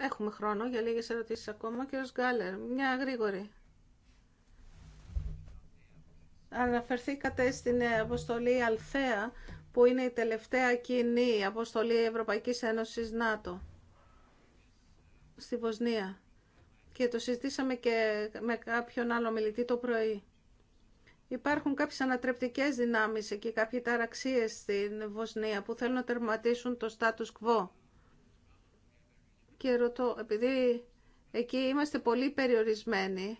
Έχουμε χρόνο για λίγες ερωτήσεις ακόμα. Κύριος Γκάλερ, μια γρήγορη. Αναφερθήκατε στην αποστολή Αλθέα, που είναι η τελευταία κοινή αποστολή Ευρωπαϊκής Ένωσης ΝΑΤΟ στη Βοσνία. Και το συζητήσαμε και με κάποιον άλλο μιλητή το πρωί. Υπάρχουν κάποιες ανατρεπτικές δυνάμεις και κάποιες ταραξίες στην Βοσνία που θέλουν να τερματίσουν το status quo. Και ρωτώ, επειδή εκεί είμαστε πολύ περιορισμένοι,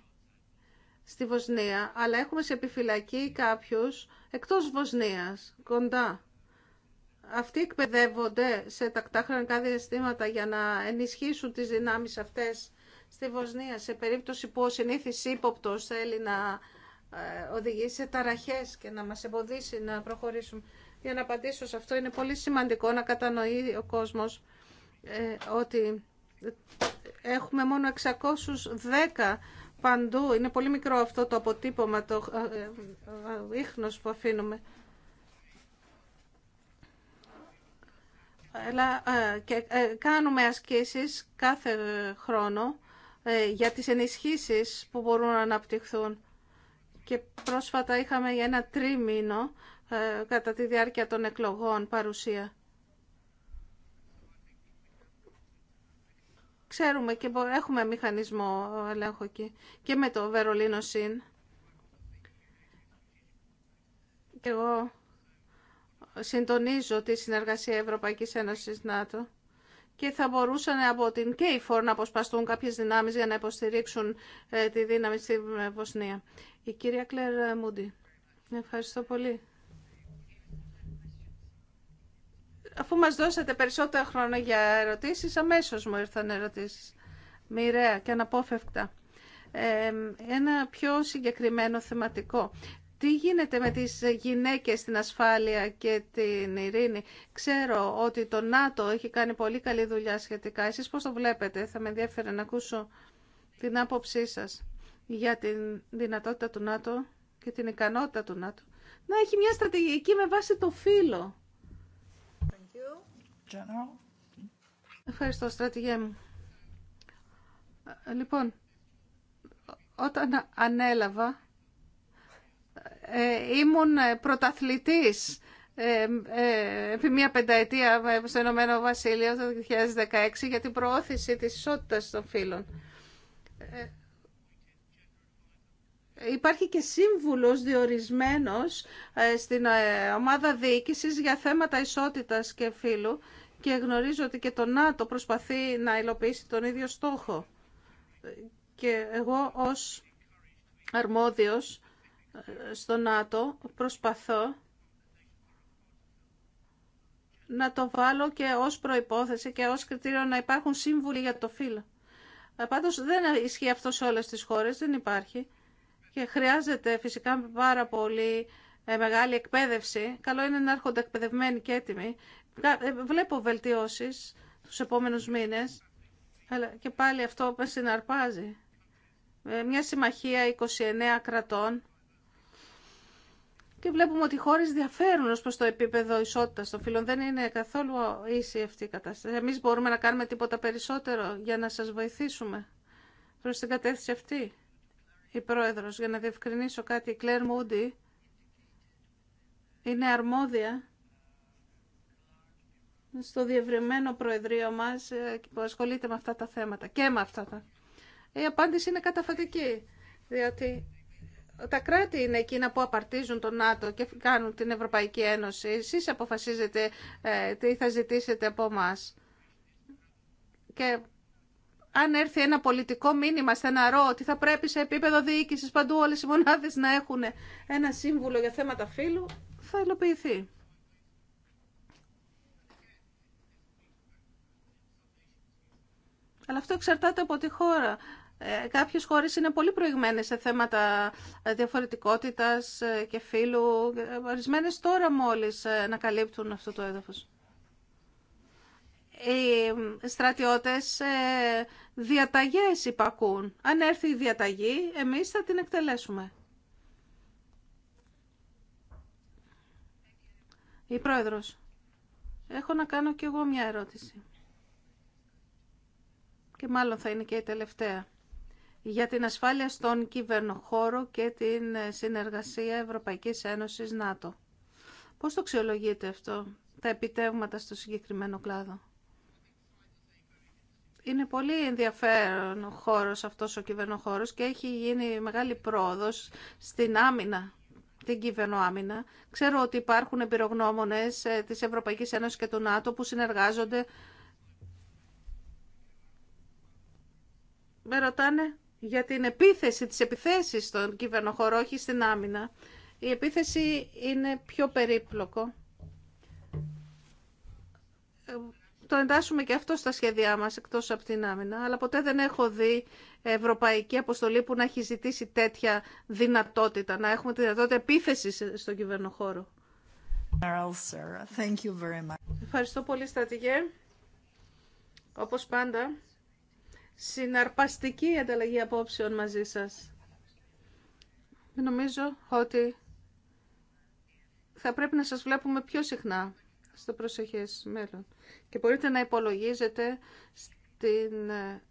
στη Βοσνία, αλλά έχουμε σε επιφυλακή κάποιους εκτός Βοσνίας, κοντά. Αυτοί εκπαιδεύονται σε τακτά χρονικά διαστήματα για να ενισχύσουν τις δυνάμεις αυτές στη Βοσνία, σε περίπτωση που ο συνήθις ύποπτος θέλει να ε, οδηγήσει σε ταραχές και να μας εμποδίσει να προχωρήσουμε. Για να απαντήσω σε αυτό, είναι πολύ σημαντικό να κατανοεί ο κόσμος ε, ότι έχουμε μόνο 610 παντού. Είναι πολύ μικρό αυτό το αποτύπωμα, το ε, ε, ε, ίχνος που αφήνουμε. Αλλά κάνουμε ασκήσεις κάθε χρόνο για τις ενισχύσεις που μπορούν να αναπτυχθούν. Και πρόσφατα είχαμε για ένα τρίμηνο κατά τη διάρκεια των εκλογών παρουσία. Ξέρουμε και έχουμε μηχανισμό ελέγχου εκεί και με το Βερολίνο ΣΥΝ. Εγώ συντονίζω τη συνεργασία Ευρωπαϊκής Ένωσης ΝΑΤΟ και θα μπορούσαν από την ΚΕΙΦΟΡ να αποσπαστούν κάποιες δυνάμεις για να υποστηρίξουν ε, τη δύναμη στη ε, Βοσνία. Η κυρία Κλέρ Μούντι. Ευχαριστώ πολύ. Αφού μας δώσατε περισσότερο χρόνο για ερωτήσεις, αμέσως μου ήρθαν ερωτήσεις. Μοιραία και αναπόφευκτα. Ε, ένα πιο συγκεκριμένο θεματικό. Τι γίνεται με τις γυναίκες στην ασφάλεια και την ειρήνη. Ξέρω ότι το ΝΑΤΟ έχει κάνει πολύ καλή δουλειά σχετικά. Εσείς πώς το βλέπετε. Θα με ενδιαφέρει να ακούσω την άποψή σας για την δυνατότητα του ΝΑΤΟ και την ικανότητα του ΝΑΤΟ να έχει μια στρατηγική με βάση το φύλλο. Ευχαριστώ, στρατηγέ μου. Ε, λοιπόν, όταν ανέλαβα, ε, ήμουν ε, πρωταθλητής ε, επί μία πενταετία στο Ηνωμένο Βασίλειο το 2016 για την προώθηση της ισότητας των φύλων. Υπάρχει και σύμβουλος διορισμένος στην ομάδα διοίκησης για θέματα ισότητας και φύλου και γνωρίζω ότι και το ΝΑΤΟ προσπαθεί να υλοποιήσει τον ίδιο στόχο. Και εγώ ως αρμόδιος ε, στο ΝΑΤΟ προσπαθώ να το βάλω και ως προϋπόθεση και ως κριτήριο να υπάρχουν σύμβουλοι για το φύλλο. Ε, πάντως δεν ισχύει αυτό σε όλες τις χώρες, δεν υπάρχει. Και χρειάζεται φυσικά πάρα πολύ ε, μεγάλη εκπαίδευση. Καλό είναι να έρχονται εκπαιδευμένοι και έτοιμοι ε, βλέπω βελτιώσεις τους επόμενους μήνες, αλλά και πάλι αυτό με συναρπάζει. Ε, μια συμμαχία 29 κρατών και βλέπουμε ότι οι χώρες διαφέρουν ως προς το επίπεδο ισότητας των φύλων. Δεν είναι καθόλου ίση αυτή η κατάσταση. Εμείς μπορούμε να κάνουμε τίποτα περισσότερο για να σας βοηθήσουμε προς την κατεύθυνση αυτή. Η πρόεδρος, για να διευκρινίσω κάτι, η Κλέρ Μούντι είναι αρμόδια στο διευρυμένο Προεδρείο μας ε, που ασχολείται με αυτά τα θέματα και με αυτά τα. Η απάντηση είναι καταφατική, διότι τα κράτη είναι εκείνα που απαρτίζουν τον ΝΑΤΟ και κάνουν την Ευρωπαϊκή Ένωση. Εσείς αποφασίζετε ε, τι θα ζητήσετε από εμά. Και αν έρθει ένα πολιτικό μήνυμα στεναρό ότι θα πρέπει σε επίπεδο διοίκησης παντού όλες οι μονάδες να έχουν ένα σύμβουλο για θέματα φύλου, θα υλοποιηθεί. Αλλά αυτό εξαρτάται από τη χώρα. Ε, κάποιες χώρες είναι πολύ προηγμένες σε θέματα ε, διαφορετικότητας ε, και φύλου. Ορισμένες τώρα μόλις να καλύπτουν αυτό το έδαφος. Οι στρατιώτες διαταγές υπακούν. Αν έρθει η διαταγή, εμείς θα την εκτελέσουμε. Η Πρόεδρος, έχω να κάνω κι εγώ μια ερώτηση και μάλλον θα είναι και η τελευταία για την ασφάλεια στον κυβερνοχώρο και την ε, συνεργασία Ευρωπαϊκής Ένωσης ΝΑΤΟ. Πώς το αξιολογείτε αυτό, τα επιτεύγματα στο συγκεκριμένο κλάδο. Είναι πολύ ενδιαφέρον ο χώρος αυτός ο κυβερνοχώρος και έχει γίνει μεγάλη πρόοδος στην άμυνα, την κυβερνοάμυνα. Ξέρω ότι υπάρχουν εμπειρογνώμονες ε, της Ευρωπαϊκής Ένωσης και του ΝΑΤΟ που συνεργάζονται με ρωτάνε για την επίθεση, τις επιθέσεις στον κυβερνοχώρο, όχι στην άμυνα. Η επίθεση είναι πιο περίπλοκο. Το εντάσσουμε και αυτό στα σχέδιά μας, εκτός από την άμυνα, αλλά ποτέ δεν έχω δει ευρωπαϊκή αποστολή που να έχει ζητήσει τέτοια δυνατότητα, να έχουμε τη δυνατότητα επίθεση στον κυβερνοχώρο. Ευχαριστώ πολύ, στρατηγέ. Όπως πάντα, συναρπαστική ανταλλαγή απόψεων μαζί σας. Νομίζω ότι θα πρέπει να σας βλέπουμε πιο συχνά στο προσεχές μέλλον. Και μπορείτε να υπολογίζετε στην ε,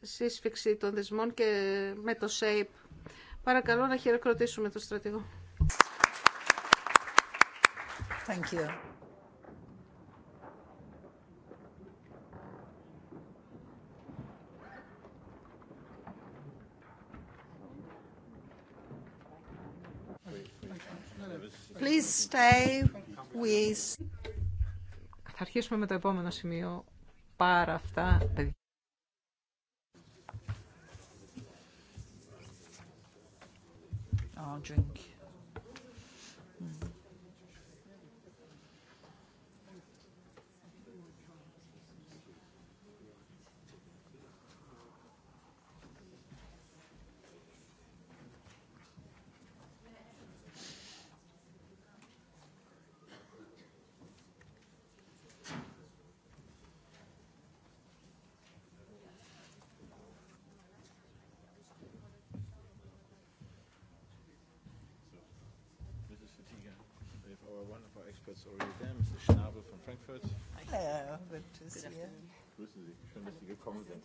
σύσφυξη των δεσμών και με το SHAPE. Παρακαλώ να χειροκροτήσουμε τον στρατηγό. Thank Θα αρχίσουμε με το επόμενο σημείο. Πάρα αυτά, παιδιά. Good afternoon. Grüßen Sie. Schön, dass Sie gekommen sind.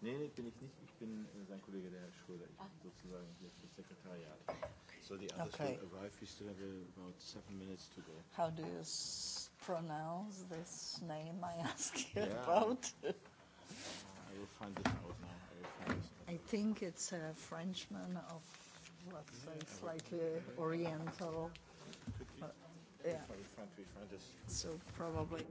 Nee, nee, bin ich nicht. Ich bin sein Kollege, der Herr Schröder. Ich bin sozusagen hier für das Sekretariat. So the others okay. will arrive. We still have about seven minutes to go. How do you pronounce this name I ask you yeah. about? I will find this out now. I, will find this out. I think it's a Frenchman of, let's say, slightly oriental. Yeah. So probably.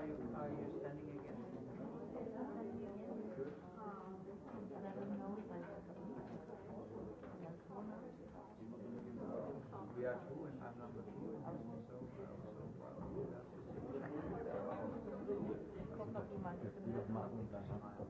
are you are you standing against? We are two and I'm number two and so so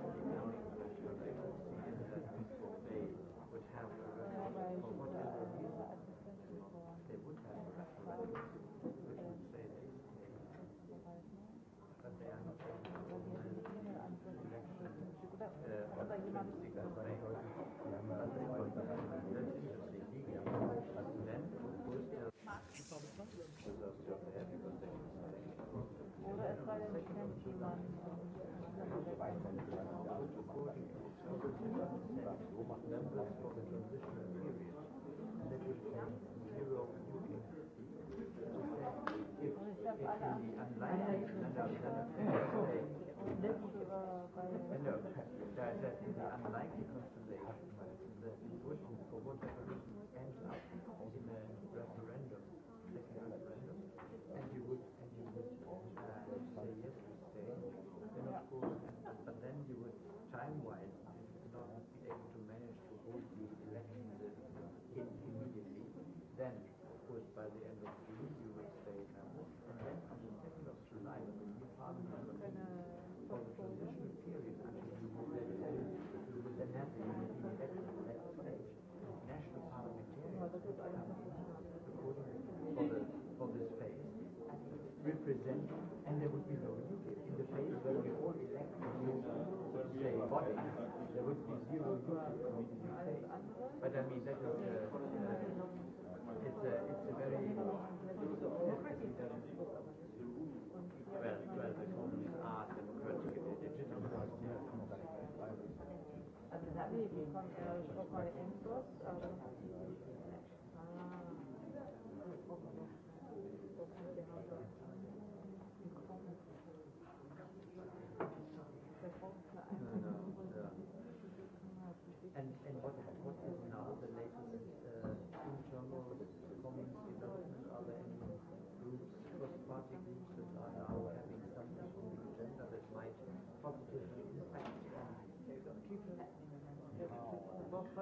But I mean, that uh, it's, it's a very,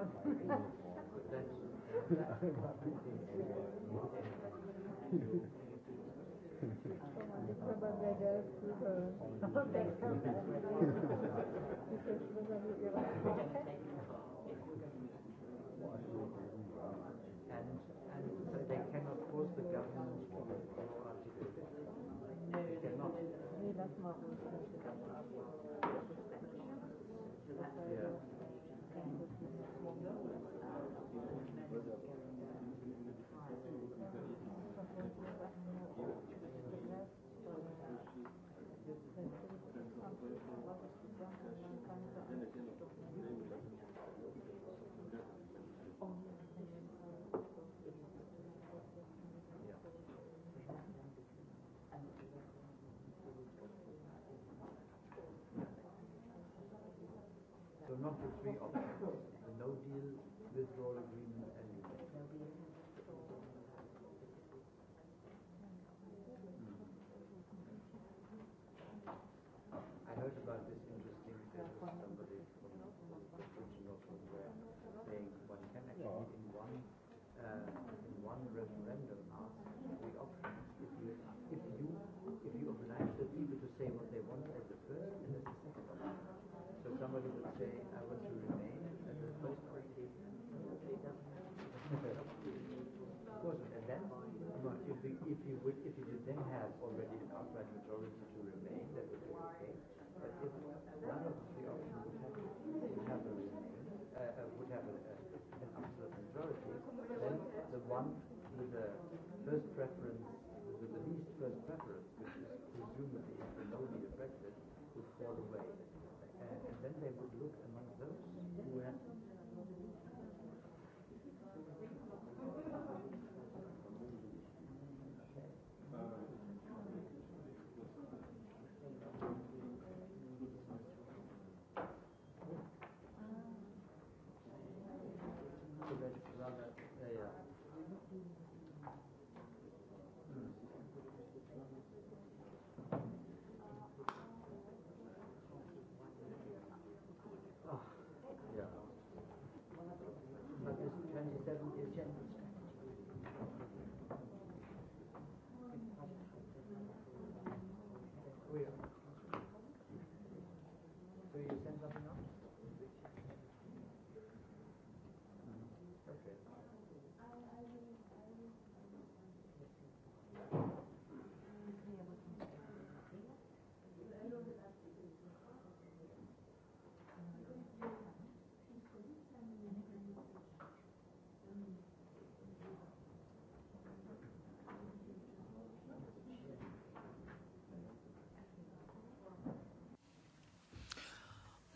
And, and so they cannot force the government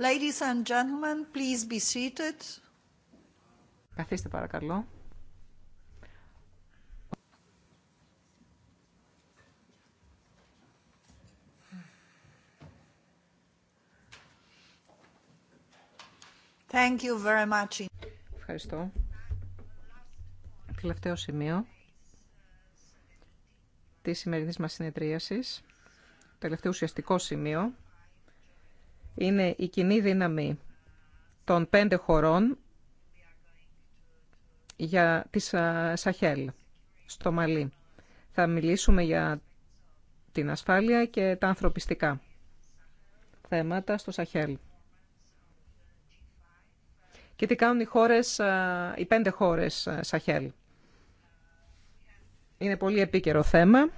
Ladies and gentlemen, please be seated. Καθίστε παρακαλώ. Thank you very much. Ευχαριστώ. Τελευταίο σημείο της σημερινής μας συνεδρίασης. Τελευταίο ουσιαστικό σημείο είναι η κοινή δύναμη των πέντε χωρών για τη Σαχέλ στο Μαλί. Θα μιλήσουμε για την ασφάλεια και τα ανθρωπιστικά θέματα στο Σαχέλ. Και τι κάνουν οι, χώρες, οι πέντε χώρες Σαχέλ. Είναι πολύ επίκαιρο θέμα.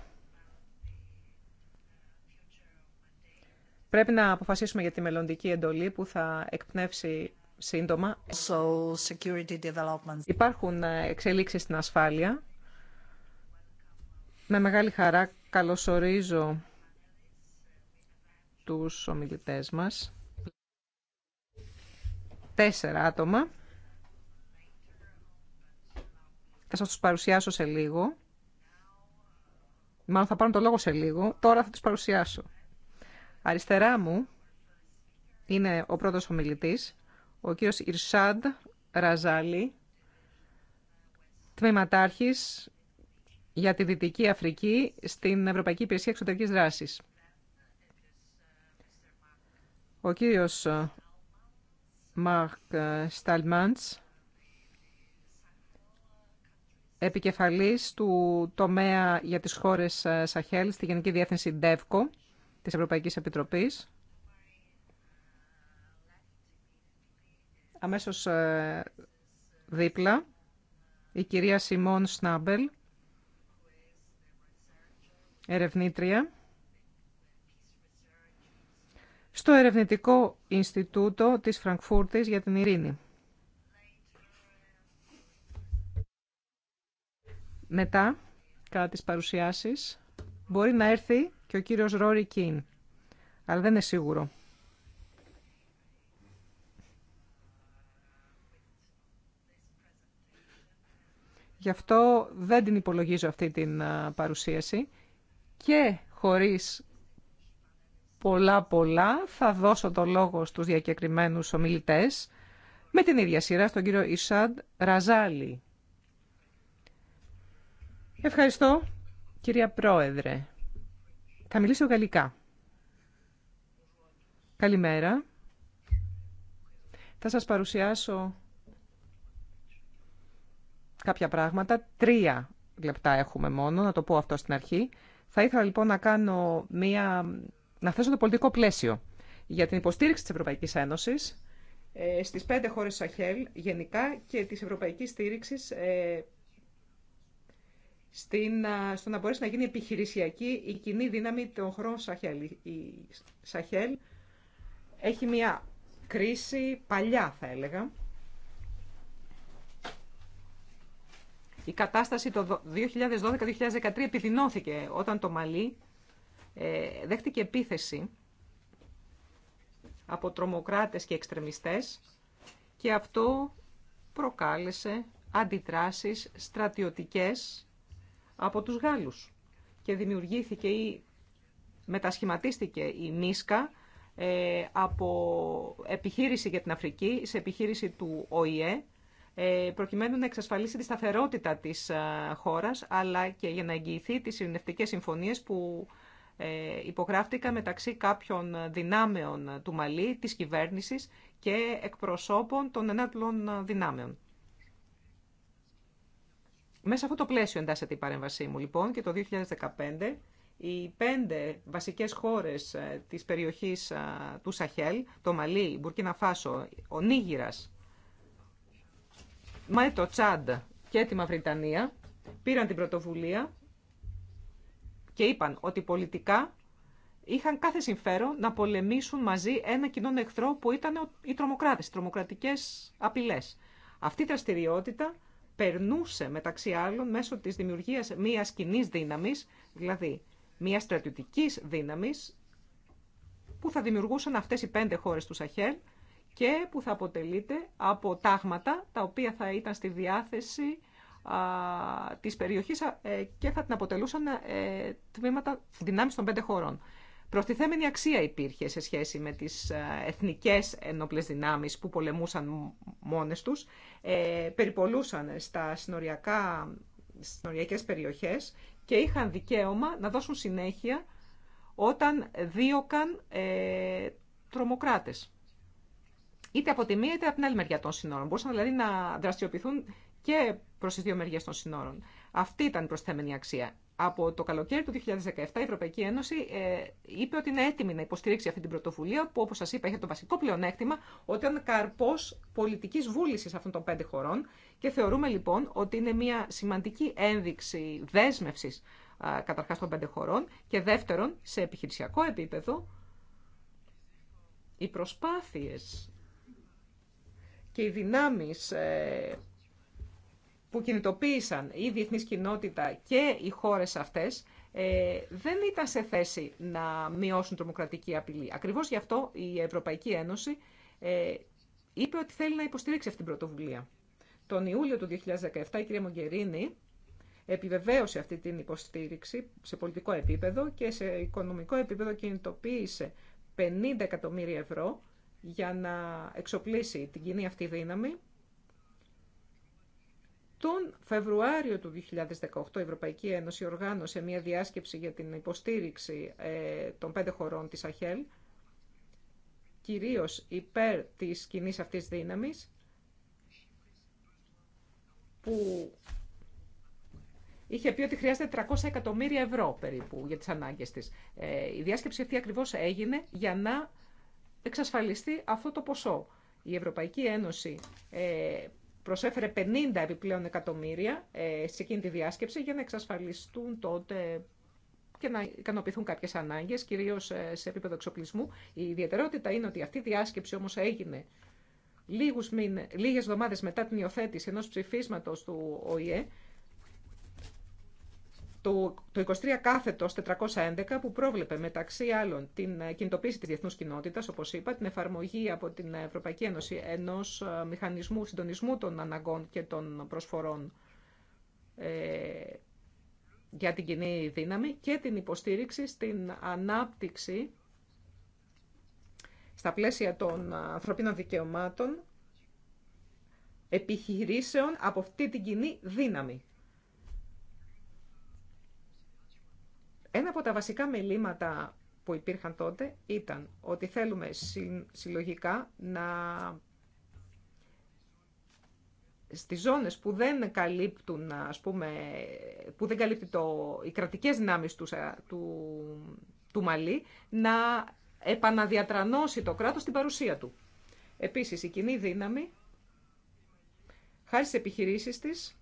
Πρέπει να αποφασίσουμε για τη μελλοντική εντολή που θα εκπνεύσει σύντομα. Υπάρχουν ε, εξελίξεις στην ασφάλεια. Με μεγάλη χαρά καλωσορίζω τους ομιλητές μας. Τέσσερα άτομα. Θα σας τους παρουσιάσω σε λίγο. Μάλλον θα πάρουν το λόγο σε λίγο. Τώρα θα τους παρουσιάσω. Αριστερά μου είναι ο πρώτος ομιλητής, ο κύριος Ιρσάντ Ραζάλη, τμήματάρχης για τη Δυτική Αφρική στην Ευρωπαϊκή Υπηρεσία Εξωτερικής Δράσης. Ο κύριος Μαρκ Σταλμάντς, επικεφαλής του τομέα για τις χώρες Σαχέλ στη Γενική Διεύθυνση ΔΕΒΚΟ της Ευρωπαϊκής Επιτροπής. Αμέσως ε, δίπλα η κυρία Σιμών Σνάμπελ, ερευνήτρια, στο Ερευνητικό Ινστιτούτο της Φραγκφούρτης για την Ειρήνη. Μετά, κατά τις παρουσιάσεις, μπορεί να έρθει και ο κύριος Ρόρι Κίν. Αλλά δεν είναι σίγουρο. Γι' αυτό δεν την υπολογίζω αυτή την παρουσίαση και χωρίς πολλά πολλά θα δώσω το λόγο στους διακεκριμένους ομιλητές με την ίδια σειρά στον κύριο Ισάντ Ραζάλη. Ευχαριστώ κυρία Πρόεδρε. Θα μιλήσω γαλλικά. Καλημέρα. Θα σας παρουσιάσω κάποια πράγματα. Τρία λεπτά έχουμε μόνο, να το πω αυτό στην αρχή. Θα ήθελα λοιπόν να κάνω μία... να θέσω το πολιτικό πλαίσιο για την υποστήριξη της Ευρωπαϊκής Ένωσης ε, στις πέντε χώρες Σαχέλ γενικά και της ευρωπαϊκής στήριξης ε, στην, στο να μπορέσει να γίνει επιχειρησιακή η κοινή δύναμη των χρόνων Σαχέλ. Η Σαχέλ έχει μια κρίση παλιά θα έλεγα. Η κατάσταση το 2012-2013 επιδεινώθηκε όταν το Μαλί ε, δέχτηκε επίθεση από τρομοκράτες και εξτρεμιστές και αυτό προκάλεσε αντιδράσεις στρατιωτικές από τους Γάλλους και δημιουργήθηκε ή μετασχηματίστηκε η Μίσκα ε, από επιχείρηση για την Αφρική σε επιχείρηση του ΟΗΕ ε, προκειμένου να εξασφαλίσει τη σταθερότητα της ε, χώρας αλλά και για να εγγυηθεί τις ειρηνευτικές συμφωνίες που ε, υπογράφτηκαν μεταξύ κάποιων δυνάμεων του Μαλή, της κυβέρνησης και εκπροσώπων των ενάπλων δυνάμεων. Μέσα σε αυτό το πλαίσιο εντάσσεται η παρέμβασή μου λοιπόν και το 2015 οι πέντε βασικές χώρες ε, της περιοχής ε, του Σαχέλ, το Μαλί, Μπουρκίνα Φάσο, ο Νίγηρας, με το Τσάντ και τη Μαυριτανία, πήραν την πρωτοβουλία και είπαν ότι πολιτικά είχαν κάθε συμφέρον να πολεμήσουν μαζί ένα κοινό εχθρό που ήταν οι τρομοκράτες, οι τρομοκρατικές απειλές. Αυτή η δραστηριότητα περνούσε μεταξύ άλλων μέσω της δημιουργίας μιας κοινή δύναμης, δηλαδή μιας στρατιωτικής δύναμης που θα δημιουργούσαν αυτές οι πέντε χώρες του Σαχέλ και που θα αποτελείται από τάγματα τα οποία θα ήταν στη διάθεση της περιοχής ε, και θα την αποτελούσαν ε, τμήματα δυνάμεις των πέντε χωρών. Προστιθέμενη αξία υπήρχε σε σχέση με τις ε, εθνικές ενόπλες δυνάμεις που πολεμούσαν μόνες τους, ε, περιπολούσαν στα συνοριακά, συνοριακές περιοχές και είχαν δικαίωμα να δώσουν συνέχεια όταν δίωκαν ε, τρομοκράτες. Είτε από τη μία είτε από την άλλη μεριά των συνόρων. Μπορούσαν δηλαδή να δραστηριοποιηθούν και προ τι δύο μεριέ των συνόρων. Αυτή ήταν η προσθέμενη αξία. Από το καλοκαίρι του 2017 η Ευρωπαϊκή Ένωση ε, είπε ότι είναι έτοιμη να υποστηρίξει αυτή την πρωτοβουλία που όπως σας είπα είχε το βασικό πλεονέκτημα ότι ήταν καρπός πολιτικής βούλησης αυτών των πέντε χωρών και θεωρούμε λοιπόν ότι είναι μια σημαντική ένδειξη δέσμευσης καταρχά των πέντε χωρών και δεύτερον σε επιχειρησιακό επίπεδο οι προσπάθειες και οι δυνάμεις ε, που κινητοποίησαν η διεθνής κοινότητα και οι χώρες αυτές ε, δεν ήταν σε θέση να μειώσουν τρομοκρατική απειλή. Ακριβώς γι' αυτό η Ευρωπαϊκή Ένωση ε, είπε ότι θέλει να υποστηρίξει αυτή την πρωτοβουλία. Τον Ιούλιο του 2017 η κυρία Μογκερίνη επιβεβαίωσε αυτή την υποστήριξη σε πολιτικό επίπεδο και σε οικονομικό επίπεδο κινητοποίησε 50 εκατομμύρια ευρώ για να εξοπλίσει την κοινή αυτή δύναμη τον Φεβρουάριο του 2018 η Ευρωπαϊκή Ένωση οργάνωσε μια διάσκεψη για την υποστήριξη ε, των πέντε χωρών της ΑΧΕΛ, κυρίως υπέρ της κοινή αυτής δύναμης, που είχε πει ότι χρειάζεται 300 εκατομμύρια ευρώ περίπου για τις ανάγκες της. Ε, η διάσκεψη αυτή ακριβώς έγινε για να εξασφαλιστεί αυτό το ποσό. Η Ευρωπαϊκή Ένωση ε, προσέφερε 50 επιπλέον εκατομμύρια ε, σε εκείνη τη διάσκεψη για να εξασφαλιστούν τότε και να ικανοποιηθούν κάποιες ανάγκες, κυρίως ε, σε επίπεδο εξοπλισμού. Η ιδιαιτερότητα είναι ότι αυτή η διάσκεψη όμως έγινε λίγους μήνες, λίγες εβδομάδες μετά την υιοθέτηση ενός ψηφίσματος του ΟΗΕ το 23 κάθετος 411 που πρόβλεπε μεταξύ άλλων την ε, κινητοποίηση της διεθνούς κοινότητας, όπως είπα, την εφαρμογή από την Ευρωπαϊκή Ένωση ενός ε, μηχανισμού συντονισμού των αναγκών και των προσφορών ε, για την κοινή δύναμη και την υποστήριξη στην ανάπτυξη στα πλαίσια των ανθρωπίνων δικαιωμάτων επιχειρήσεων από αυτή την κοινή δύναμη. Ένα από τα βασικά μελήματα που υπήρχαν τότε ήταν ότι θέλουμε συλλογικά να στις ζώνες που δεν καλύπτουν, ας πούμε, που δεν καλύπτει το, οι κρατικές δυνάμεις του, του, του Μαλή, να επαναδιατρανώσει το κράτος την παρουσία του. Επίσης, η κοινή δύναμη, χάρη στις επιχειρήσεις της,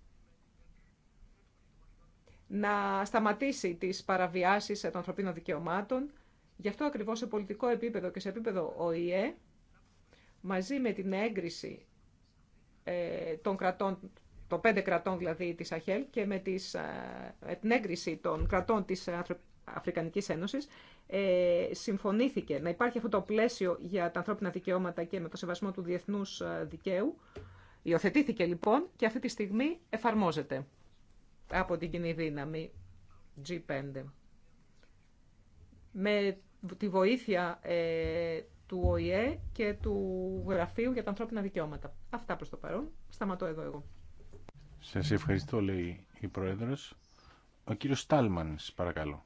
να σταματήσει τις παραβιάσεις των ανθρωπίνων δικαιωμάτων. Γι' αυτό ακριβώς σε πολιτικό επίπεδο και σε επίπεδο ΟΗΕ, μαζί με την έγκριση ε, των κρατών, των πέντε κρατών δηλαδή της ΑΧΕΛ και με, τις, ε, την έγκριση των κρατών της Αφρικανικής Ένωσης, ε, συμφωνήθηκε να υπάρχει αυτό το πλαίσιο για τα ανθρώπινα δικαιώματα και με το σεβασμό του διεθνούς ε, δικαίου. Υιοθετήθηκε λοιπόν και αυτή τη στιγμή εφαρμόζεται από την κοινή δύναμη G5. Με τη βοήθεια ε, του ΟΗΕ και του Γραφείου για τα Ανθρώπινα Δικαιώματα. Αυτά προς το παρόν. Σταματώ εδώ εγώ. Σας ευχαριστώ, λέει η Πρόεδρος. Ο κύριος Στάλμανς, παρακαλώ.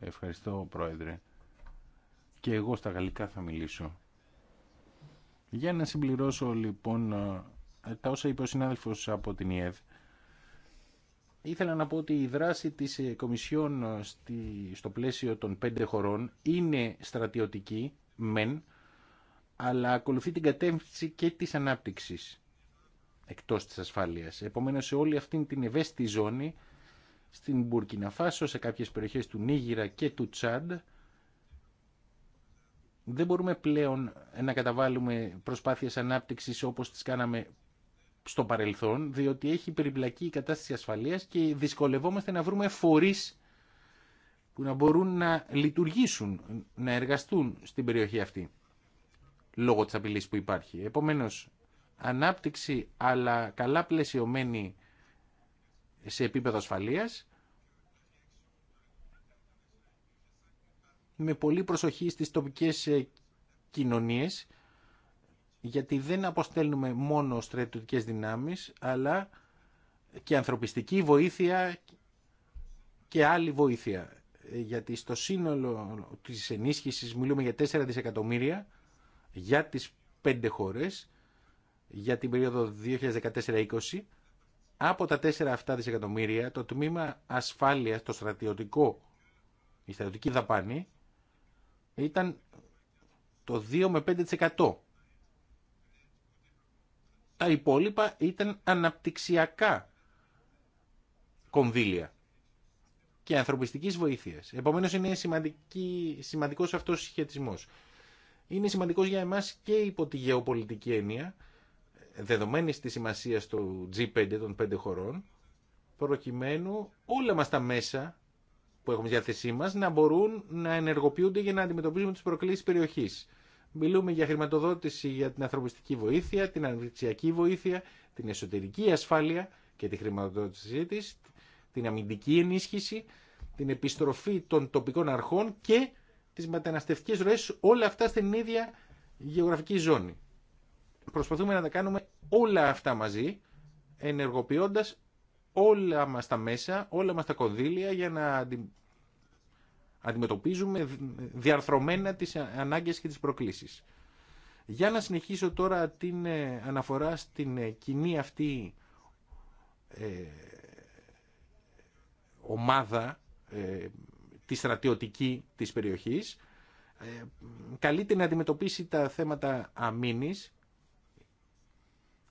Ευχαριστώ, Πρόεδρε. Και εγώ στα γαλλικά θα μιλήσω. Για να συμπληρώσω, λοιπόν, ε, τα όσα είπε ο συνάδελφος από την ΙΕΔ, Ήθελα να πω ότι η δράση της ε, Κομισιόν ε, στο πλαίσιο των πέντε χωρών είναι στρατιωτική, μεν, αλλά ακολουθεί την κατεύθυνση και της ανάπτυξης εκτός της ασφάλειας. Επομένως, σε όλη αυτή την ευαίσθητη ζώνη, στην Μπουρκιναφάσο, σε κάποιες περιοχές του Νίγηρα και του Τσάντ, δεν μπορούμε πλέον να καταβάλουμε προσπάθειες ανάπτυξης όπως τις κάναμε στο παρελθόν, διότι έχει περιπλακεί η κατάσταση ασφαλείας και δυσκολευόμαστε να βρούμε φορεί που να μπορούν να λειτουργήσουν, να εργαστούν στην περιοχή αυτή, λόγω της απειλής που υπάρχει. Επομένως, ανάπτυξη αλλά καλά πλαισιωμένη σε επίπεδο ασφαλείας, με πολύ προσοχή στις τοπικές ε, κοινωνίες γιατί δεν αποστέλνουμε μόνο στρατιωτικές δυνάμεις, αλλά και ανθρωπιστική βοήθεια και άλλη βοήθεια. Γιατί στο σύνολο της ενίσχυσης μιλούμε για 4 δισεκατομμύρια για τις πέντε χώρες για την περίοδο 2014-2020. Από τα 4 αυτά δισεκατομμύρια το τμήμα ασφάλειας, το στρατιωτικό, η στρατιωτική δαπάνη ήταν το 2 με 5% τα υπόλοιπα ήταν αναπτυξιακά κονδύλια και ανθρωπιστικής βοήθειας. Επομένως είναι σημαντική, σημαντικός αυτός ο συσχετισμός. Είναι σημαντικός για εμάς και υπό τη γεωπολιτική έννοια, δεδομένη της σημασία του G5 των πέντε χωρών, προκειμένου όλα μας τα μέσα που έχουμε διάθεσή μας να μπορούν να ενεργοποιούνται για να αντιμετωπίζουμε τις προκλήσεις περιοχής. Μιλούμε για χρηματοδότηση για την ανθρωπιστική βοήθεια, την ανεξιακή βοήθεια, την εσωτερική ασφάλεια και τη χρηματοδότησή της, την αμυντική ενίσχυση, την επιστροφή των τοπικών αρχών και τις μεταναστευτικές ροές, όλα αυτά στην ίδια γεωγραφική ζώνη. Προσπαθούμε να τα κάνουμε όλα αυτά μαζί, ενεργοποιώντας όλα μας τα μέσα, όλα μας τα κονδύλια για να αντιμετωπίζουμε διαρθρωμένα τις ανάγκες και τις προκλήσεις. Για να συνεχίσω τώρα την ε, αναφορά στην ε, κοινή αυτή ε, ομάδα τη στρατιωτική της περιοχής καλείται να αντιμετωπίσει τα θέματα αμήνης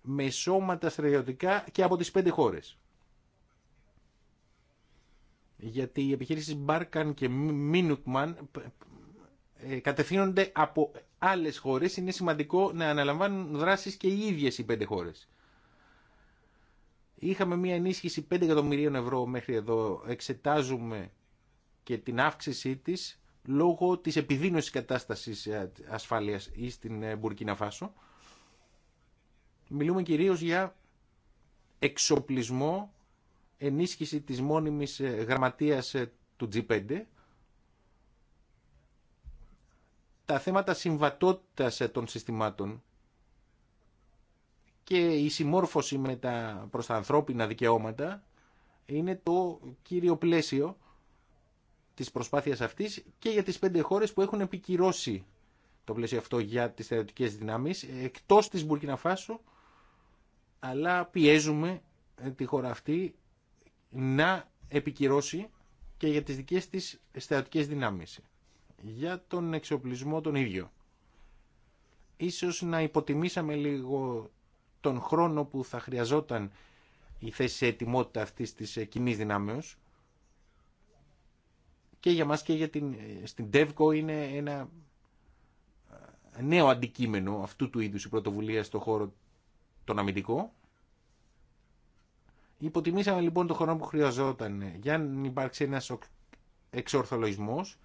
με σώματα στρατιωτικά και από τις πέντε χώρες γιατί οι επιχειρήσεις Μπάρκαν και μίνουκμαν ε, κατευθύνονται από άλλες χώρες. Είναι σημαντικό να αναλαμβάνουν δράσεις και οι ίδιες οι πέντε χώρες. Είχαμε μια ενίσχυση 5 εκατομμυρίων ευρώ μέχρι εδώ. Εξετάζουμε και την αύξησή της λόγω της επιδείνωσης κατάστασης ε, ασφάλειας ή στην ε, Μπουρκίνα Φάσο. Μιλούμε κυρίως για εξοπλισμό ενίσχυση της μόνιμης ε, γραμματείας ε, του G5, τα θέματα συμβατότητας ε, των συστημάτων και η συμμόρφωση με τα προς τα ανθρώπινα δικαιώματα είναι το κύριο πλαίσιο της προσπάθειας αυτής και για τις πέντε χώρες που έχουν επικυρώσει το πλαίσιο αυτό για τις θερατικέ δυνάμεις εκτός της Μπουρκιναφάσου αλλά πιέζουμε τη χώρα αυτή να επικυρώσει και για τις δικές της στρατιωτικές δυνάμεις. Για τον εξοπλισμό τον ίδιο. Ίσως να υποτιμήσαμε λίγο τον χρόνο που θα χρειαζόταν η θέση σε ετοιμότητα αυτής της ε, κοινή δυνάμεως και για μας και για την, ε, στην Devco είναι ένα ε, νέο αντικείμενο αυτού του είδους η πρωτοβουλία στον χώρο τον αμυντικό Υποτιμήσαμε λοιπόν το χρόνο που χρειαζόταν για να υπάρξει ένας εξορθολογισμός,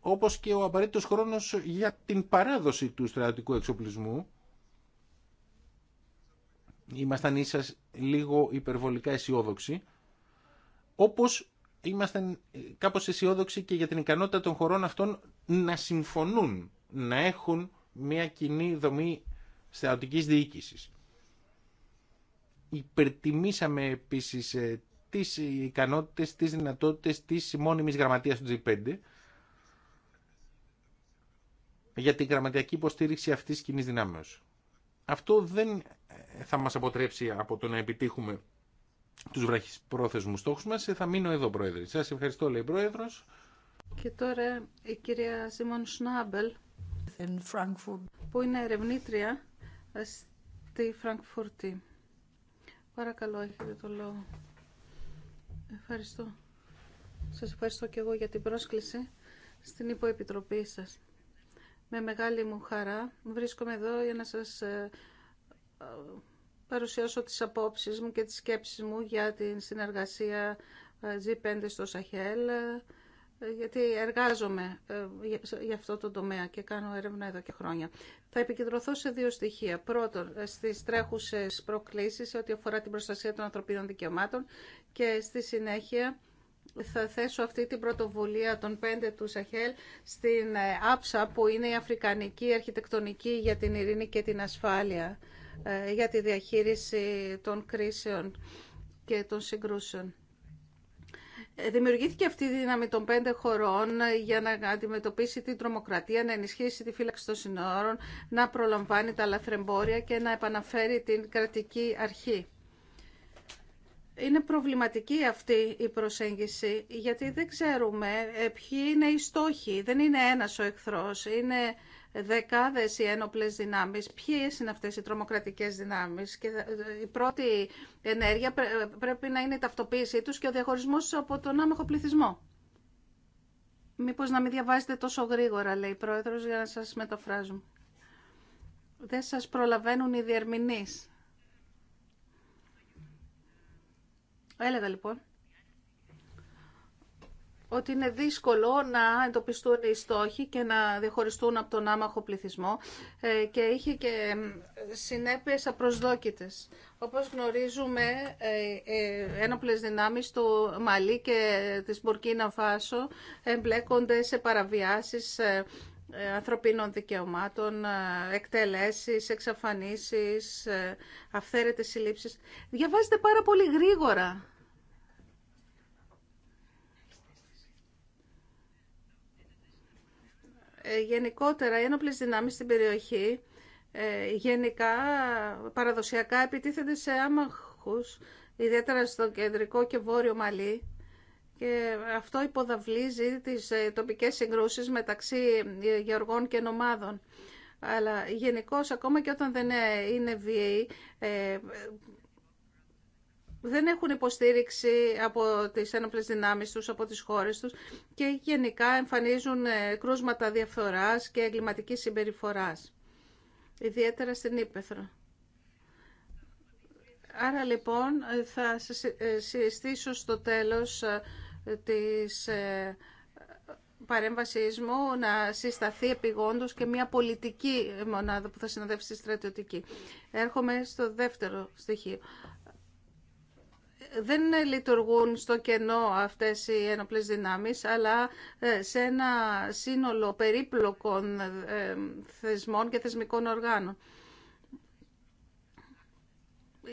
όπως και ο απαραίτητος χρόνος για την παράδοση του στρατιωτικού εξοπλισμού. Ήμασταν ίσως λίγο υπερβολικά αισιόδοξοι, όπως ήμασταν ε, κάπως αισιόδοξοι και για την ικανότητα των χωρών αυτών να συμφωνούν, να έχουν μια κοινή δομή στρατιωτικής διοίκησης υπερτιμήσαμε επίσης ε, τις ικανότητες, τις δυνατότητες της μόνιμης γραμματείας του G5 για την γραμματιακή υποστήριξη αυτής της κοινής δυνάμεως. Αυτό δεν θα μας αποτρέψει από το να επιτύχουμε τους βραχυπρόθεσμους στόχους μας. Ε, θα μείνω εδώ, Πρόεδρε. Σας ευχαριστώ, λέει Πρόεδρος. Και τώρα η κυρία Σίμων Σνάμπελ, που είναι ερευνήτρια στη Φραγκφούρτη. Παρακαλώ, έχετε το λόγο. Ευχαριστώ. Σας ευχαριστώ και εγώ για την πρόσκληση στην υποεπιτροπή σας. Με μεγάλη μου χαρά βρίσκομαι εδώ για να σας ε, ε, παρουσιάσω τις απόψεις μου και τις σκέψεις μου για την συνεργασία ε, G5 στο Σαχέλ, γιατί εργάζομαι ε, για αυτό το τομέα και κάνω έρευνα εδώ και χρόνια. Θα επικεντρωθώ σε δύο στοιχεία. Πρώτον, ε, στις τρέχουσες προκλήσεις ό,τι αφορά την προστασία των ανθρωπίνων δικαιωμάτων και στη συνέχεια θα θέσω αυτή την πρωτοβουλία των πέντε του Σαχέλ στην ε, Άψα που είναι η Αφρικανική Αρχιτεκτονική για την Ειρήνη και την Ασφάλεια για τη διαχείριση των κρίσεων και των συγκρούσεων. Ε, δημιουργήθηκε αυτή η δύναμη των πέντε χωρών ε, για να αντιμετωπίσει την τρομοκρατία, να ενισχύσει τη φύλαξη των συνόρων, να προλαμβάνει τα λαθρεμπόρια και να επαναφέρει την κρατική αρχή. Είναι προβληματική αυτή η προσέγγιση, γιατί δεν ξέρουμε ε, ποιοι είναι οι στόχοι. Δεν είναι ένας ο εχθρός, είναι δεκάδες οι ένοπλες δυνάμεις. Ποιες είναι αυτές οι τρομοκρατικές δυνάμεις και ε, η πρώτη ενέργεια ε, πρέπει να είναι η ταυτοποίησή τους και ο διαχωρισμός από τον άμεχο πληθυσμό. Μήπως να μην διαβάζετε τόσο γρήγορα, λέει η Πρόεδρος, για να σας μεταφράζουν. Δεν σας προλαβαίνουν οι διερμηνείς. Έλεγα λοιπόν ότι είναι δύσκολο να εντοπιστούν οι στόχοι και να διαχωριστούν από τον άμαχο πληθυσμό ε, και είχε και συνέπειες απροσδόκητες. Όπως γνωρίζουμε, ε, ε, ένοπλες δυνάμεις του μαλί και της Μπουρκίνα Φάσο εμπλέκονται σε παραβιάσεις ανθρωπίνων δικαιωμάτων, εκτελέσεις, εξαφανίσεις, αυθαίρετες συλλήψεις. Διαβάζετε πάρα πολύ γρήγορα Ε, γενικότερα οι ένοπλες δυνάμεις στην περιοχή ε, γενικά παραδοσιακά επιτίθενται σε άμαχους, ιδιαίτερα στο κεντρικό και βόρειο Μαλί και αυτό υποδαβλίζει τις ε, τοπικές συγκρούσεις μεταξύ γεωργών και νομάδων. Αλλά γενικώ ακόμα και όταν δεν είναι βίαιοι, δεν έχουν υποστήριξη από τις ένοπλες δυνάμεις τους, από τις χώρες τους και γενικά εμφανίζουν ε, κρούσματα διαφθοράς και εγκληματικής συμπεριφοράς, ιδιαίτερα στην Ήπεθρο. Άρα λοιπόν ε, θα ε, συστήσω στο τέλος της παρέμβασής μου να συσταθεί επιγόντως και μια πολιτική μονάδα που θα συνοδεύσει τη στρατιωτική. Έρχομαι στο δεύτερο στοιχείο δεν λειτουργούν στο κενό αυτές οι ενοπλές δυνάμεις, αλλά ε, σε ένα σύνολο περίπλοκων ε, θεσμών και θεσμικών οργάνων.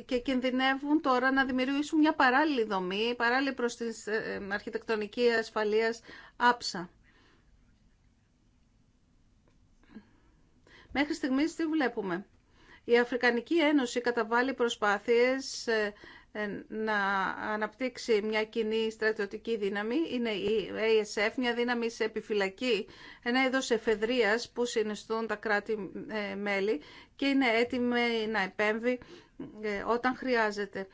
Και κινδυνεύουν τώρα να δημιουργήσουν μια παράλληλη δομή, παράλληλη προς την ε, αρχιτεκτονική ασφαλείας άψα. Μέχρι στιγμής τι βλέπουμε. Η Αφρικανική Ένωση καταβάλει προσπάθειες ε, να αναπτύξει μια κοινή στρατιωτική δύναμη. Είναι η ASF, μια δύναμη σε επιφυλακή, ένα είδος εφεδρείας που συνιστούν τα κράτη-μέλη ε, και είναι έτοιμη να επέμβει ε, όταν χρειάζεται.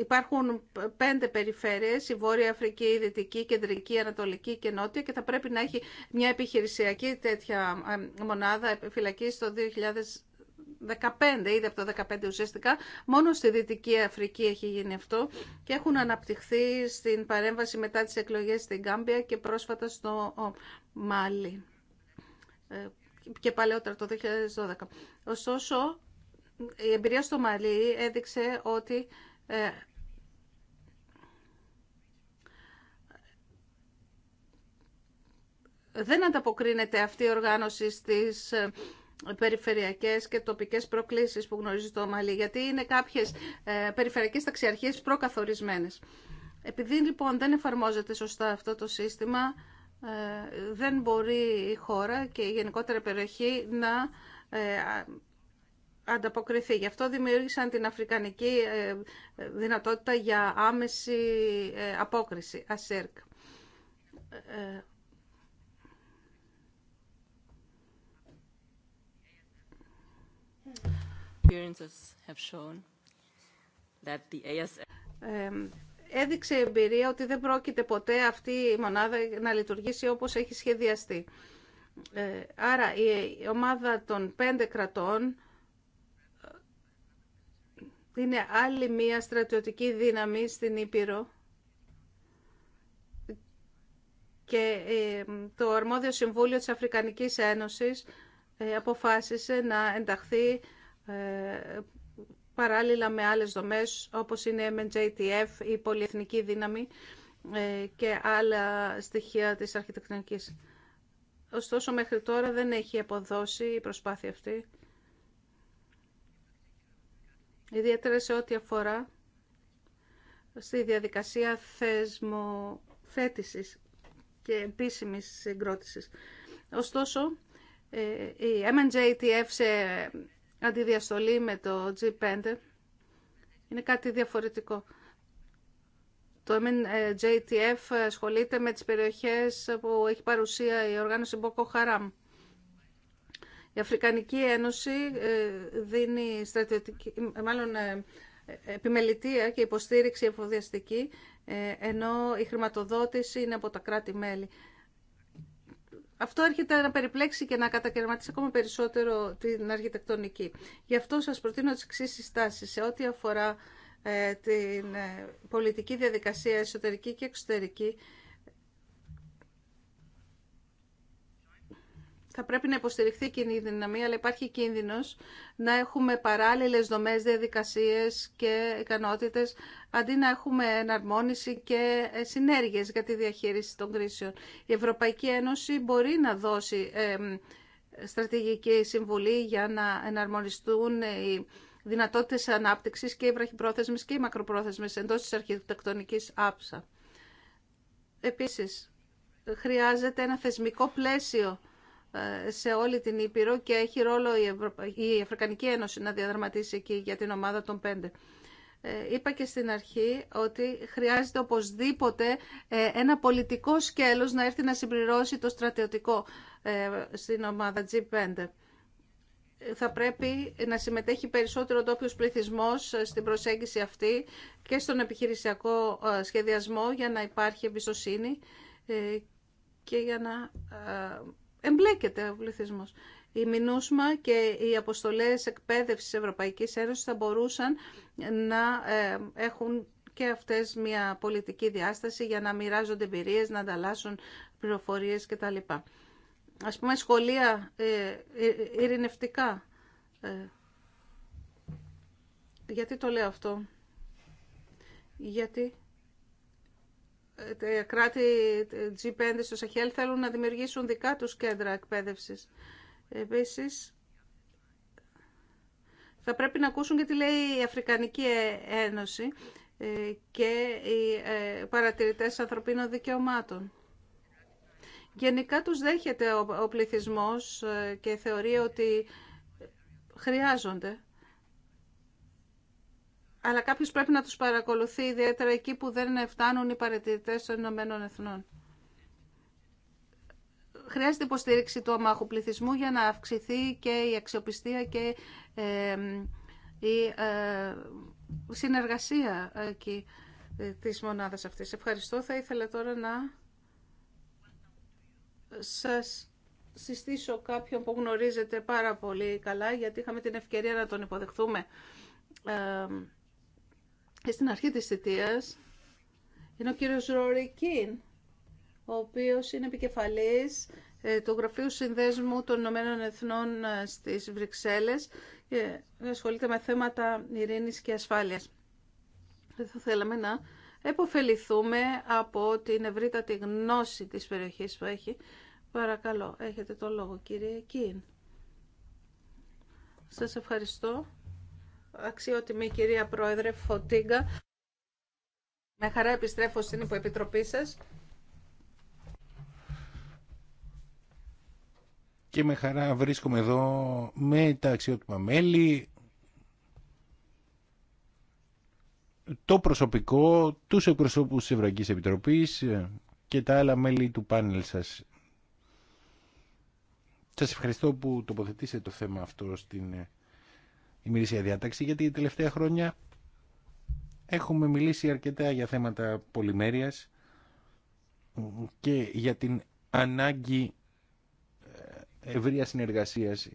Υπάρχουν πέντε περιφέρειες, η Βόρεια Αφρική, η Δυτική, η Κεντρική, η Ανατολική και η Νότια και θα πρέπει να έχει μια επιχειρησιακή τέτοια μονάδα επιφυλακή το 15, ήδη από το 15 ουσιαστικά, μόνο στη Δυτική Αφρική έχει γίνει αυτό και έχουν αναπτυχθεί στην παρέμβαση μετά τις εκλογές στην Κάμπια και πρόσφατα στο Μάλι ε, και παλαιότερα το 2012. Ωστόσο, η εμπειρία στο Μαλί έδειξε ότι ε, δεν ανταποκρίνεται αυτή η οργάνωση στις ε, περιφερειακές και τοπικές προκλήσεις που γνωρίζει το Ομαλή γιατί είναι κάποιες ε, περιφερειακές ταξιαρχίες προκαθορισμένες. Επειδή λοιπόν δεν εφαρμόζεται σωστά αυτό το σύστημα, ε, δεν μπορεί η χώρα και η γενικότερα περιοχή να ε, ανταποκριθεί. Γι' αυτό δημιούργησαν την αφρικανική δυνατότητα για άμεση απόκριση, ΑΣΕΡΚ. έδειξε η εμπειρία ότι δεν πρόκειται ποτέ αυτή η μονάδα να λειτουργήσει όπως έχει σχεδιαστεί. Ε, άρα η ομάδα των πέντε κρατών ε, είναι άλλη μία στρατιωτική δύναμη στην Ήπειρο και το Αρμόδιο Συμβούλιο της Αφρικανικής Ένωσης ε, αποφάσισε να ενταχθεί ε, παράλληλα με άλλες δομές όπως είναι η MNJTF, η πολυεθνική δύναμη ε, και άλλα στοιχεία της αρχιτεκτονικής. Ωστόσο, μέχρι τώρα δεν έχει αποδώσει η προσπάθεια αυτή. Ιδιαίτερα σε ό,τι αφορά στη διαδικασία θεσμοθέτησης και επίσημης συγκρότησης. Ωστόσο, ε, η MNJTF σε αντιδιαστολή με το G5. Είναι κάτι διαφορετικό. Το MNJTF ασχολείται με τις περιοχές που έχει παρουσία η οργάνωση Boko Haram. Η Αφρικανική Ένωση ε, δίνει στρατιωτική, μάλλον ε, επιμελητεία και υποστήριξη εφοδιαστική, ε, ενώ η χρηματοδότηση είναι από τα κράτη-μέλη αυτό έρχεται να περιπλέξει και να κατακαιρματίσει ακόμα περισσότερο την αρχιτεκτονική. Γι' αυτό σας προτείνω τις εξής συστάσεις σε ό,τι αφορά ε, την ε, πολιτική διαδικασία εσωτερική και εξωτερική θα πρέπει να υποστηριχθεί κοινή δυναμία, αλλά υπάρχει κίνδυνος να έχουμε παράλληλε δομές, διαδικασίε και ικανότητε, αντί να έχουμε εναρμόνιση και συνέργειες για τη διαχείριση των κρίσεων. Η Ευρωπαϊκή Ένωση μπορεί να δώσει στρατηγική συμβουλή για να εναρμονιστούν οι δυνατότητες ανάπτυξης και οι βραχυπρόθεσμες και οι μακροπρόθεσμες εντός της αρχιτεκτονικής άψα. Επίσης, χρειάζεται ένα θεσμικό πλαίσιο ε, σε όλη την Ήπειρο και έχει ρόλο η, Ευρω... η Αφρικανική Ένωση να διαδραματίσει εκεί για την ομάδα των πέντε. Ε, είπα και στην αρχή ότι χρειάζεται οπωσδήποτε ε, ένα πολιτικό σκέλος να έρθει να συμπληρώσει το στρατιωτικό στην ομάδα G5 θα πρέπει να συμμετέχει περισσότερο τόπιος πληθυσμός στην προσέγγιση αυτή και στον επιχειρησιακό σχεδιασμό για να υπάρχει εμπιστοσύνη και για να εμπλέκεται ο πληθυσμό. Η Μινούσμα και οι αποστολές εκπαίδευσης Ευρωπαϊκής Ένωσης θα μπορούσαν να ε, έχουν και αυτές μια πολιτική διάσταση για να μοιράζονται εμπειρίε, να ανταλλάσσουν πληροφορίες κτλ. Ας πούμε σχολεία ε, ε, ειρηνευτικά. Γιατί το λέω αυτό. Γιατί τα ε, κράτη ε, G5 στο Σαχέλ θέλουν να δημιουργήσουν δικά τους κέντρα εκπαίδευσης. Επίσης, θα πρέπει να ακούσουν και τι λέει η Αφρικανική ε, Ένωση και οι παρατηρητές ανθρωπίνων δικαιωμάτων. Γενικά τους δέχεται ο πληθυσμός και θεωρεί ότι χρειάζονται αλλά κάποιο πρέπει να τους παρακολουθεί, ιδιαίτερα εκεί που δεν φτάνουν οι παρατηρητέ των Ηνωμένων Εθνών. Χρειάζεται υποστήριξη του αμάχου πληθυσμού για να αυξηθεί και η αξιοπιστία και η ε, συνεργασία εκεί ε, της μονάδας αυτής. Ευχαριστώ. Θα ήθελα τώρα να σας συστήσω κάποιον που γνωρίζετε πάρα πολύ καλά, γιατί είχαμε την ευκαιρία να τον υποδεχθούμε στην αρχή της θητείας είναι ο κύριος Κίν ο οποίος είναι επικεφαλής ε, του Γραφείου Συνδέσμου των Ηνωμένων Εθνών ε, στις Βρυξέλλες και ασχολείται με θέματα ειρήνης και ασφάλειας. Θα θέλαμε να επωφεληθούμε από την ευρύτατη γνώση της περιοχής που έχει. Παρακαλώ, έχετε το λόγο κύριε Κίν. Σας ευχαριστώ αξιότιμη κυρία Πρόεδρε Φωτίγκα. Με χαρά επιστρέφω στην υποεπιτροπή σας. Και με χαρά βρίσκομαι εδώ με τα αξιότιμα μέλη, το προσωπικό, τους εκπροσώπους της Ευρωπαϊκής Επιτροπής και τα άλλα μέλη του πάνελ σας. Σας ευχαριστώ που τοποθετήσετε το θέμα αυτό στην Μυρίσια διάταξη γιατί τα τελευταία χρόνια έχουμε μιλήσει αρκετά για θέματα πολυμέρειας και για την ανάγκη ε, ευρεία συνεργασίας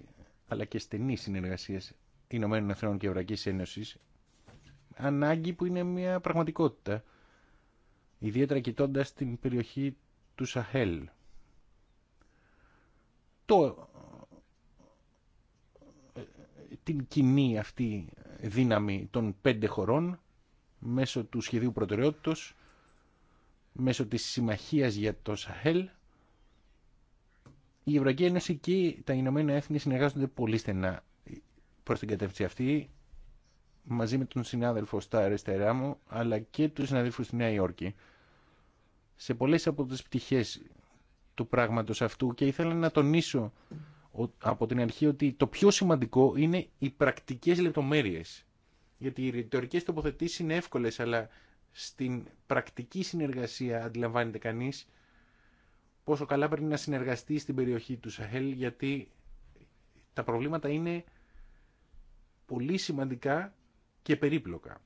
αλλά και στενή συνεργασίας Ηνωμένων Εθνών και Ευρωπαϊκής Ένωση. ανάγκη που είναι μια πραγματικότητα ιδιαίτερα κοιτώντα την περιοχή του Σαχέλ. Το την κοινή αυτή δύναμη των πέντε χωρών μέσω του σχεδίου προτεραιότητος, μέσω της συμμαχίας για το Σαχέλ. Η Ευρωπαϊκή Ένωση και τα Ηνωμένα Έθνη συνεργάζονται πολύ στενά προς την κατεύθυνση αυτή, μαζί με τον συνάδελφο στα αριστερά μου, αλλά και του συναδέλφου στη Νέα Υόρκη, σε πολλές από τις πτυχές του πράγματος αυτού και ήθελα να τονίσω από την αρχή ότι το πιο σημαντικό είναι οι πρακτικές λεπτομέρειες. Γιατί οι ρητορικέ τοποθετήσει είναι εύκολε, αλλά στην πρακτική συνεργασία αντιλαμβάνεται κανείς πόσο καλά πρέπει να συνεργαστεί στην περιοχή του Σαχέλ, γιατί τα προβλήματα είναι πολύ σημαντικά και περίπλοκα.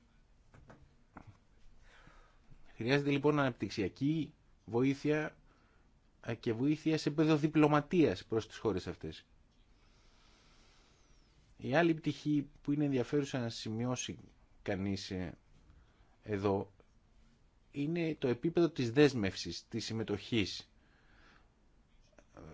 Χρειάζεται λοιπόν αναπτυξιακή βοήθεια και βοήθεια σε επίπεδο διπλωματίας προς τις χώρες αυτές. Η άλλη πτυχή που είναι ενδιαφέρουσα να σημειώσει κανείς ε, εδώ είναι το επίπεδο της δέσμευσης, της συμμετοχής.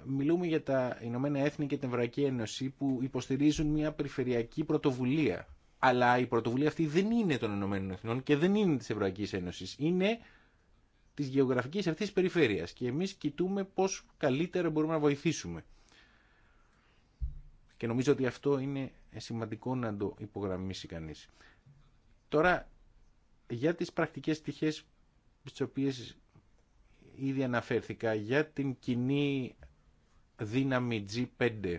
Μιλούμε για τα Ηνωμένα Έθνη και την Ευρωπαϊκή Ένωση που υποστηρίζουν μια περιφερειακή πρωτοβουλία. Αλλά η πρωτοβουλία αυτή δεν είναι των Ηνωμένων Εθνών και δεν είναι της Ευρωπαϊκής Ένωσης. Είναι Τη γεωγραφική αυτή της και εμείς κοιτούμε πώς καλύτερα μπορούμε να βοηθήσουμε. Και νομίζω ότι αυτό είναι σημαντικό να το υπογραμμίσει κανείς. Τώρα, για τις πρακτικές πτυχέ, στι οποίε ήδη αναφέρθηκα, για την κοινή δύναμη G5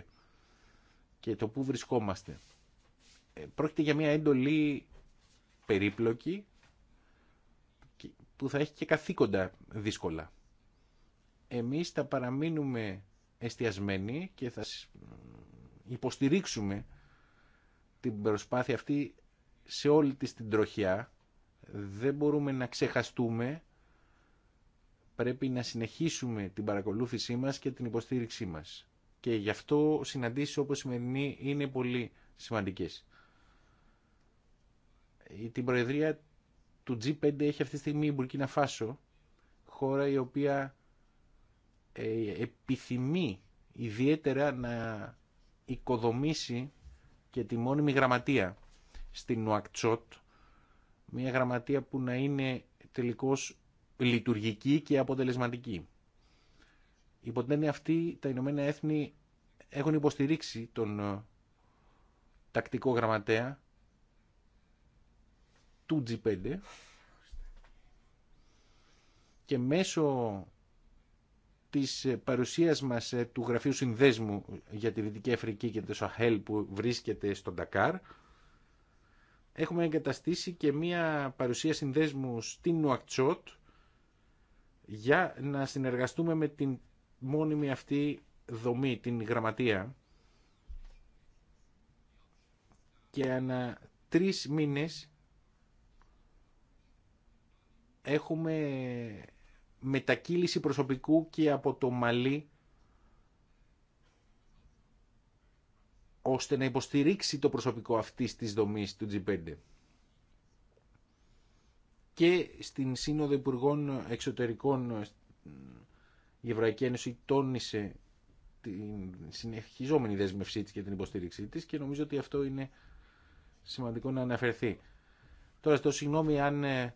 και το που βρισκόμαστε. Ε, πρόκειται για μια έντολη περίπλοκη που θα έχει και καθήκοντα δύσκολα. Εμείς θα παραμείνουμε εστιασμένοι και θα υποστηρίξουμε την προσπάθεια αυτή σε όλη της την τροχιά. Δεν μπορούμε να ξεχαστούμε, πρέπει να συνεχίσουμε την παρακολούθησή μας και την υποστήριξή μας. Και γι' αυτό συναντήσεις όπως σημερινή είναι πολύ σημαντικές. Την Προεδρία του G5 έχει αυτή τη στιγμή η Μπουρκίνα Φάσο, χώρα η οποία ε, επιθυμεί ιδιαίτερα να οικοδομήσει και τη μόνιμη γραμματεία στην Νουακτσότ, μια γραμματεία που να είναι τελικώς λειτουργική και αποτελεσματική. Υπό την έννοια αυτή τα Ηνωμένα Έθνη έχουν υποστηρίξει τον ε, τακτικό γραμματέα του G5 και μέσω της παρουσίας μας ε, του Γραφείου Συνδέσμου για τη Δυτική Αφρική και το Σαχέλ που βρίσκεται στο Ντακάρ έχουμε εγκαταστήσει και μία παρουσία συνδέσμου στην Νουακτσότ για να συνεργαστούμε με την μόνιμη αυτή δομή, την γραμματεία και ανά τρεις μήνες έχουμε μετακύληση προσωπικού και από το Μαλή ώστε να υποστηρίξει το προσωπικό αυτής της δομής του G5. Και στην Σύνοδο Υπουργών Εξωτερικών η Ευρωπαϊκή Ένωση τόνισε την συνεχιζόμενη δέσμευσή της και την υποστήριξή της και νομίζω ότι αυτό είναι σημαντικό να αναφερθεί. Τώρα, στο συγγνώμη αν ε,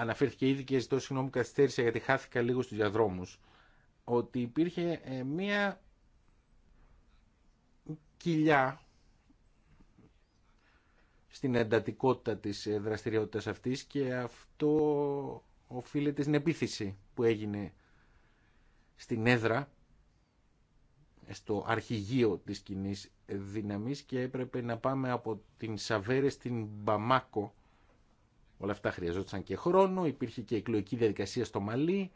αναφέρθηκε ήδη και ζητώ συγγνώμη καθυστέρησα γιατί χάθηκα λίγο στους διαδρόμους, ότι υπήρχε ε, μία κοιλιά στην εντατικότητα της ε, δραστηριότητας αυτής και αυτό οφείλεται στην επίθεση που έγινε στην έδρα, ε, στο αρχηγείο της κοινή δύναμης και έπρεπε να πάμε από την Σαβέρε στην Μπαμάκο Όλα αυτά χρειαζόταν και χρόνο, υπήρχε και εκλογική διαδικασία στο Μαλί.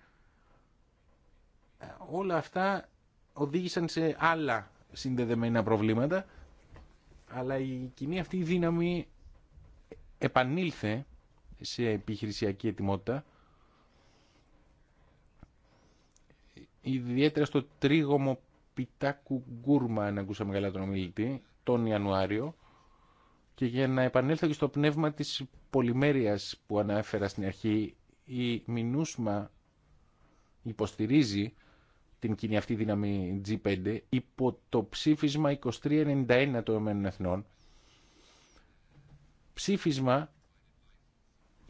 Ε, όλα αυτά οδήγησαν σε άλλα συνδεδεμένα προβλήματα, αλλά η κοινή αυτή δύναμη επανήλθε σε επιχειρησιακή ετοιμότητα, ιδιαίτερα στο τρίγωμο Πιτάκου Γκούρμα, αν ακούσαμε καλά τον ομιλητή, τον Ιανουάριο, και για να επανέλθω και στο πνεύμα της πολυμέρειας που ανάφερα στην αρχή, η Μινούσμα υποστηρίζει την κοινή αυτή δύναμη G5 υπό το ψήφισμα 2391 των ΕΕ. Ψήφισμα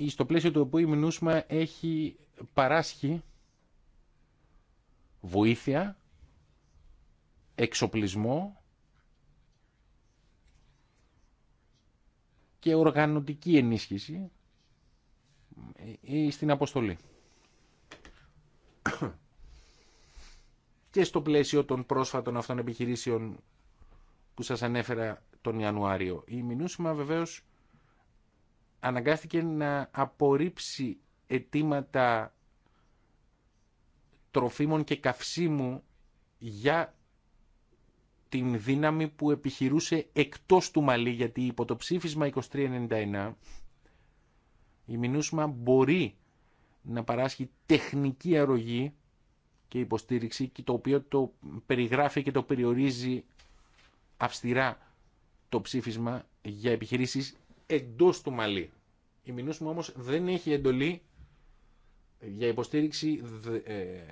στο πλαίσιο του οποίου η Μινούσμα έχει παράσχει βοήθεια, εξοπλισμό και οργανωτική ενίσχυση ή ε, ε, στην αποστολή. Και στο πλαίσιο των πρόσφατων αυτών επιχειρήσεων που σας ανέφερα τον Ιανουάριο. Η Μινούσιμα βεβαίως αναγκάστηκε να απορρίψει αιτήματα τροφίμων και καυσίμου για την δύναμη που επιχειρούσε εκτός του Μαλή, γιατί υπό το ψήφισμα 2391 η Μινούσμα μπορεί να παράσχει τεχνική αρρωγή και υποστήριξη, και το οποίο το περιγράφει και το περιορίζει αυστηρά το ψήφισμα για επιχειρήσεις εντός του Μαλή. Η Μινούσμα όμως δεν έχει εντολή για υποστήριξη ε, ε,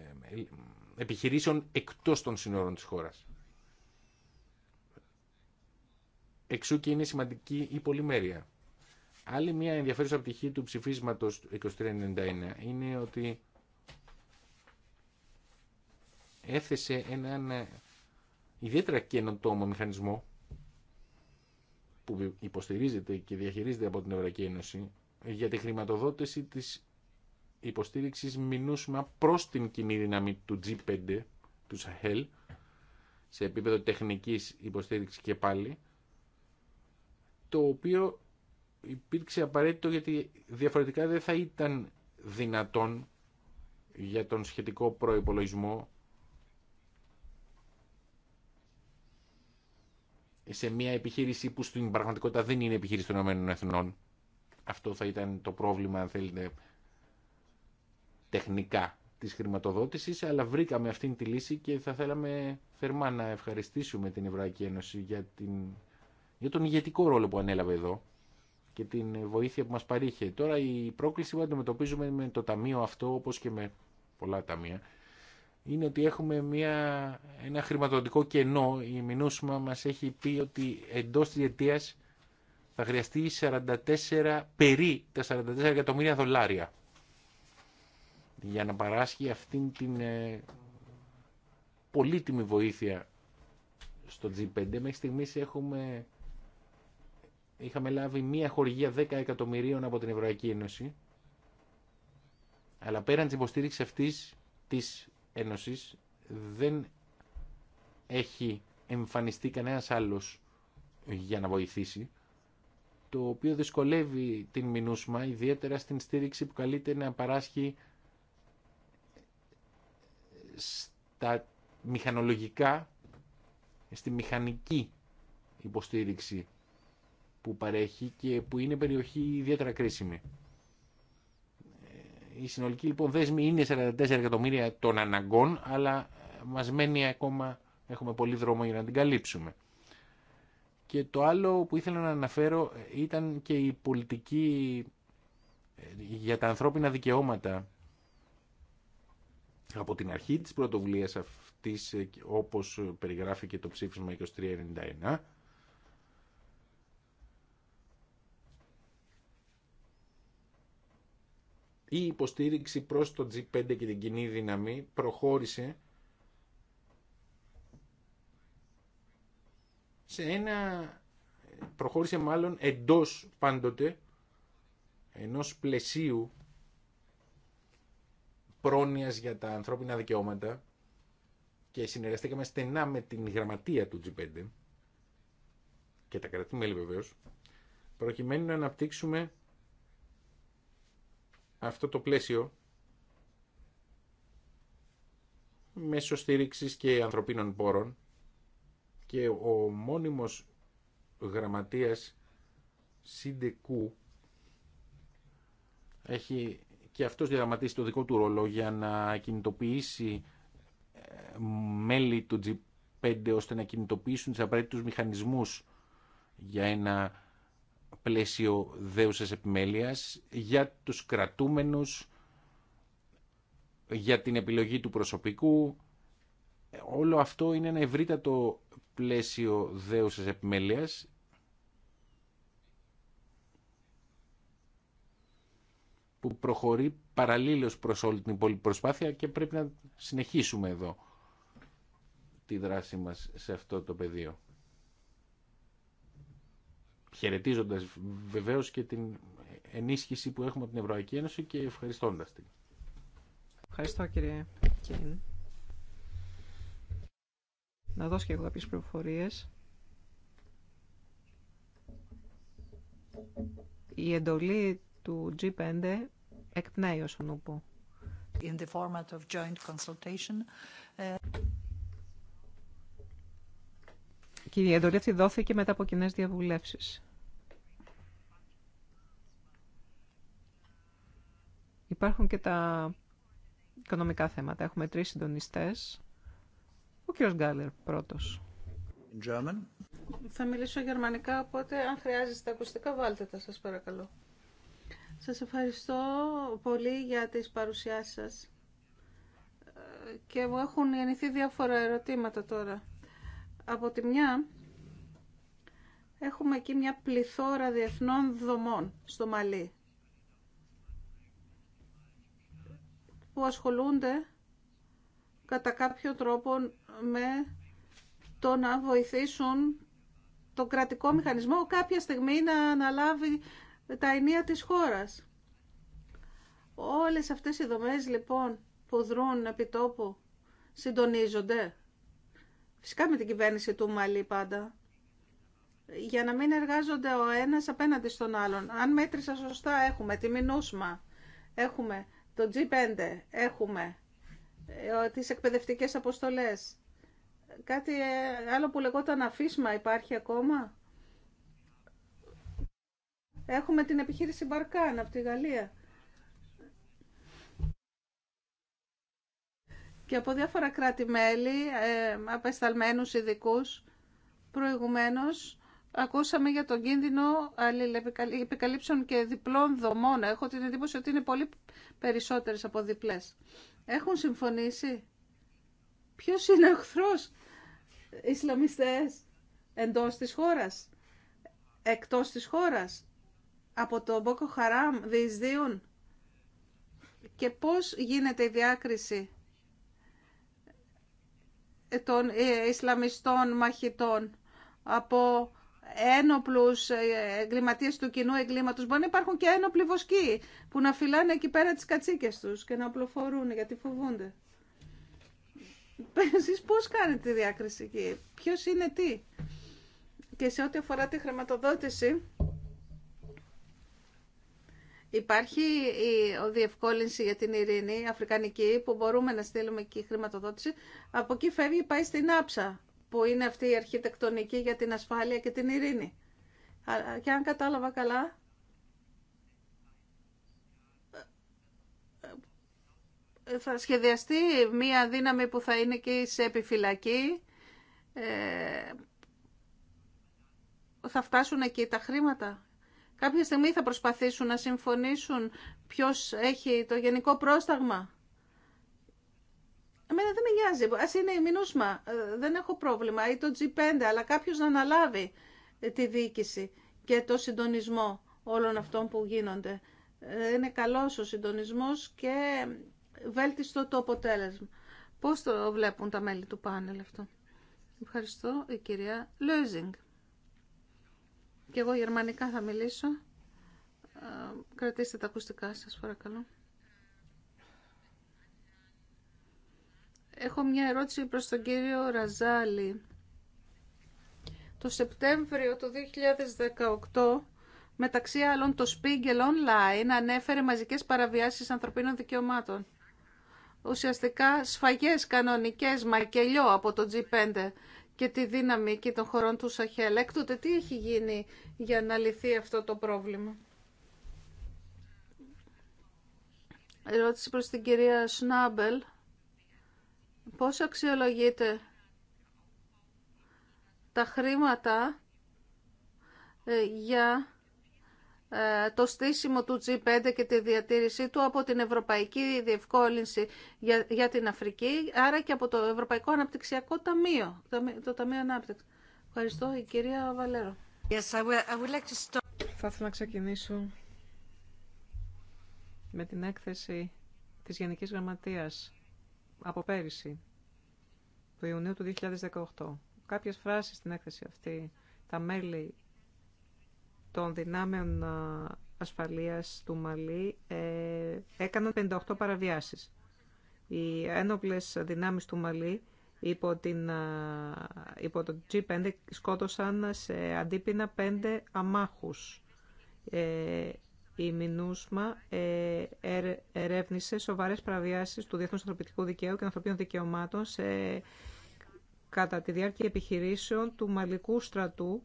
επιχειρήσεων εκτός των συνόρων της χώρας. Εξού και είναι σημαντική η πολυμέρεια. Άλλη μια ενδιαφέρουσα πτυχή του ψηφίσματος 2391 είναι ότι έθεσε έναν ιδιαίτερα καινοτόμο μηχανισμό που υποστηρίζεται και διαχειρίζεται από την Ευρωπαϊκή Ένωση για τη χρηματοδότηση της υποστήριξης μηνούσμα προς την κοινή δύναμη του G5 του Σαχέλ σε επίπεδο τεχνικής υποστήριξης και πάλι το οποίο υπήρξε απαραίτητο γιατί διαφορετικά δεν θα ήταν δυνατόν για τον σχετικό προϋπολογισμό σε μια επιχείρηση που στην πραγματικότητα δεν είναι επιχείρηση των Ηνωμένων Εθνών. Αυτό θα ήταν το πρόβλημα, αν θέλετε, τεχνικά της χρηματοδότησης, αλλά βρήκαμε αυτήν τη λύση και θα θέλαμε θερμά να ευχαριστήσουμε την Ευρωπαϊκή Ένωση για την για τον ηγετικό ρόλο που ανέλαβε εδώ και την βοήθεια που μας παρήχε. Τώρα η πρόκληση που αντιμετωπίζουμε με το ταμείο αυτό, όπως και με πολλά ταμεία, είναι ότι έχουμε μια, ένα χρηματοδοτικό κενό. Η Μινούσμα μας έχει πει ότι εντός της αιτίας θα χρειαστεί 44, περί τα 44 εκατομμύρια δολάρια για να παράσχει αυτήν την ε, πολύτιμη βοήθεια στο G5. Μέχρι στιγμής έχουμε είχαμε λάβει μία χορηγία 10 εκατομμυρίων από την Ευρωπαϊκή Ένωση. Αλλά πέραν της υποστήριξη αυτής της Ένωσης δεν έχει εμφανιστεί κανένας άλλος για να βοηθήσει το οποίο δυσκολεύει την Μινούσμα ιδιαίτερα στην στήριξη που καλείται να παράσχει στα μηχανολογικά στη μηχανική υποστήριξη που παρέχει και που είναι περιοχή ιδιαίτερα κρίσιμη. Ε, η συνολική λοιπόν δέσμη είναι 44 εκατομμύρια των αναγκών, αλλά ε, μας μένει ακόμα, έχουμε πολύ δρόμο για να την καλύψουμε. Και το άλλο που ήθελα να αναφέρω ε, ήταν και η πολιτική για τα ανθρώπινα δικαιώματα από την αρχή της πρωτοβουλίας αυτής όπως περιγράφηκε το ψήφισμα 2391 η υποστήριξη προς το G5 και την κοινή δύναμη προχώρησε σε ένα προχώρησε μάλλον εντός πάντοτε ενός πλαισίου πρόνοιας για τα ανθρώπινα δικαιώματα και συνεργαστήκαμε στενά με την γραμματεία του G5 και τα κρατημέλη βεβαίως προκειμένου να αναπτύξουμε αυτό το πλαίσιο μέσω στήριξης και ανθρωπίνων πόρων και ο μόνιμος γραμματείας Σιντεκού έχει και αυτός διαγραμματίσει το δικό του ρόλο για να κινητοποιήσει ε, μέλη του G5 ώστε να κινητοποιήσουν τις απαραίτητους μηχανισμούς για ένα πλαίσιο δέουσας επιμέλειας για τους κρατούμενους, για την επιλογή του προσωπικού. Όλο αυτό είναι ένα ευρύτατο πλαίσιο δέουσας επιμέλειας που προχωρεί παραλλήλως προς όλη την υπόλοιπη προσπάθεια και πρέπει να συνεχίσουμε εδώ τη δράση μας σε αυτό το πεδίο χαιρετίζοντα βεβαίω και την ενίσχυση που έχουμε από την Ευρωπαϊκή Ένωση και ευχαριστώντα την. Ευχαριστώ κύριε Κιν. Να δώσω και εγώ κάποιες προφορίες. Η εντολή του G5 εκπνέει όσον ούπο. the format of joint consultation, και η εντολή αυτή δόθηκε μετά από κοινέ διαβουλεύσεις. Υπάρχουν και τα οικονομικά θέματα. Έχουμε τρεις συντονιστές. Ο κ. Γκάλερ πρώτος. German. Θα μιλήσω γερμανικά, οπότε αν χρειάζεστε ακουστικά βάλτε τα σας παρακαλώ. Σας ευχαριστώ πολύ για τις παρουσιάσεις σας. Ε, και μου έχουν γεννηθεί διάφορα ερωτήματα τώρα. Από τη μια, έχουμε εκεί μια πληθώρα διεθνών δομών στο Μαλή που ασχολούνται κατά κάποιο τρόπο με το να βοηθήσουν τον κρατικό μηχανισμό κάποια στιγμή να αναλάβει τα ενία της χώρας. Όλες αυτές οι δομές λοιπόν που δρούν επί τόπου συντονίζονται Φυσικά με την κυβέρνηση του Μαλή πάντα. Για να μην εργάζονται ο ένας απέναντι στον άλλον. Αν μέτρησα σωστά έχουμε τη Μινούσμα, έχουμε το G5, έχουμε ε, τις εκπαιδευτικές αποστολές. Κάτι ε, άλλο που λεγόταν αφίσμα υπάρχει ακόμα. Έχουμε την επιχείρηση Μπαρκάν από τη Γαλλία. και από διάφορα κράτη-μέλη, ε, απεσταλμένους ειδικού. Προηγουμένως, ακούσαμε για τον κίνδυνο επικαλύψεων και διπλών δομών. Έχω την εντύπωση ότι είναι πολύ περισσότερες από διπλές. Έχουν συμφωνήσει. Ποιος είναι ο εχθρός? Ισλαμιστές εντός της χώρας, εκτός της χώρας, από το Μπόκο Χαράμ διεισδύουν και πώς γίνεται η διάκριση των ε, Ισλαμιστών μαχητών από ένοπλους ε, εγκληματίες του κοινού εγκλήματος. Μπορεί να υπάρχουν και ένοπλοι βοσκοί που να φυλάνε εκεί πέρα τις κατσίκες τους και να οπλοφορούν γιατί φοβούνται. Εσείς πώς κάνετε τη διάκριση εκεί, ποιος είναι τι. Και σε ό,τι αφορά τη χρηματοδότηση, Υπάρχει η διευκόλυνση για την ειρήνη αφρικανική που μπορούμε να στείλουμε εκεί χρηματοδότηση. Από εκεί φεύγει πάει στην Άψα που είναι αυτή η αρχιτεκτονική για την ασφάλεια και την ειρήνη. Και αν κατάλαβα καλά, θα σχεδιαστεί μία δύναμη που θα είναι και σε επιφυλακή. Ε, θα φτάσουν εκεί τα χρήματα Κάποια στιγμή θα προσπαθήσουν να συμφωνήσουν ποιος έχει το γενικό πρόσταγμα. Εμένα δεν με νοιάζει. Ας είναι η Μινούσμα. Ε, δεν έχω πρόβλημα. Ή το G5. Αλλά κάποιος να αναλάβει ε, τη διοίκηση και το συντονισμό όλων αυτών που γίνονται. Ε, είναι καλός ο συντονισμός και βέλτιστο το αποτέλεσμα. Πώς το βλέπουν τα μέλη του πάνελ αυτό. Ευχαριστώ η κυρία Λόιζινγκ. Και εγώ γερμανικά θα μιλήσω. Ε, κρατήστε τα ακουστικά σας, παρακαλώ. Έχω μια ερώτηση προς τον κύριο Ραζάλη. Το Σεπτέμβριο του 2018, μεταξύ άλλων το Spiegel Online ανέφερε μαζικές παραβιάσεις ανθρωπίνων δικαιωμάτων. Ουσιαστικά σφαγές κανονικές μακελιό από το G5 και τη και των χωρών του Σαχέλ. Έκτοτε τι έχει γίνει για να λυθεί αυτό το πρόβλημα. Ερώτηση προς την κυρία Σνάμπελ. Πώς αξιολογείται τα χρήματα ε, για ε, το στήσιμο του G5 και τη διατήρησή του από την Ευρωπαϊκή Διευκόλυνση για, για την Αφρική, άρα και από το Ευρωπαϊκό Αναπτυξιακό Ταμείο, το Ταμείο Ανάπτυξη. Ευχαριστώ, η κυρία Βαλέρο. Yes, I I would like to Θα ήθελα να ξεκινήσω με την έκθεση της Γενικής Γραμματείας από πέρυσι, του Ιουνίου του 2018. Κάποιες φράσεις στην έκθεση αυτή, τα μέλη των δυνάμεων ε, ασφαλείας του Μαλή ε, έκαναν 58 παραβιάσεις. Οι ένοπλες δυνάμεις του Μαλή υπό, την, ε, υπό το G5 σκότωσαν σε αντίπεινα 5 αμάχους. Ε, η Μινούσμα ε, ερεύνησε σοβαρές παραβιάσεις του Διεθνούς Ανθρωπιτικού Δικαίου και Ανθρωπίνων Δικαιωμάτων σε, κατά τη διάρκεια επιχειρήσεων του Μαλικού στρατού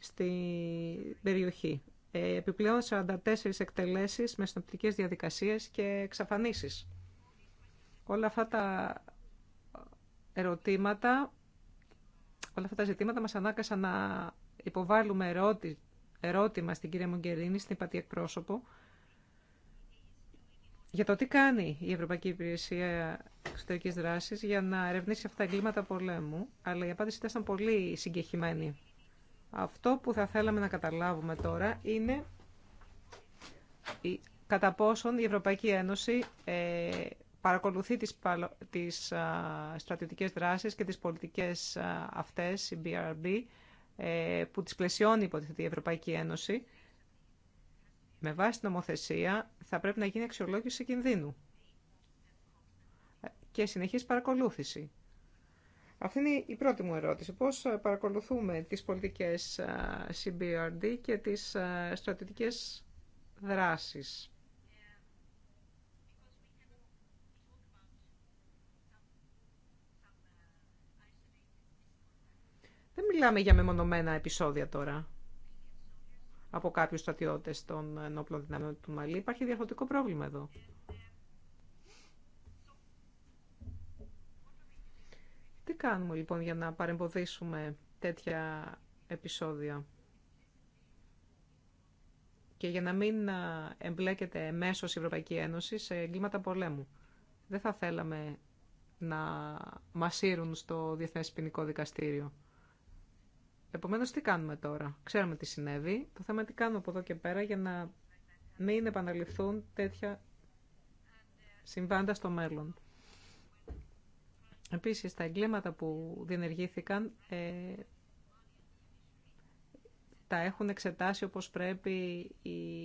στην περιοχή. Ε, επιπλέον 44 εκτελέσεις με συνοπτικές διαδικασίες και εξαφανίσεις. Όλα αυτά τα ερωτήματα, όλα αυτά τα ζητήματα μας ανάγκασαν να υποβάλουμε ερώτη, ερώτημα στην κυρία Μογκερίνη, στην υπατή εκπρόσωπο, για το τι κάνει η Ευρωπαϊκή Υπηρεσία Εξωτερικής Δράσης για να ερευνήσει αυτά τα εγκλήματα πολέμου, αλλά η απάντηση ήταν πολύ συγκεχημένη. Αυτό που θα θέλαμε να καταλάβουμε τώρα είναι κατά πόσον η Ευρωπαϊκή Ένωση ε, παρακολουθεί τις, τις στρατιωτικές δράσεις και τις πολιτικές αυτές, η BRB, ε, που τις πλαισιώνει υπό η Ευρωπαϊκή Ένωση. Με βάση την νομοθεσία θα πρέπει να γίνει αξιολόγηση κινδύνου και συνεχής παρακολούθηση. Αυτή είναι η πρώτη μου ερώτηση. Πώς ε, παρακολουθούμε τις πολιτικές CBRD ε, και τις ε, στρατιωτικές δράσεις. Δεν μιλάμε για μεμονωμένα επεισόδια τώρα από κάποιους στρατιώτες των ενόπλων δυνάμεων του Μαλή. Υπάρχει διαφορετικό πρόβλημα εδώ. Τι κάνουμε λοιπόν για να παρεμποδίσουμε τέτοια επεισόδια και για να μην εμπλέκεται μέσω η Ευρωπαϊκή Ένωση σε εγκλήματα πολέμου. Δεν θα θέλαμε να μασύρουν στο Διεθνές Ποινικό Δικαστήριο. Επομένως, τι κάνουμε τώρα. Ξέρουμε τι συνέβη. Το θέμα είναι τι κάνουμε από εδώ και πέρα για να μην επαναληφθούν τέτοια συμβάντα στο μέλλον. Επίσης, τα εγκλήματα που διενεργήθηκαν ε, τα έχουν εξετάσει όπως πρέπει η,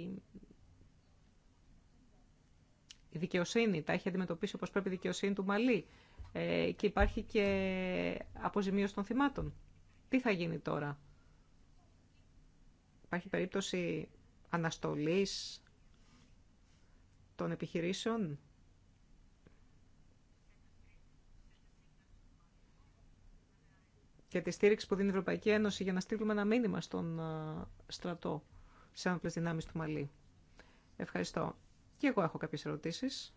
η δικαιοσύνη, τα έχει αντιμετωπίσει όπως πρέπει η δικαιοσύνη του Μαλή ε, και υπάρχει και αποζημίωση των θυμάτων. Τι θα γίνει τώρα. Υπάρχει περίπτωση αναστολής των επιχειρήσεων για τη στήριξη που δίνει η Ευρωπαϊκή Ένωση για να στείλουμε ένα μήνυμα στον ε, στρατό στι άνθρωπε δυνάμει του Μαλή. Ευχαριστώ. Και εγώ έχω κάποιε ερωτήσει.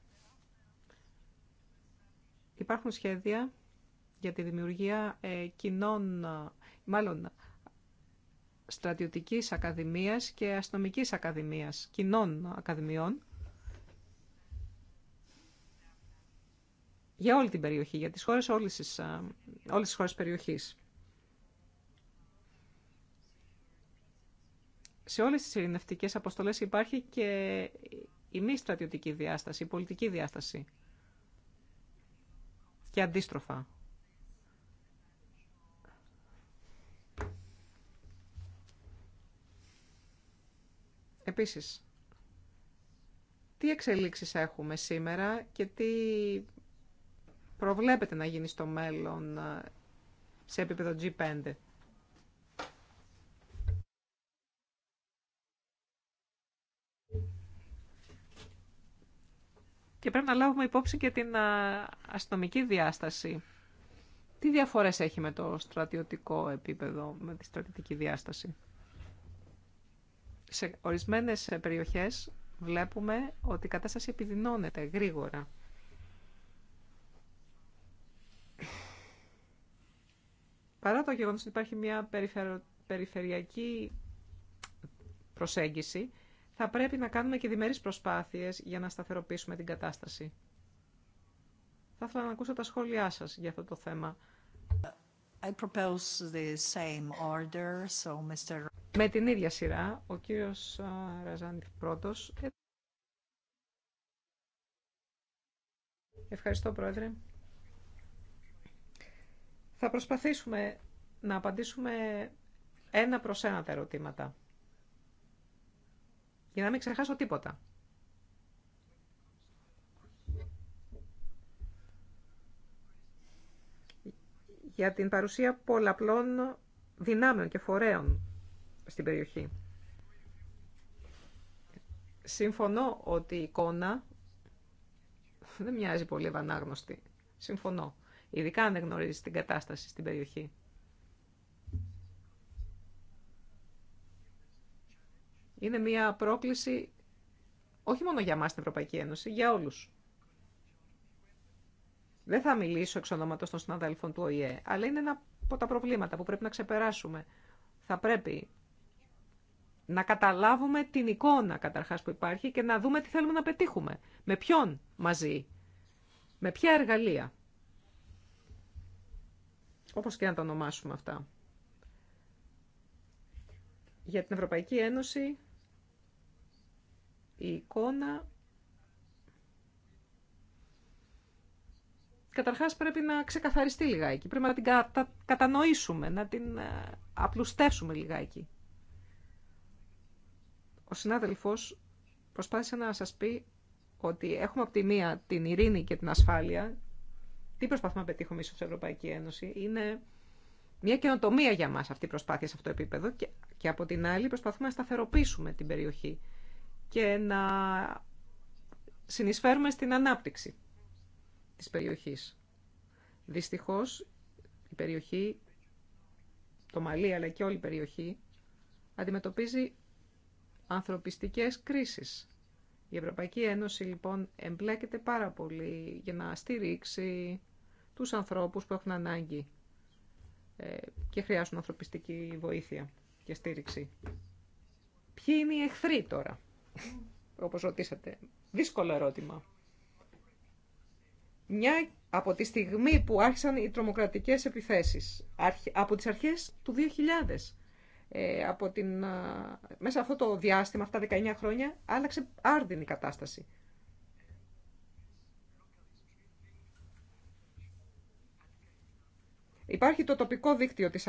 Υπάρχουν σχέδια για τη δημιουργία ε, κοινών, ε, μάλλον στρατιωτικής ακαδημίας και αστυνομικής ακαδημίας, κοινών ακαδημιών, για όλη την περιοχή, για τις χώρες όλης τις, όλες τις χώρες περιοχής. σε όλες τις ειρηνευτικές αποστολές υπάρχει και η μη στρατιωτική διάσταση, η πολιτική διάσταση. Και αντίστροφα. Επίσης, τι εξελίξεις έχουμε σήμερα και τι προβλέπετε να γίνει στο μέλλον ε, σε επίπεδο G5. Και πρέπει να λάβουμε υπόψη και την αστυνομική διάσταση. Τι διαφορές έχει με το στρατιωτικό επίπεδο, με τη στρατιωτική διάσταση. Σε ορισμένες περιοχές βλέπουμε ότι η κατάσταση επιδεινώνεται γρήγορα. Παρά το γεγονός ότι υπάρχει μια περιφερειακή προσέγγιση, θα πρέπει να κάνουμε και διμερείς προσπάθειες για να σταθεροποιήσουμε την κατάσταση. Θα ήθελα να ακούσω τα σχόλιά σας για αυτό το θέμα. I the same order, so Mr. Με την ίδια σειρά, ο κύριος Ραζάνη πρώτος. Ευχαριστώ, Πρόεδρε. Θα προσπαθήσουμε να απαντήσουμε ένα προς ένα τα ερωτήματα. Και να μην ξεχάσω τίποτα. Για την παρουσία πολλαπλών δυνάμεων και φορέων στην περιοχή. Συμφωνώ ότι η εικόνα δεν μοιάζει πολύ ευανάγνωστη. Συμφωνώ. Ειδικά αν δεν γνωρίζει την κατάσταση στην περιοχή. Είναι μια πρόκληση όχι μόνο για μας την Ευρωπαϊκή Ένωση, για όλους. Δεν θα μιλήσω εξ ονόματος των συναδέλφων του ΟΗΕ, αλλά είναι ένα από τα προβλήματα που πρέπει να ξεπεράσουμε. Θα πρέπει να καταλάβουμε την εικόνα καταρχάς που υπάρχει και να δούμε τι θέλουμε να πετύχουμε. Με ποιον μαζί, με ποια εργαλεία. Όπως και να τα ονομάσουμε αυτά. Για την Ευρωπαϊκή Ένωση η εικόνα... Καταρχάς πρέπει να ξεκαθαριστεί λιγάκι, πρέπει να την κατανοήσουμε, να την ε, απλουστεύσουμε λιγάκι. Ο συνάδελφος προσπάθησε να σας πει ότι έχουμε από τη μία την ειρήνη και την ασφάλεια. Τι προσπαθούμε να πετύχουμε ίσως στην Ευρωπαϊκή Ένωση. Είναι μια καινοτομία για μας αυτή η προσπάθεια σε αυτό το επίπεδο και, και από την άλλη προσπαθούμε να σταθεροποιήσουμε την περιοχή και να συνεισφέρουμε στην ανάπτυξη της περιοχής. Δυστυχώς, η περιοχή, το Μαλί αλλά και όλη η περιοχή, αντιμετωπίζει ανθρωπιστικές κρίσεις. Η Ευρωπαϊκή Ένωση λοιπόν εμπλέκεται πάρα πολύ για να στηρίξει τους ανθρώπους που έχουν ανάγκη ε, και χρειάζουν ανθρωπιστική βοήθεια και στήριξη. Ποιοι είναι οι εχθροί τώρα όπως ρωτήσατε. Δύσκολο ερώτημα. Μια από τη στιγμή που άρχισαν οι τρομοκρατικές επιθέσεις, από τις αρχές του 2000, ε, από την, μέσα αυτό το διάστημα, αυτά 19 χρόνια, άλλαξε άρδινη κατάσταση. Υπάρχει το τοπικό δίκτυο της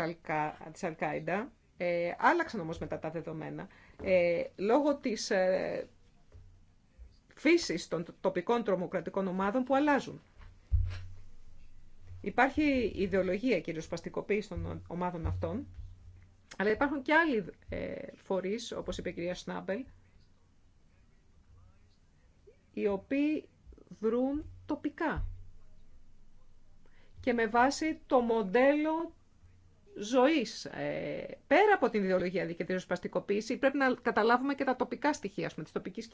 Αλκάιντα, ε, άλλαξαν όμως μετά τα δεδομένα. Ε, λόγω της ε, φύσης των τοπικών τρομοκρατικών ομάδων που αλλάζουν. Υπάρχει ιδεολογία και ριζοσπαστικοποίηση των ομάδων αυτών, αλλά υπάρχουν και άλλοι ε, φορείς, όπως είπε η κυρία Σνάμπελ, οι οποίοι δρούν τοπικά και με βάση το μοντέλο ζωής. Ε, πέρα από την ιδεολογία και πρέπει να καταλάβουμε και τα τοπικά στοιχεία, ας πούμε, της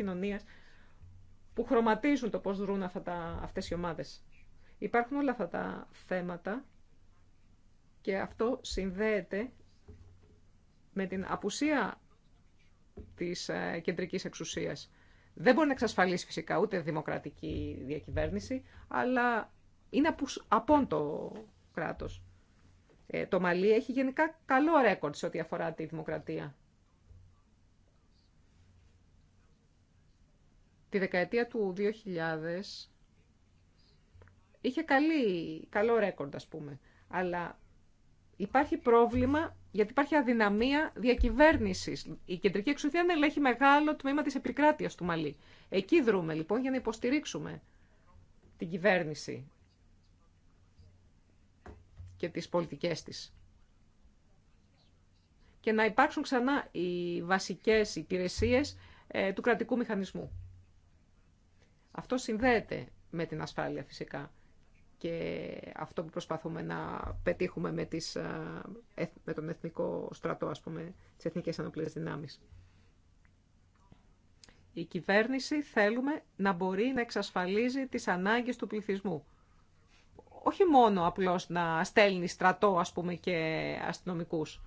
που χρωματίζουν το πώ δρούν αυτέ αυτές οι ομάδες. Υπάρχουν όλα αυτά τα θέματα και αυτό συνδέεται με την απουσία της ε, κεντρικής εξουσίας. Δεν μπορεί να εξασφαλίσει φυσικά ούτε δημοκρατική διακυβέρνηση, αλλά είναι το κράτος. Ε, το Μαλί έχει γενικά καλό ρέκορντ σε ό,τι αφορά τη δημοκρατία. Τη δεκαετία του 2000 είχε καλή, καλό ρέκορντ ας πούμε. Αλλά υπάρχει πρόβλημα γιατί υπάρχει αδυναμία διακυβέρνησης. Η κεντρική εξουσία δεν ελέγχει μεγάλο τμήμα της επικράτειας του Μαλή. Εκεί δρούμε λοιπόν για να υποστηρίξουμε την κυβέρνηση και τις πολιτικές της. Και να υπάρξουν ξανά οι βασικές υπηρεσίες ε, του κρατικού μηχανισμού. Αυτό συνδέεται με την ασφάλεια φυσικά και αυτό που προσπαθούμε να πετύχουμε με, τις, ε, ε, με τον εθνικό στρατό, ας πούμε, τις εθνικές δυνάμεις. Η κυβέρνηση θέλουμε να μπορεί να εξασφαλίζει τις ανάγκες του πληθυσμού όχι μόνο απλώς να στέλνει στρατό, ας πούμε, και αστυνομικούς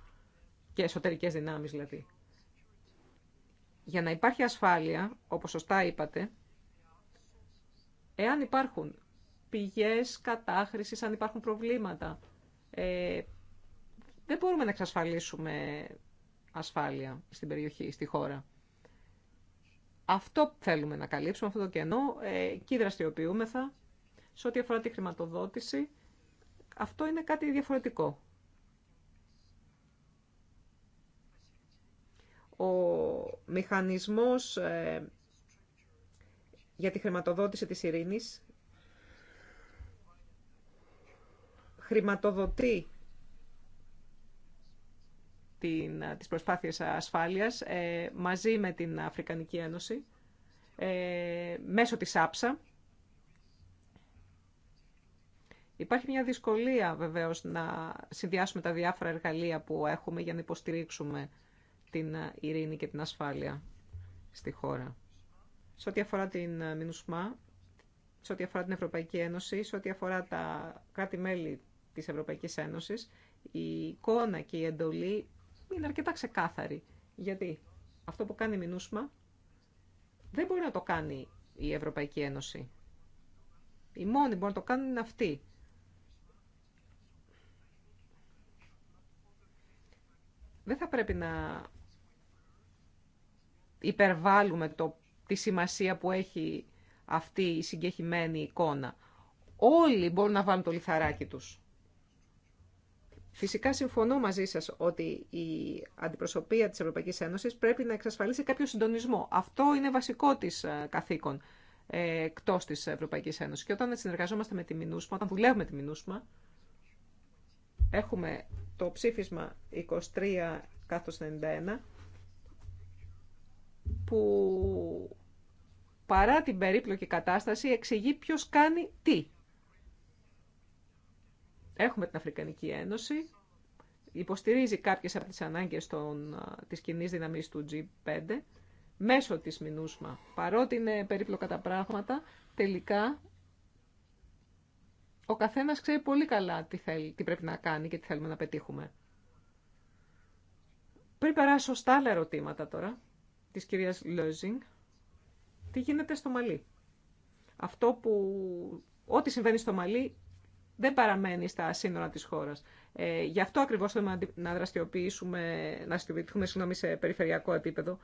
και εσωτερικές δυνάμεις, δηλαδή. Για να υπάρχει ασφάλεια, όπως σωστά είπατε, εάν υπάρχουν πηγές κατάχρησης, αν υπάρχουν προβλήματα, ε, δεν μπορούμε να εξασφαλίσουμε ασφάλεια στην περιοχή, στη χώρα. Αυτό θέλουμε να καλύψουμε, αυτό το κενό, ε, εκεί δραστηριοποιούμεθα σε ό,τι αφορά τη χρηματοδότηση, αυτό είναι κάτι διαφορετικό. Ο μηχανισμός ε, για τη χρηματοδότηση της ειρήνης χρηματοδοτεί την, ε, τις προσπάθειες ασφάλειας ε, μαζί με την Αφρικανική Ένωση ε, μέσω της άψα Υπάρχει μια δυσκολία βεβαίως να συνδυάσουμε τα διάφορα εργαλεία που έχουμε για να υποστηρίξουμε την ε, ειρήνη και την ασφάλεια στη χώρα. Σε ό,τι αφορά την Μινουσμά, ε, σε ό,τι αφορά την Ευρωπαϊκή Ένωση, σε ό,τι αφορά τα κράτη-μέλη της Ευρωπαϊκής Ένωσης, η εικόνα και η εντολή είναι αρκετά ξεκάθαρη. Γιατί αυτό που κάνει η Μινούσμα δεν μπορεί να το κάνει η Ευρωπαϊκή Ένωση. Η μόνη μπορεί να το κάνουν είναι αυτή. Δεν θα πρέπει να υπερβάλλουμε το, τη σημασία που έχει αυτή η συγκεχημένη εικόνα. Όλοι μπορούν να βάλουν το λιθαράκι τους. Φυσικά συμφωνώ μαζί σας ότι η αντιπροσωπεία της Ευρωπαϊκής Ένωσης πρέπει να εξασφαλίσει κάποιο συντονισμό. Αυτό είναι βασικό της ε, καθήκον ε, εκτός της Ευρωπαϊκής Ένωσης. Και όταν συνεργαζόμαστε με τη Μινούσμα, όταν δουλεύουμε τη Μινούσμα, Έχουμε το ψήφισμα 23 91 που παρά την περίπλοκη κατάσταση εξηγεί ποιος κάνει τι. Έχουμε την Αφρικανική Ένωση, υποστηρίζει κάποιες από τις ανάγκες των, της κοινή δύναμης του G5 μέσω της Μινούσμα. Παρότι είναι περίπλοκα τα πράγματα, τελικά ο καθένα ξέρει πολύ καλά τι, θέλει, τι πρέπει να κάνει και τι θέλουμε να πετύχουμε. Πριν περάσω στα άλλα ερωτήματα τώρα, της κυρίας Λόζινγκ, τι γίνεται στο Μαλί. Αυτό που, ό,τι συμβαίνει στο Μαλί δεν παραμένει στα σύνορα της χώρας. Ε, γι' αυτό ακριβώς θέλουμε να δραστηριοποιήσουμε, να δραστηριοποιηθούμε συγγνώμη, σε περιφερειακό επίπεδο.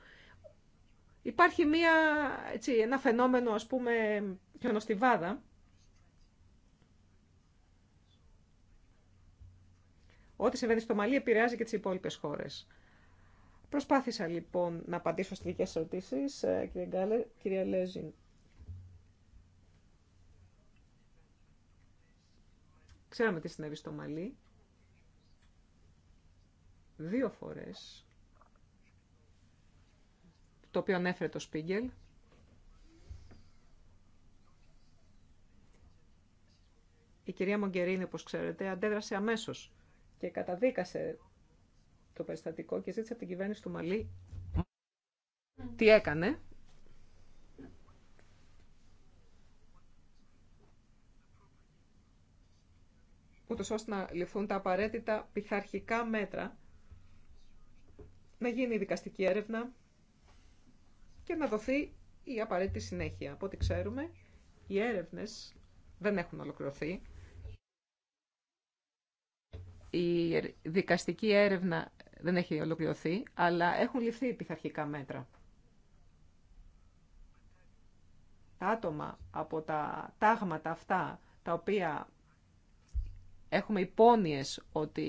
Υπάρχει μια, έτσι, ένα φαινόμενο, ας πούμε, χιονοστιβάδα, Ό,τι συμβαίνει στο Μαλί επηρεάζει και τις υπόλοιπε χώρες. Προσπάθησα λοιπόν να απαντήσω στι δικέ σα ερωτήσει, ε, κύριε Γκάλε, κυρία Λέζιν. Ξέραμε τι συνέβη στο Μαλί. Δύο φορές, το οποίο ανέφερε το Σπίγκελ, Η κυρία Μογκερίνη, όπως ξέρετε, αντέδρασε αμέσως και καταδίκασε το περιστατικό και ζήτησε από την κυβέρνηση του Μαλή τι έκανε. ούτω ώστε να ληφθούν τα απαραίτητα πειθαρχικά μέτρα, να γίνει η δικαστική έρευνα και να δοθεί η απαραίτητη συνέχεια. Από ό,τι ξέρουμε, οι έρευνες δεν έχουν ολοκληρωθεί η δικαστική έρευνα δεν έχει ολοκληρωθεί, αλλά έχουν ληφθεί πειθαρχικά μέτρα. Τα άτομα από τα τάγματα αυτά, τα οποία έχουμε υπόνοιες ότι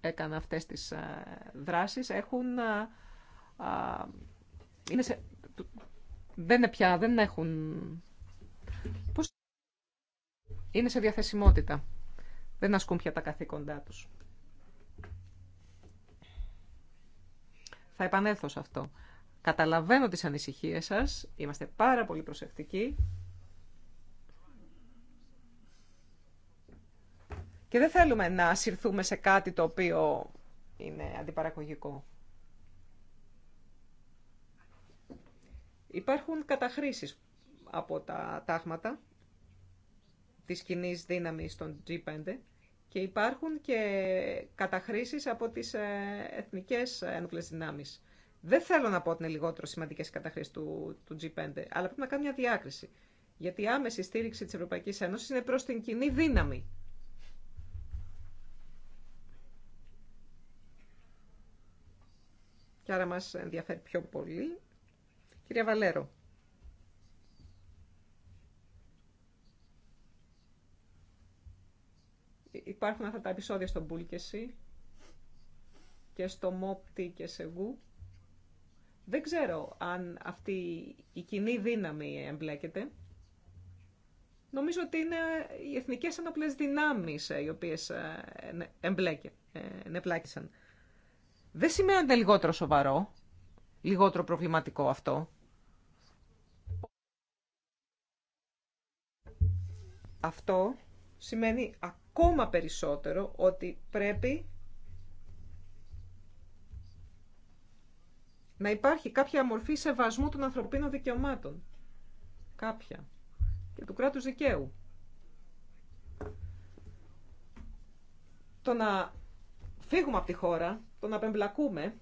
έκαναν αυτές τις ε, δράσεις, έχουν, ε, είναι σε, δεν πια, δεν έχουν... είναι σε διαθεσιμότητα δεν ασκούν πια τα καθήκοντά τους. Θα επανέλθω σε αυτό. Καταλαβαίνω τις ανησυχίες σας, είμαστε πάρα πολύ προσεκτικοί και δεν θέλουμε να συρθούμε σε κάτι το οποίο είναι αντιπαραγωγικό. Υπάρχουν καταχρήσεις από τα τάγματα της κοινή δύναμης των G5 και υπάρχουν και καταχρήσεις από τις ε, εθνικές ένοπλες δυνάμεις. Δεν θέλω να πω ότι είναι λιγότερο σημαντικές οι καταχρήσεις του, του G5, αλλά πρέπει να κάνουμε μια διάκριση. Γιατί η άμεση στήριξη της Ευρωπαϊκής Ένωσης είναι προς την κοινή δύναμη. Και άρα μας ενδιαφέρει πιο πολύ. Κυρία Βαλέρο. υπάρχουν αυτά τα επεισόδια στο Μπούλκεση και στο Μόπτι και σε Γκου. Δεν ξέρω αν αυτή η κοινή δύναμη εμπλέκεται. Νομίζω ότι είναι οι εθνικές αναπλές δυνάμεις ε, οι οποίες ε, εμπλέκησαν. Ε, Δεν σημαίνει ότι λιγότερο σοβαρό, λιγότερο προβληματικό αυτό. Αυτό σημαίνει ακόμα περισσότερο ότι πρέπει να υπάρχει κάποια μορφή σεβασμού των ανθρωπίνων δικαιωμάτων. Κάποια. Και του κράτους δικαίου. Το να φύγουμε από τη χώρα, το να απεμπλακούμε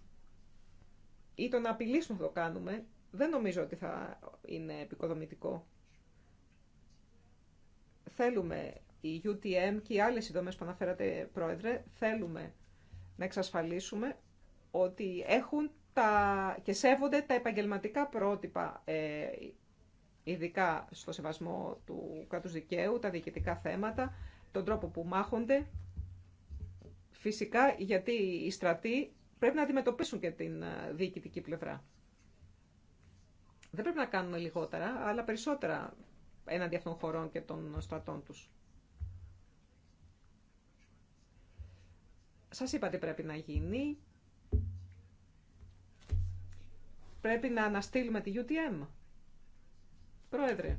ή το να απειλήσουμε να το κάνουμε, δεν νομίζω ότι θα είναι επικοδομητικό. Θέλουμε η UTM και οι άλλες συνδομές που αναφέρατε, Πρόεδρε, θέλουμε να εξασφαλίσουμε ότι έχουν τα, και σέβονται τα επαγγελματικά πρότυπα, ε, ειδικά στο σεβασμό του κράτους δικαίου, τα διοικητικά θέματα, τον τρόπο που μάχονται. Φυσικά, γιατί οι στρατοί πρέπει να αντιμετωπίσουν και την ε, διοικητική πλευρά. Δεν πρέπει να κάνουμε λιγότερα, αλλά περισσότερα έναντι αυτών χωρών και των στρατών τους. Σας είπα τι πρέπει να γίνει. Πρέπει να αναστείλουμε τη UTM. Πρόεδρε.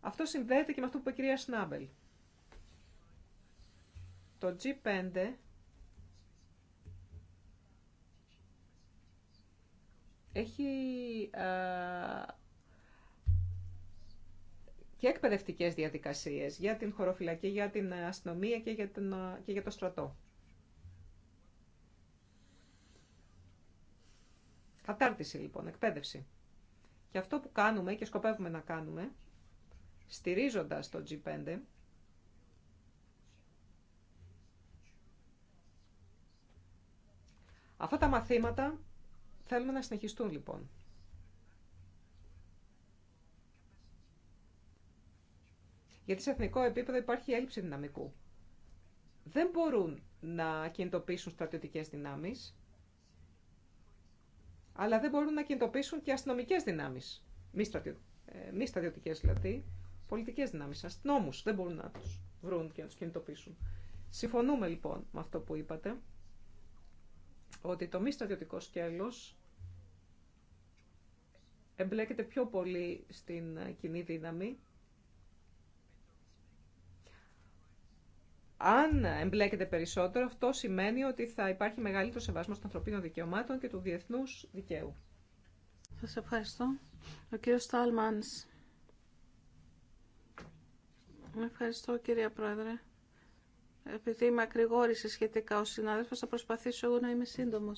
Αυτό συνδέεται και με αυτό που είπε η κυρία Σνάμπελ. Το G5 έχει και εκπαιδευτικές διαδικασίες για την χωροφυλακή, για την αστυνομία και για, και για το στρατό. Κατάρτιση λοιπόν, εκπαίδευση. Και αυτό που κάνουμε και σκοπεύουμε να κάνουμε, στηρίζοντας το G5, αυτά τα μαθήματα θέλουμε να συνεχιστούν λοιπόν. γιατί σε εθνικό επίπεδο υπάρχει έλλειψη δυναμικού. Δεν μπορούν να κινητοποιήσουν στρατιωτικές δυνάμεις, αλλά δεν μπορούν να κινητοποιήσουν και αστυνομικές δυνάμεις, μη, ε, στρατιωτικέ δηλαδή, πολιτικές δυνάμεις, αστυνόμους, δεν μπορούν να τους βρουν και να τους κινητοποιήσουν. Συμφωνούμε λοιπόν με αυτό που είπατε, ότι το μη στρατιωτικό σκέλος εμπλέκεται πιο πολύ στην ε, κοινή δύναμη Αν εμπλέκεται περισσότερο, αυτό σημαίνει ότι θα υπάρχει μεγαλύτερο σεβασμό των ανθρωπίνων δικαιωμάτων και του διεθνού δικαίου. Σα ευχαριστώ. Ο κύριο Στάλμαν. Ευχαριστώ, κυρία Πρόεδρε. Επειδή είμαι ακρηγόρησε σχετικά ο συνάδελφος, θα προσπαθήσω εγώ να είμαι σύντομο.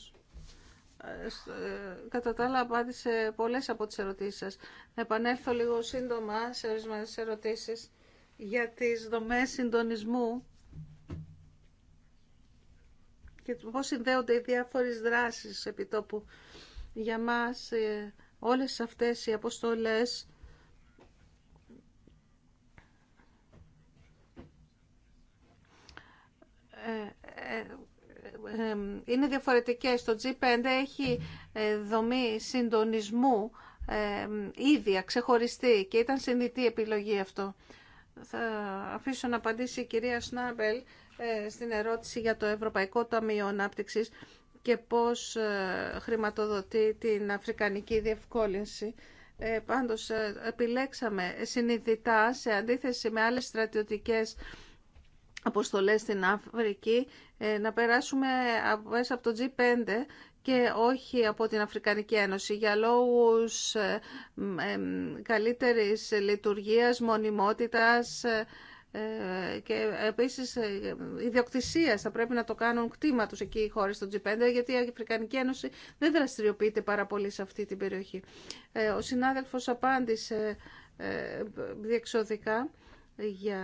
Ε, ε, κατά τα άλλα, απάντησε πολλέ από τι ερωτήσει σα. Να επανέλθω λίγο σύντομα σε ορισμένε ερωτήσεις για τις δομέ συντονισμού και πώς συνδέονται οι διάφορες δράσεις επί τόπου. Για μας ε, όλες αυτές οι αποστολές ε, ε, είναι διαφορετικές. Το G5 έχει δομή συντονισμού ίδια, ξεχωριστή και ήταν συνειδητή επιλογή αυτό. Θα αφήσω να απαντήσει η κυρία Σνάμπελ ε, στην ερώτηση για το Ευρωπαϊκό Ταμείο Ανάπτυξης και πώς ε, χρηματοδοτεί την Αφρικανική Διευκόλυνση. Ε, πάντως ε, επιλέξαμε συνειδητά σε αντίθεση με άλλες στρατιωτικές αποστολές στην Αφρική να περάσουμε μέσα από το G5 και όχι από την Αφρικανική Ένωση για λόγους καλύτερης λειτουργίας, μονιμότητας ε, και επίσης ε, ιδιοκτησία θα πρέπει να το κάνουν κτήμα του εκεί οι χώρες του G5 γιατί η Αφρικανική Ένωση δεν δραστηριοποιείται πάρα πολύ σε αυτή την περιοχή. Ε, ο συνάδελφος απάντησε διεξοδικά για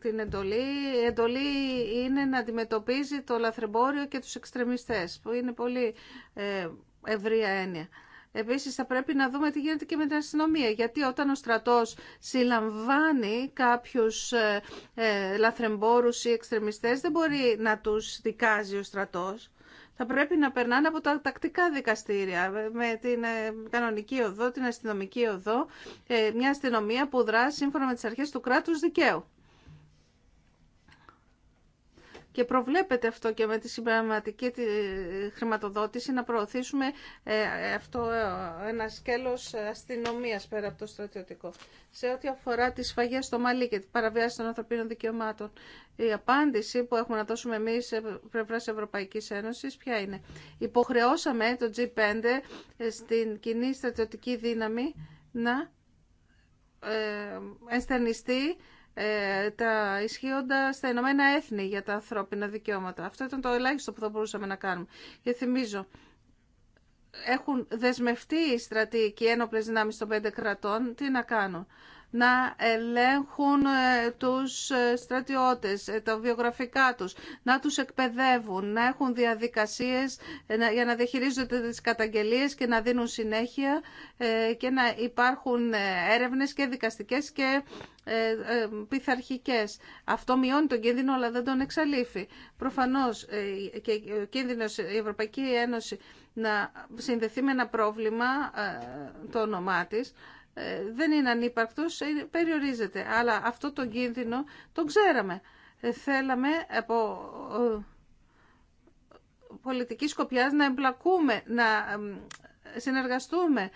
την εντολή. Η εντολή είναι να αντιμετωπίζει το λαθρεμπόριο και τους εξτρεμιστές που είναι πολύ ευρία έννοια. Επίση, θα πρέπει να δούμε τι γίνεται και με την αστυνομία, γιατί όταν ο στρατός συλλαμβάνει κάποιου ε, ε, λαθρεμπόρους ή εξτρεμιστέ, δεν μπορεί να τους δικάζει ο στρατός. Θα πρέπει να περνάνε από τα τακτικά δικαστήρια, με την ε, κανονική οδό, την αστυνομική οδό, ε, μια αστυνομία που δράσει σύμφωνα με τις αρχές του κράτους δικαίου και προβλέπεται αυτό και με τη συμπραγματική χρηματοδότηση να προωθήσουμε ε, αυτό ε, ένα σκέλος ε, αστυνομίας πέρα από το στρατιωτικό. Σε ό,τι αφορά τις σφαγή στο Μαλί και την παραβίαση των ανθρωπίνων δικαιωμάτων, η απάντηση που έχουμε να δώσουμε εμείς σε πλευρά ευρωπαϊκή Ένωση ποια είναι. Υποχρεώσαμε το G5 στην κοινή στρατιωτική δύναμη να ενστερνιστεί ε, τα ισχύοντα στα Ηνωμένα Έθνη για τα ανθρώπινα δικαιώματα. Αυτό ήταν το ελάχιστο που θα μπορούσαμε να κάνουμε. Και θυμίζω, έχουν δεσμευτεί οι στρατοί και οι ένοπλες δυνάμεις των πέντε κρατών. Τι να κάνουν να ελέγχουν ε, τους ε, στρατιώτες, ε, τα βιογραφικά τους, να τους εκπαιδεύουν, να έχουν διαδικασίες για να διαχειρίζονται τις καταγγελίες και να δίνουν συνέχεια και να υπάρχουν έρευνες και δικαστικές και πειθαρχικέ. Αυτό μειώνει τον κίνδυνο αλλά δεν τον εξαλείφει. Προφανώς και κίνδυνος, η Ευρωπαϊκή Ένωση να συνδεθεί με ένα πρόβλημα το όνομά της, ε, δεν είναι ανύπαρκτος, ε, περιορίζεται. Αλλά αυτό το κίνδυνο τον ξέραμε. Ε, θέλαμε από πολιτική σκοπιά να εμπλακούμε, να συνεργαστούμε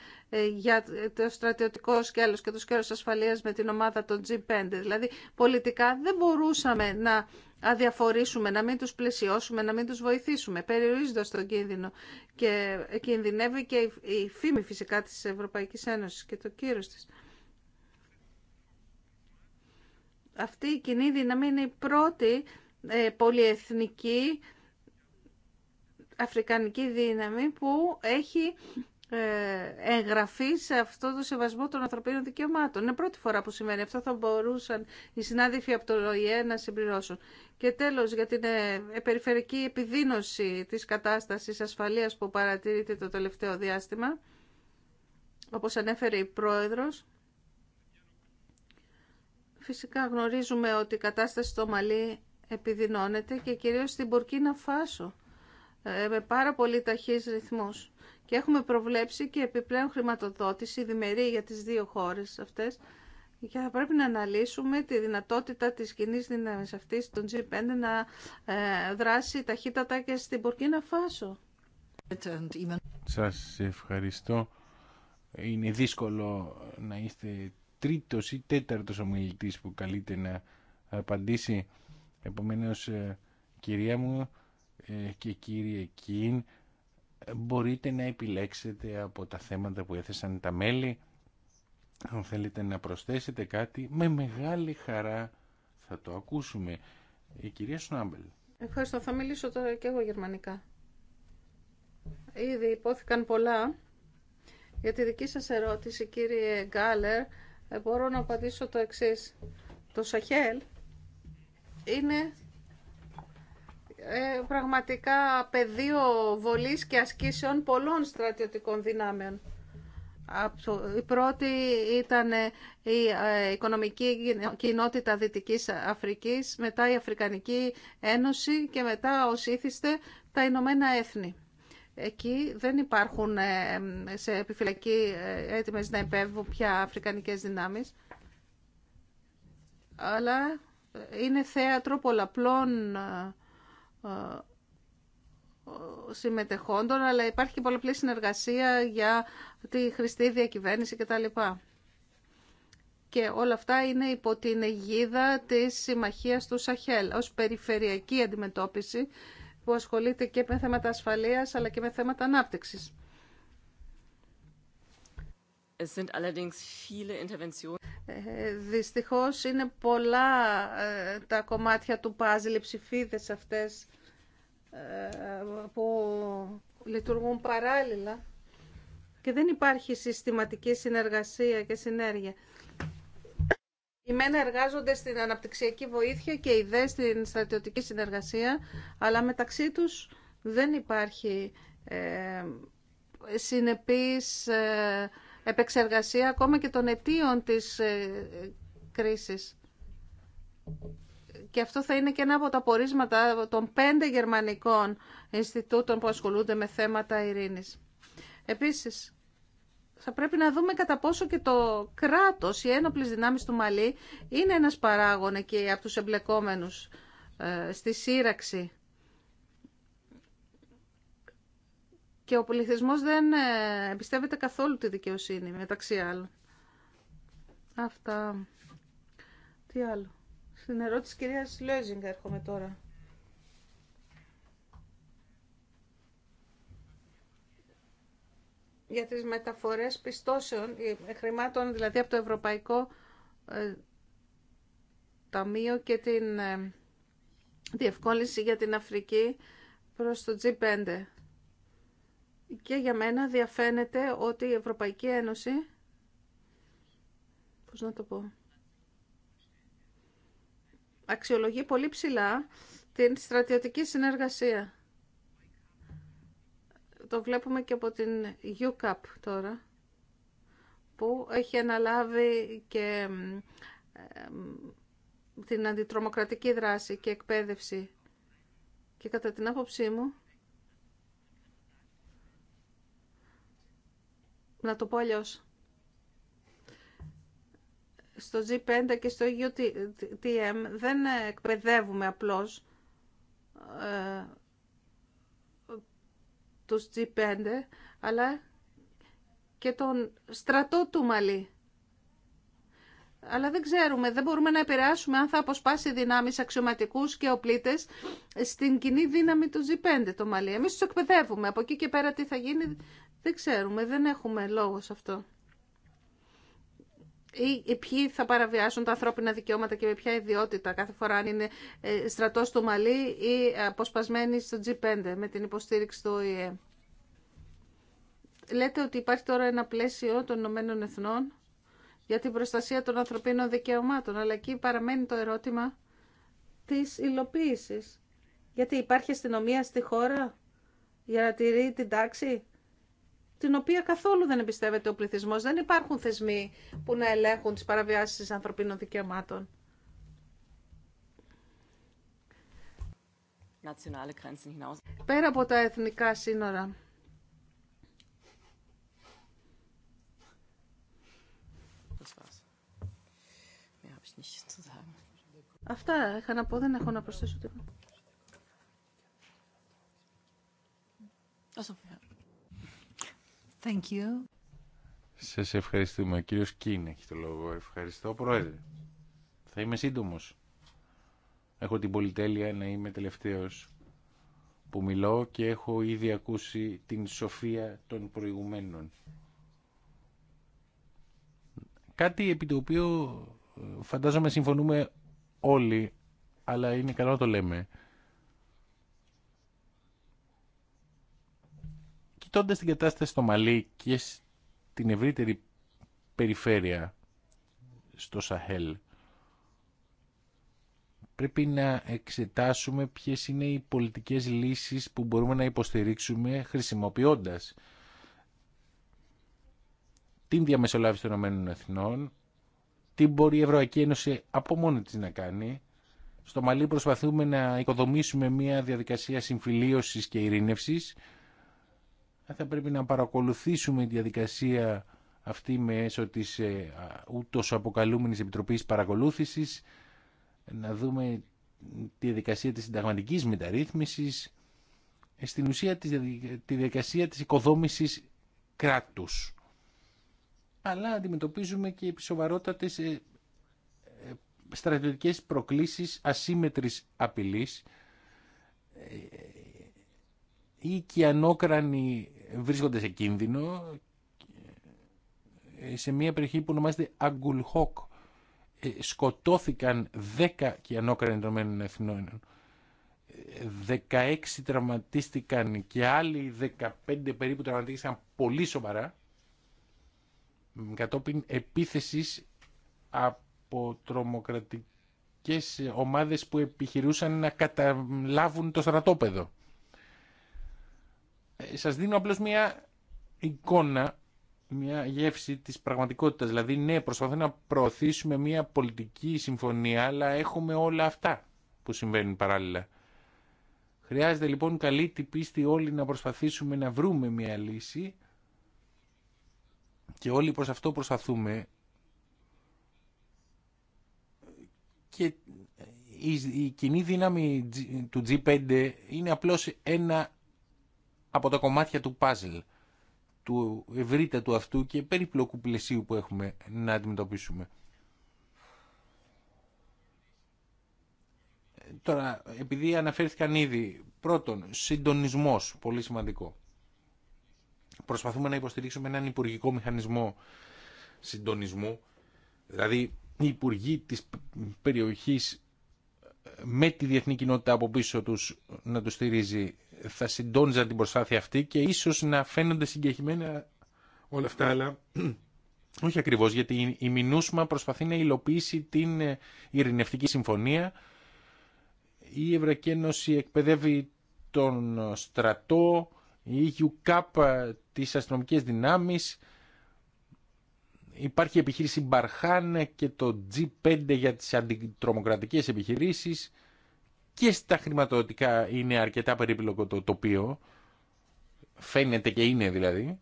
για το στρατιωτικό σκέλος και το σκέλος ασφαλείας με την ομάδα των G5. Δηλαδή πολιτικά δεν μπορούσαμε να αδιαφορήσουμε, να μην τους πλαισιώσουμε, να μην τους βοηθήσουμε, περιορίζοντας τον κίνδυνο. Και κινδυνεύει και η φήμη φυσικά της Ευρωπαϊκής Ένωσης και το κύρος της. Αυτή η κοινή δύναμη είναι η πρώτη ε, πολυεθνική αφρικανική δύναμη που έχει ε, εγγραφή σε αυτό το σεβασμό των ανθρωπίνων δικαιωμάτων. Είναι πρώτη φορά που σημαίνει αυτό, θα μπορούσαν οι συνάδελφοι από το ΟΗΕ να συμπληρώσουν. Και τέλος, για την ε, ε, περιφερική επιδείνωση της κατάστασης ασφαλείας που παρατηρείται το τελευταίο διάστημα, όπως ανέφερε η Πρόεδρος, φυσικά γνωρίζουμε ότι η κατάσταση στο Μαλί επιδεινώνεται και κυρίως στην Πορκίνα Φάσο με πάρα πολύ ταχύς ρυθμούς. Και έχουμε προβλέψει και επιπλέον χρηματοδότηση διμερή για τις δύο χώρες αυτές και θα πρέπει να αναλύσουμε τη δυνατότητα της κοινή δύναμης αυτής των G5 να ε, δράσει ταχύτατα και στην Πορκίνα Φάσο. Σας ευχαριστώ. Είναι δύσκολο να είστε τρίτος ή τέταρτος ομιλητής που καλείται να απαντήσει. Επομένως, ε, κυρία μου ε, και κύριε Κιν, μπορείτε να επιλέξετε από τα θέματα που έθεσαν τα μέλη. Αν θέλετε να προσθέσετε κάτι, με μεγάλη χαρά θα το ακούσουμε. Η κυρία Σνάμπελ. Ευχαριστώ. Θα μιλήσω τώρα και εγώ γερμανικά. Ήδη υπόθηκαν πολλά. Για τη δική σας ερώτηση, κύριε Γκάλερ, μπορώ να απαντήσω το εξής. Το Σαχέλ είναι ε, πραγματικά πεδίο βολής και ασκήσεων πολλών στρατιωτικών δυνάμεων. Η πρώτη ήταν ε, η ε, Οικονομική Κοινότητα Δυτικής Αφρικής, μετά η Αφρικανική Ένωση και μετά ως ήθιστε τα Ηνωμένα Έθνη. Εκεί δεν υπάρχουν σε επιφυλακή έτοιμες να επέμβουν πια αφρικανικές δυνάμεις, αλλά είναι θέατρο πολλαπλών ε, συμμετεχόντων, αλλά υπάρχει και πολλαπλή συνεργασία για τη χρηστή διακυβέρνηση κτλ. Και όλα αυτά είναι υπό την αιγίδα της Συμμαχίας του Σαχέλ, ως περιφερειακή αντιμετώπιση που ασχολείται και με θέματα ασφαλείας αλλά και με θέματα ανάπτυξης. Δυστυχώς είναι πολλά ε, τα κομμάτια του παζλ, οι ψηφίδες αυτές ε, που λειτουργούν παράλληλα και δεν υπάρχει συστηματική συνεργασία και συνέργεια. Οι μένα εργάζονται στην αναπτυξιακή βοήθεια και οι δε στην στρατιωτική συνεργασία, αλλά μεταξύ τους δεν υπάρχει ε, συνεπής ε, επεξεργασία ακόμα και των αιτίων της ε, κρίσης. Και αυτό θα είναι και ένα από τα πορίσματα των πέντε γερμανικών Ινστιτούτων που ασχολούνται με θέματα ειρήνης. Επίσης, θα πρέπει να δούμε κατά πόσο και το κράτος, οι ένοπλες δυνάμεις του Μαλή, είναι ένας παράγων εκεί από τους εμπλεκόμενους ε, στη σύραξη και ο πολιτισμός δεν ε, εμπιστεύεται καθόλου τη δικαιοσύνη, μεταξύ άλλων. Αυτά. Τι άλλο. Στην ερώτηση της κυρίας Λέζινγκ έρχομαι τώρα. Για τις μεταφορές πιστώσεων, ε, χρημάτων δηλαδή από το Ευρωπαϊκό ε, Ταμείο και την διευκόλυνση για την Αφρική προς το G5 και για μένα διαφαίνεται ότι η Ευρωπαϊκή Ένωση πώς να το πω αξιολογεί πολύ ψηλά την στρατιωτική συνεργασία. Το βλέπουμε και από την UCAP τώρα που έχει αναλάβει και την αντιτρομοκρατική δράση και εκπαίδευση. Και κατά την άποψή μου, να το πω αλλιώ. στο G5 και στο UTM δεν εκπαιδεύουμε απλώς ε, τους G5, αλλά και τον στρατό του Μαλή. Αλλά δεν ξέρουμε, δεν μπορούμε να επηρεάσουμε αν θα αποσπάσει δυνάμεις αξιωματικούς και οπλίτες στην κοινή δύναμη του G5 το Μαλή. Εμείς τους εκπαιδεύουμε. Από εκεί και πέρα τι θα γίνει δεν ξέρουμε, δεν έχουμε λόγο σε αυτό. Ή ποιοι θα παραβιάσουν τα ανθρώπινα δικαιώματα και με ποια ιδιότητα κάθε φορά αν είναι ε, στρατός του Μαλή ή αποσπασμένοι στο G5 με την υποστήριξη του ΟΗΕ. Λέτε ότι υπάρχει τώρα ένα πλαίσιο των Ηνωμένων Εθνών για την προστασία των ανθρωπίνων δικαιωμάτων, αλλά εκεί παραμένει το ερώτημα της υλοποίησης. Γιατί υπάρχει αστυνομία στη χώρα για να τηρεί την τάξη την οποία καθόλου δεν εμπιστεύεται ο πληθυσμός. Δεν υπάρχουν θεσμοί που να ελέγχουν τις παραβιάσεις ανθρωπίνων δικαιωμάτων. Πέρα από τα εθνικά σύνορα. Αυτά είχα να πω, δεν έχω να προσθέσω τίποτα. Thank you. ευχαριστούμε. Ο κύριος Κίν έχει το λόγο. Ευχαριστώ, Πρόεδρε. Θα είμαι σύντομο. Έχω την πολυτέλεια να είμαι τελευταίος που μιλώ και έχω ήδη ακούσει την σοφία των προηγουμένων. Κάτι επί το οποίο ε, φαντάζομαι συμφωνούμε όλοι, αλλά είναι καλό να το λέμε. κοιτώντας την κατάσταση στο Μαλί και στην ευρύτερη περιφέρεια στο Σαχέλ, πρέπει να εξετάσουμε ποιες είναι οι πολιτικές λύσεις που μπορούμε να υποστηρίξουμε χρησιμοποιώντας την διαμεσολάβηση των Ηνωμένων Εθνών, τι μπορεί η Ευρωπαϊκή Ένωση από μόνη της να κάνει. Στο Μαλί προσπαθούμε να οικοδομήσουμε μια διαδικασία συμφιλίωσης και ειρήνευσης θα πρέπει να παρακολουθήσουμε τη διαδικασία αυτή μέσω της ε, ούτως αποκαλούμενης Επιτροπής Παρακολούθησης, να δούμε τη διαδικασία της συνταγματικής μεταρρύθμισης, ε, στην ουσία τη διαδικασία της οικοδόμησης κράτους. Αλλά αντιμετωπίζουμε και σοβαρότατες ε, στρατιωτικές προκλήσεις ασύμετρης απειλής, η και ανόκρανη βρίσκονται σε κίνδυνο ε, σε μια περιοχή που ονομάζεται Αγκουλχόκ. Ε, σκοτώθηκαν 10 και των Ηνωμένων Εθνών. 16 ε, τραυματίστηκαν και άλλοι 15 περίπου τραυματίστηκαν πολύ σοβαρά κατόπιν επίθεσης από τρομοκρατικές ομάδες που επιχειρούσαν να καταλάβουν το στρατόπεδο. Ε, σας δίνω απλώς μια εικόνα, μια γεύση της πραγματικότητας. Δηλαδή, ναι, προσπαθούμε να προωθήσουμε μια πολιτική συμφωνία, αλλά έχουμε όλα αυτά που συμβαίνουν παράλληλα. Χρειάζεται λοιπόν καλή την πίστη όλοι να προσπαθήσουμε να βρούμε μια λύση και όλοι προς αυτό προσπαθούμε και η, κοινή δύναμη του G5 είναι απλώς ένα από τα κομμάτια του παζλ του ευρύτατου αυτού και περιπλοκού πλαισίου που έχουμε να αντιμετωπίσουμε. Τώρα, επειδή αναφέρθηκαν ήδη, πρώτον, συντονισμός, πολύ σημαντικό. Προσπαθούμε να υποστηρίξουμε έναν υπουργικό μηχανισμό συντονισμού, δηλαδή η υπουργοί της περιοχής με τη διεθνή κοινότητα από πίσω τους να τους στηρίζει θα συντόνιζαν την προσπάθεια αυτή και ίσως να φαίνονται συγκεχημένα όλα αυτά, αλλά [clears throat] όχι ακριβώς, γιατί η Μινούσμα προσπαθεί να υλοποιήσει την ε, ειρηνευτική συμφωνία. Η Ευρωπαϊκή εκπαιδεύει τον ε, στρατό, η UCAP ε, τις αστυνομικές δυνάμεις, υπάρχει επιχείρηση Μπαρχάν και το G5 για τις αντιτρομοκρατικές επιχειρήσεις και στα χρηματοδοτικά είναι αρκετά περίπλοκο το τοπίο. Φαίνεται και είναι δηλαδή.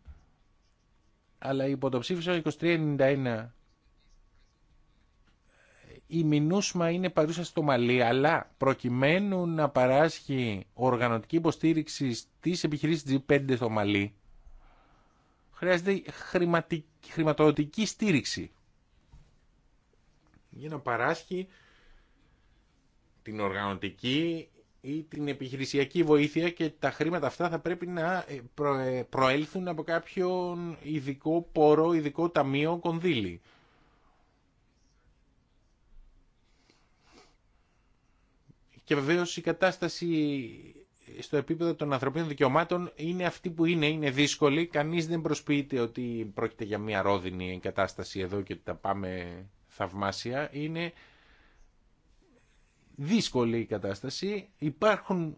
Αλλά υπό το ψήφισμα 2391 η μηνούσμα είναι παρούσα στο Μαλί, αλλά προκειμένου να παράσχει οργανωτική υποστήριξη στις επιχειρήσεις G5 στο Μαλί, χρειάζεται χρηματοδοτική στήριξη για να παράσχει την οργανωτική ή την επιχειρησιακή βοήθεια και τα χρήματα αυτά θα πρέπει να ε, ε, προέλθουν από κάποιον ειδικό πόρο, ειδικό ταμείο κονδύλι. Και βεβαίω η κατάσταση στο επίπεδο των ανθρωπίνων δικαιωμάτων είναι αυτή που είναι, είναι δύσκολη. Κανείς δεν προσποιείται ότι πρόκειται για μια ρόδινη κατάσταση εδώ και τα πάμε θαυμάσια. Είναι δύσκολη η κατάσταση. Υπάρχουν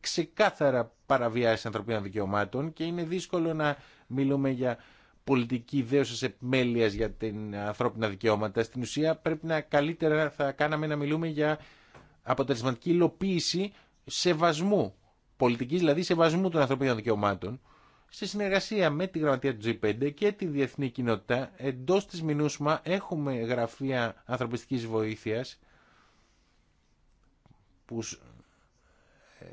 ξεκάθαρα παραβιάσει ανθρωπίνων δικαιωμάτων και είναι δύσκολο να μιλούμε για πολιτική δέωση επιμέλεια για την ανθρώπινα δικαιώματα. Στην ουσία πρέπει να καλύτερα θα κάναμε να μιλούμε για αποτελεσματική υλοποίηση σεβασμού, πολιτική δηλαδή σεβασμού των ανθρωπίνων δικαιωμάτων, σε συνεργασία με τη γραμματεία του G5 και τη διεθνή κοινότητα, εντός της Μινούσμα έχουμε γραφεία ανθρωπιστικής βοήθειας, που ε,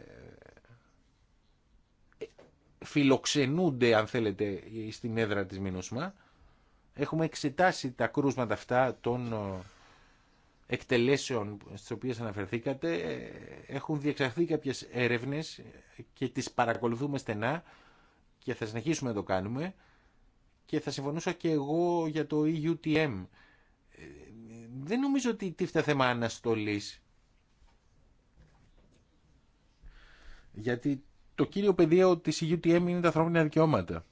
ε, φιλοξενούνται αν θέλετε στην έδρα της Μινούσμα. Έχουμε εξετάσει τα κρούσματα αυτά των ε, εκτελέσεων στις οποίες αναφερθήκατε. Έχουν διεξαχθεί κάποιες έρευνες και τις παρακολουθούμε στενά και θα συνεχίσουμε να το κάνουμε. Και θα συμφωνούσα και εγώ για το EUTM. Δεν νομίζω ότι τίφτα θέμα αναστολής Γιατί το κύριο πεδίο της e UTM είναι τα ανθρώπινα δικαιώματα.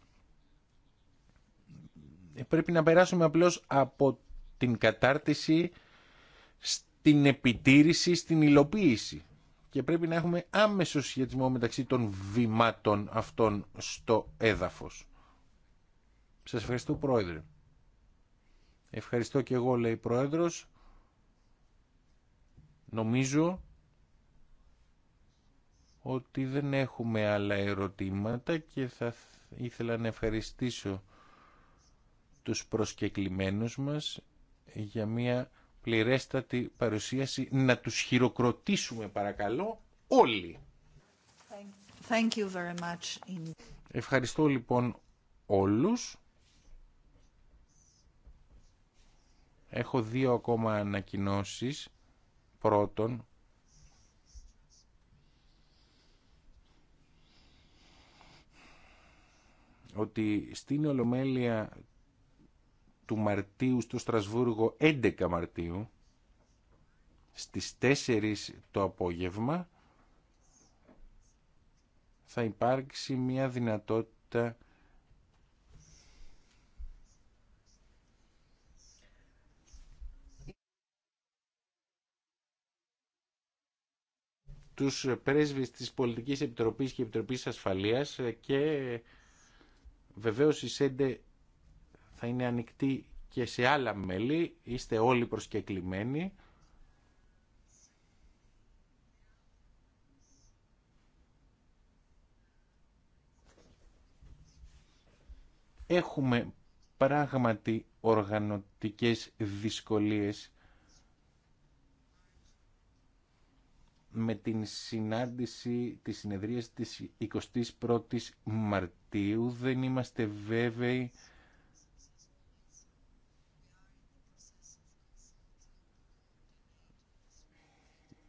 Πρέπει να περάσουμε απλώς από την κατάρτιση στην επιτήρηση, στην υλοποίηση. Και πρέπει να έχουμε άμεσο σχετισμό μεταξύ των βημάτων αυτών στο έδαφος. Σας ευχαριστώ Πρόεδρε. Ευχαριστώ και εγώ λέει Πρόεδρος. Νομίζω ότι δεν έχουμε άλλα ερωτήματα και θα ήθελα να ευχαριστήσω τους προσκεκλημένους μας για μια πληρέστατη παρουσίαση. Να τους χειροκροτήσουμε παρακαλώ όλοι. Thank you very Ευχαριστώ λοιπόν όλους. Έχω δύο ακόμα ανακοινώσεις. Πρώτον, ότι στην Ολομέλεια του Μαρτίου στο Στρασβούργο 11 Μαρτίου στις 4 το απόγευμα θα υπάρξει μια δυνατότητα τους πρέσβεις της Πολιτικής Επιτροπής και Επιτροπής Ασφαλείας και Βεβαίως η ΣΕΝΤΕ θα είναι ανοιχτή και σε άλλα μέλη, είστε όλοι προσκεκλημένοι. Έχουμε πράγματι οργανωτικές δυσκολίες με την συνάντηση της συνεδρίας της 21ης Μαρτίου. Δεν είμαστε βέβαιοι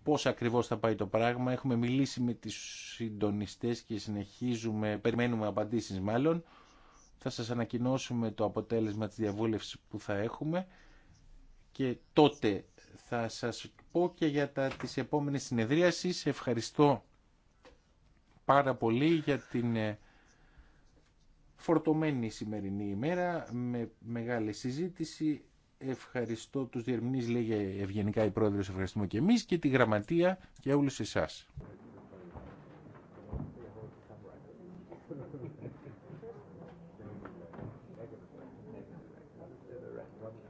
πώς ακριβώς θα πάει το πράγμα. Έχουμε μιλήσει με τις συντονιστές και συνεχίζουμε, περιμένουμε απαντήσεις μάλλον. Θα σας ανακοινώσουμε το αποτέλεσμα της διαβούλευσης που θα έχουμε και τότε θα σας πω και για τα της επόμενης Ευχαριστώ πάρα πολύ για την ε, φορτωμένη σημερινή ημέρα με μεγάλη συζήτηση. Ευχαριστώ τους διερμηνείς, λέγε ευγενικά η πρόεδρος, ευχαριστούμε και εμείς και τη γραμματεία και όλους εσάς.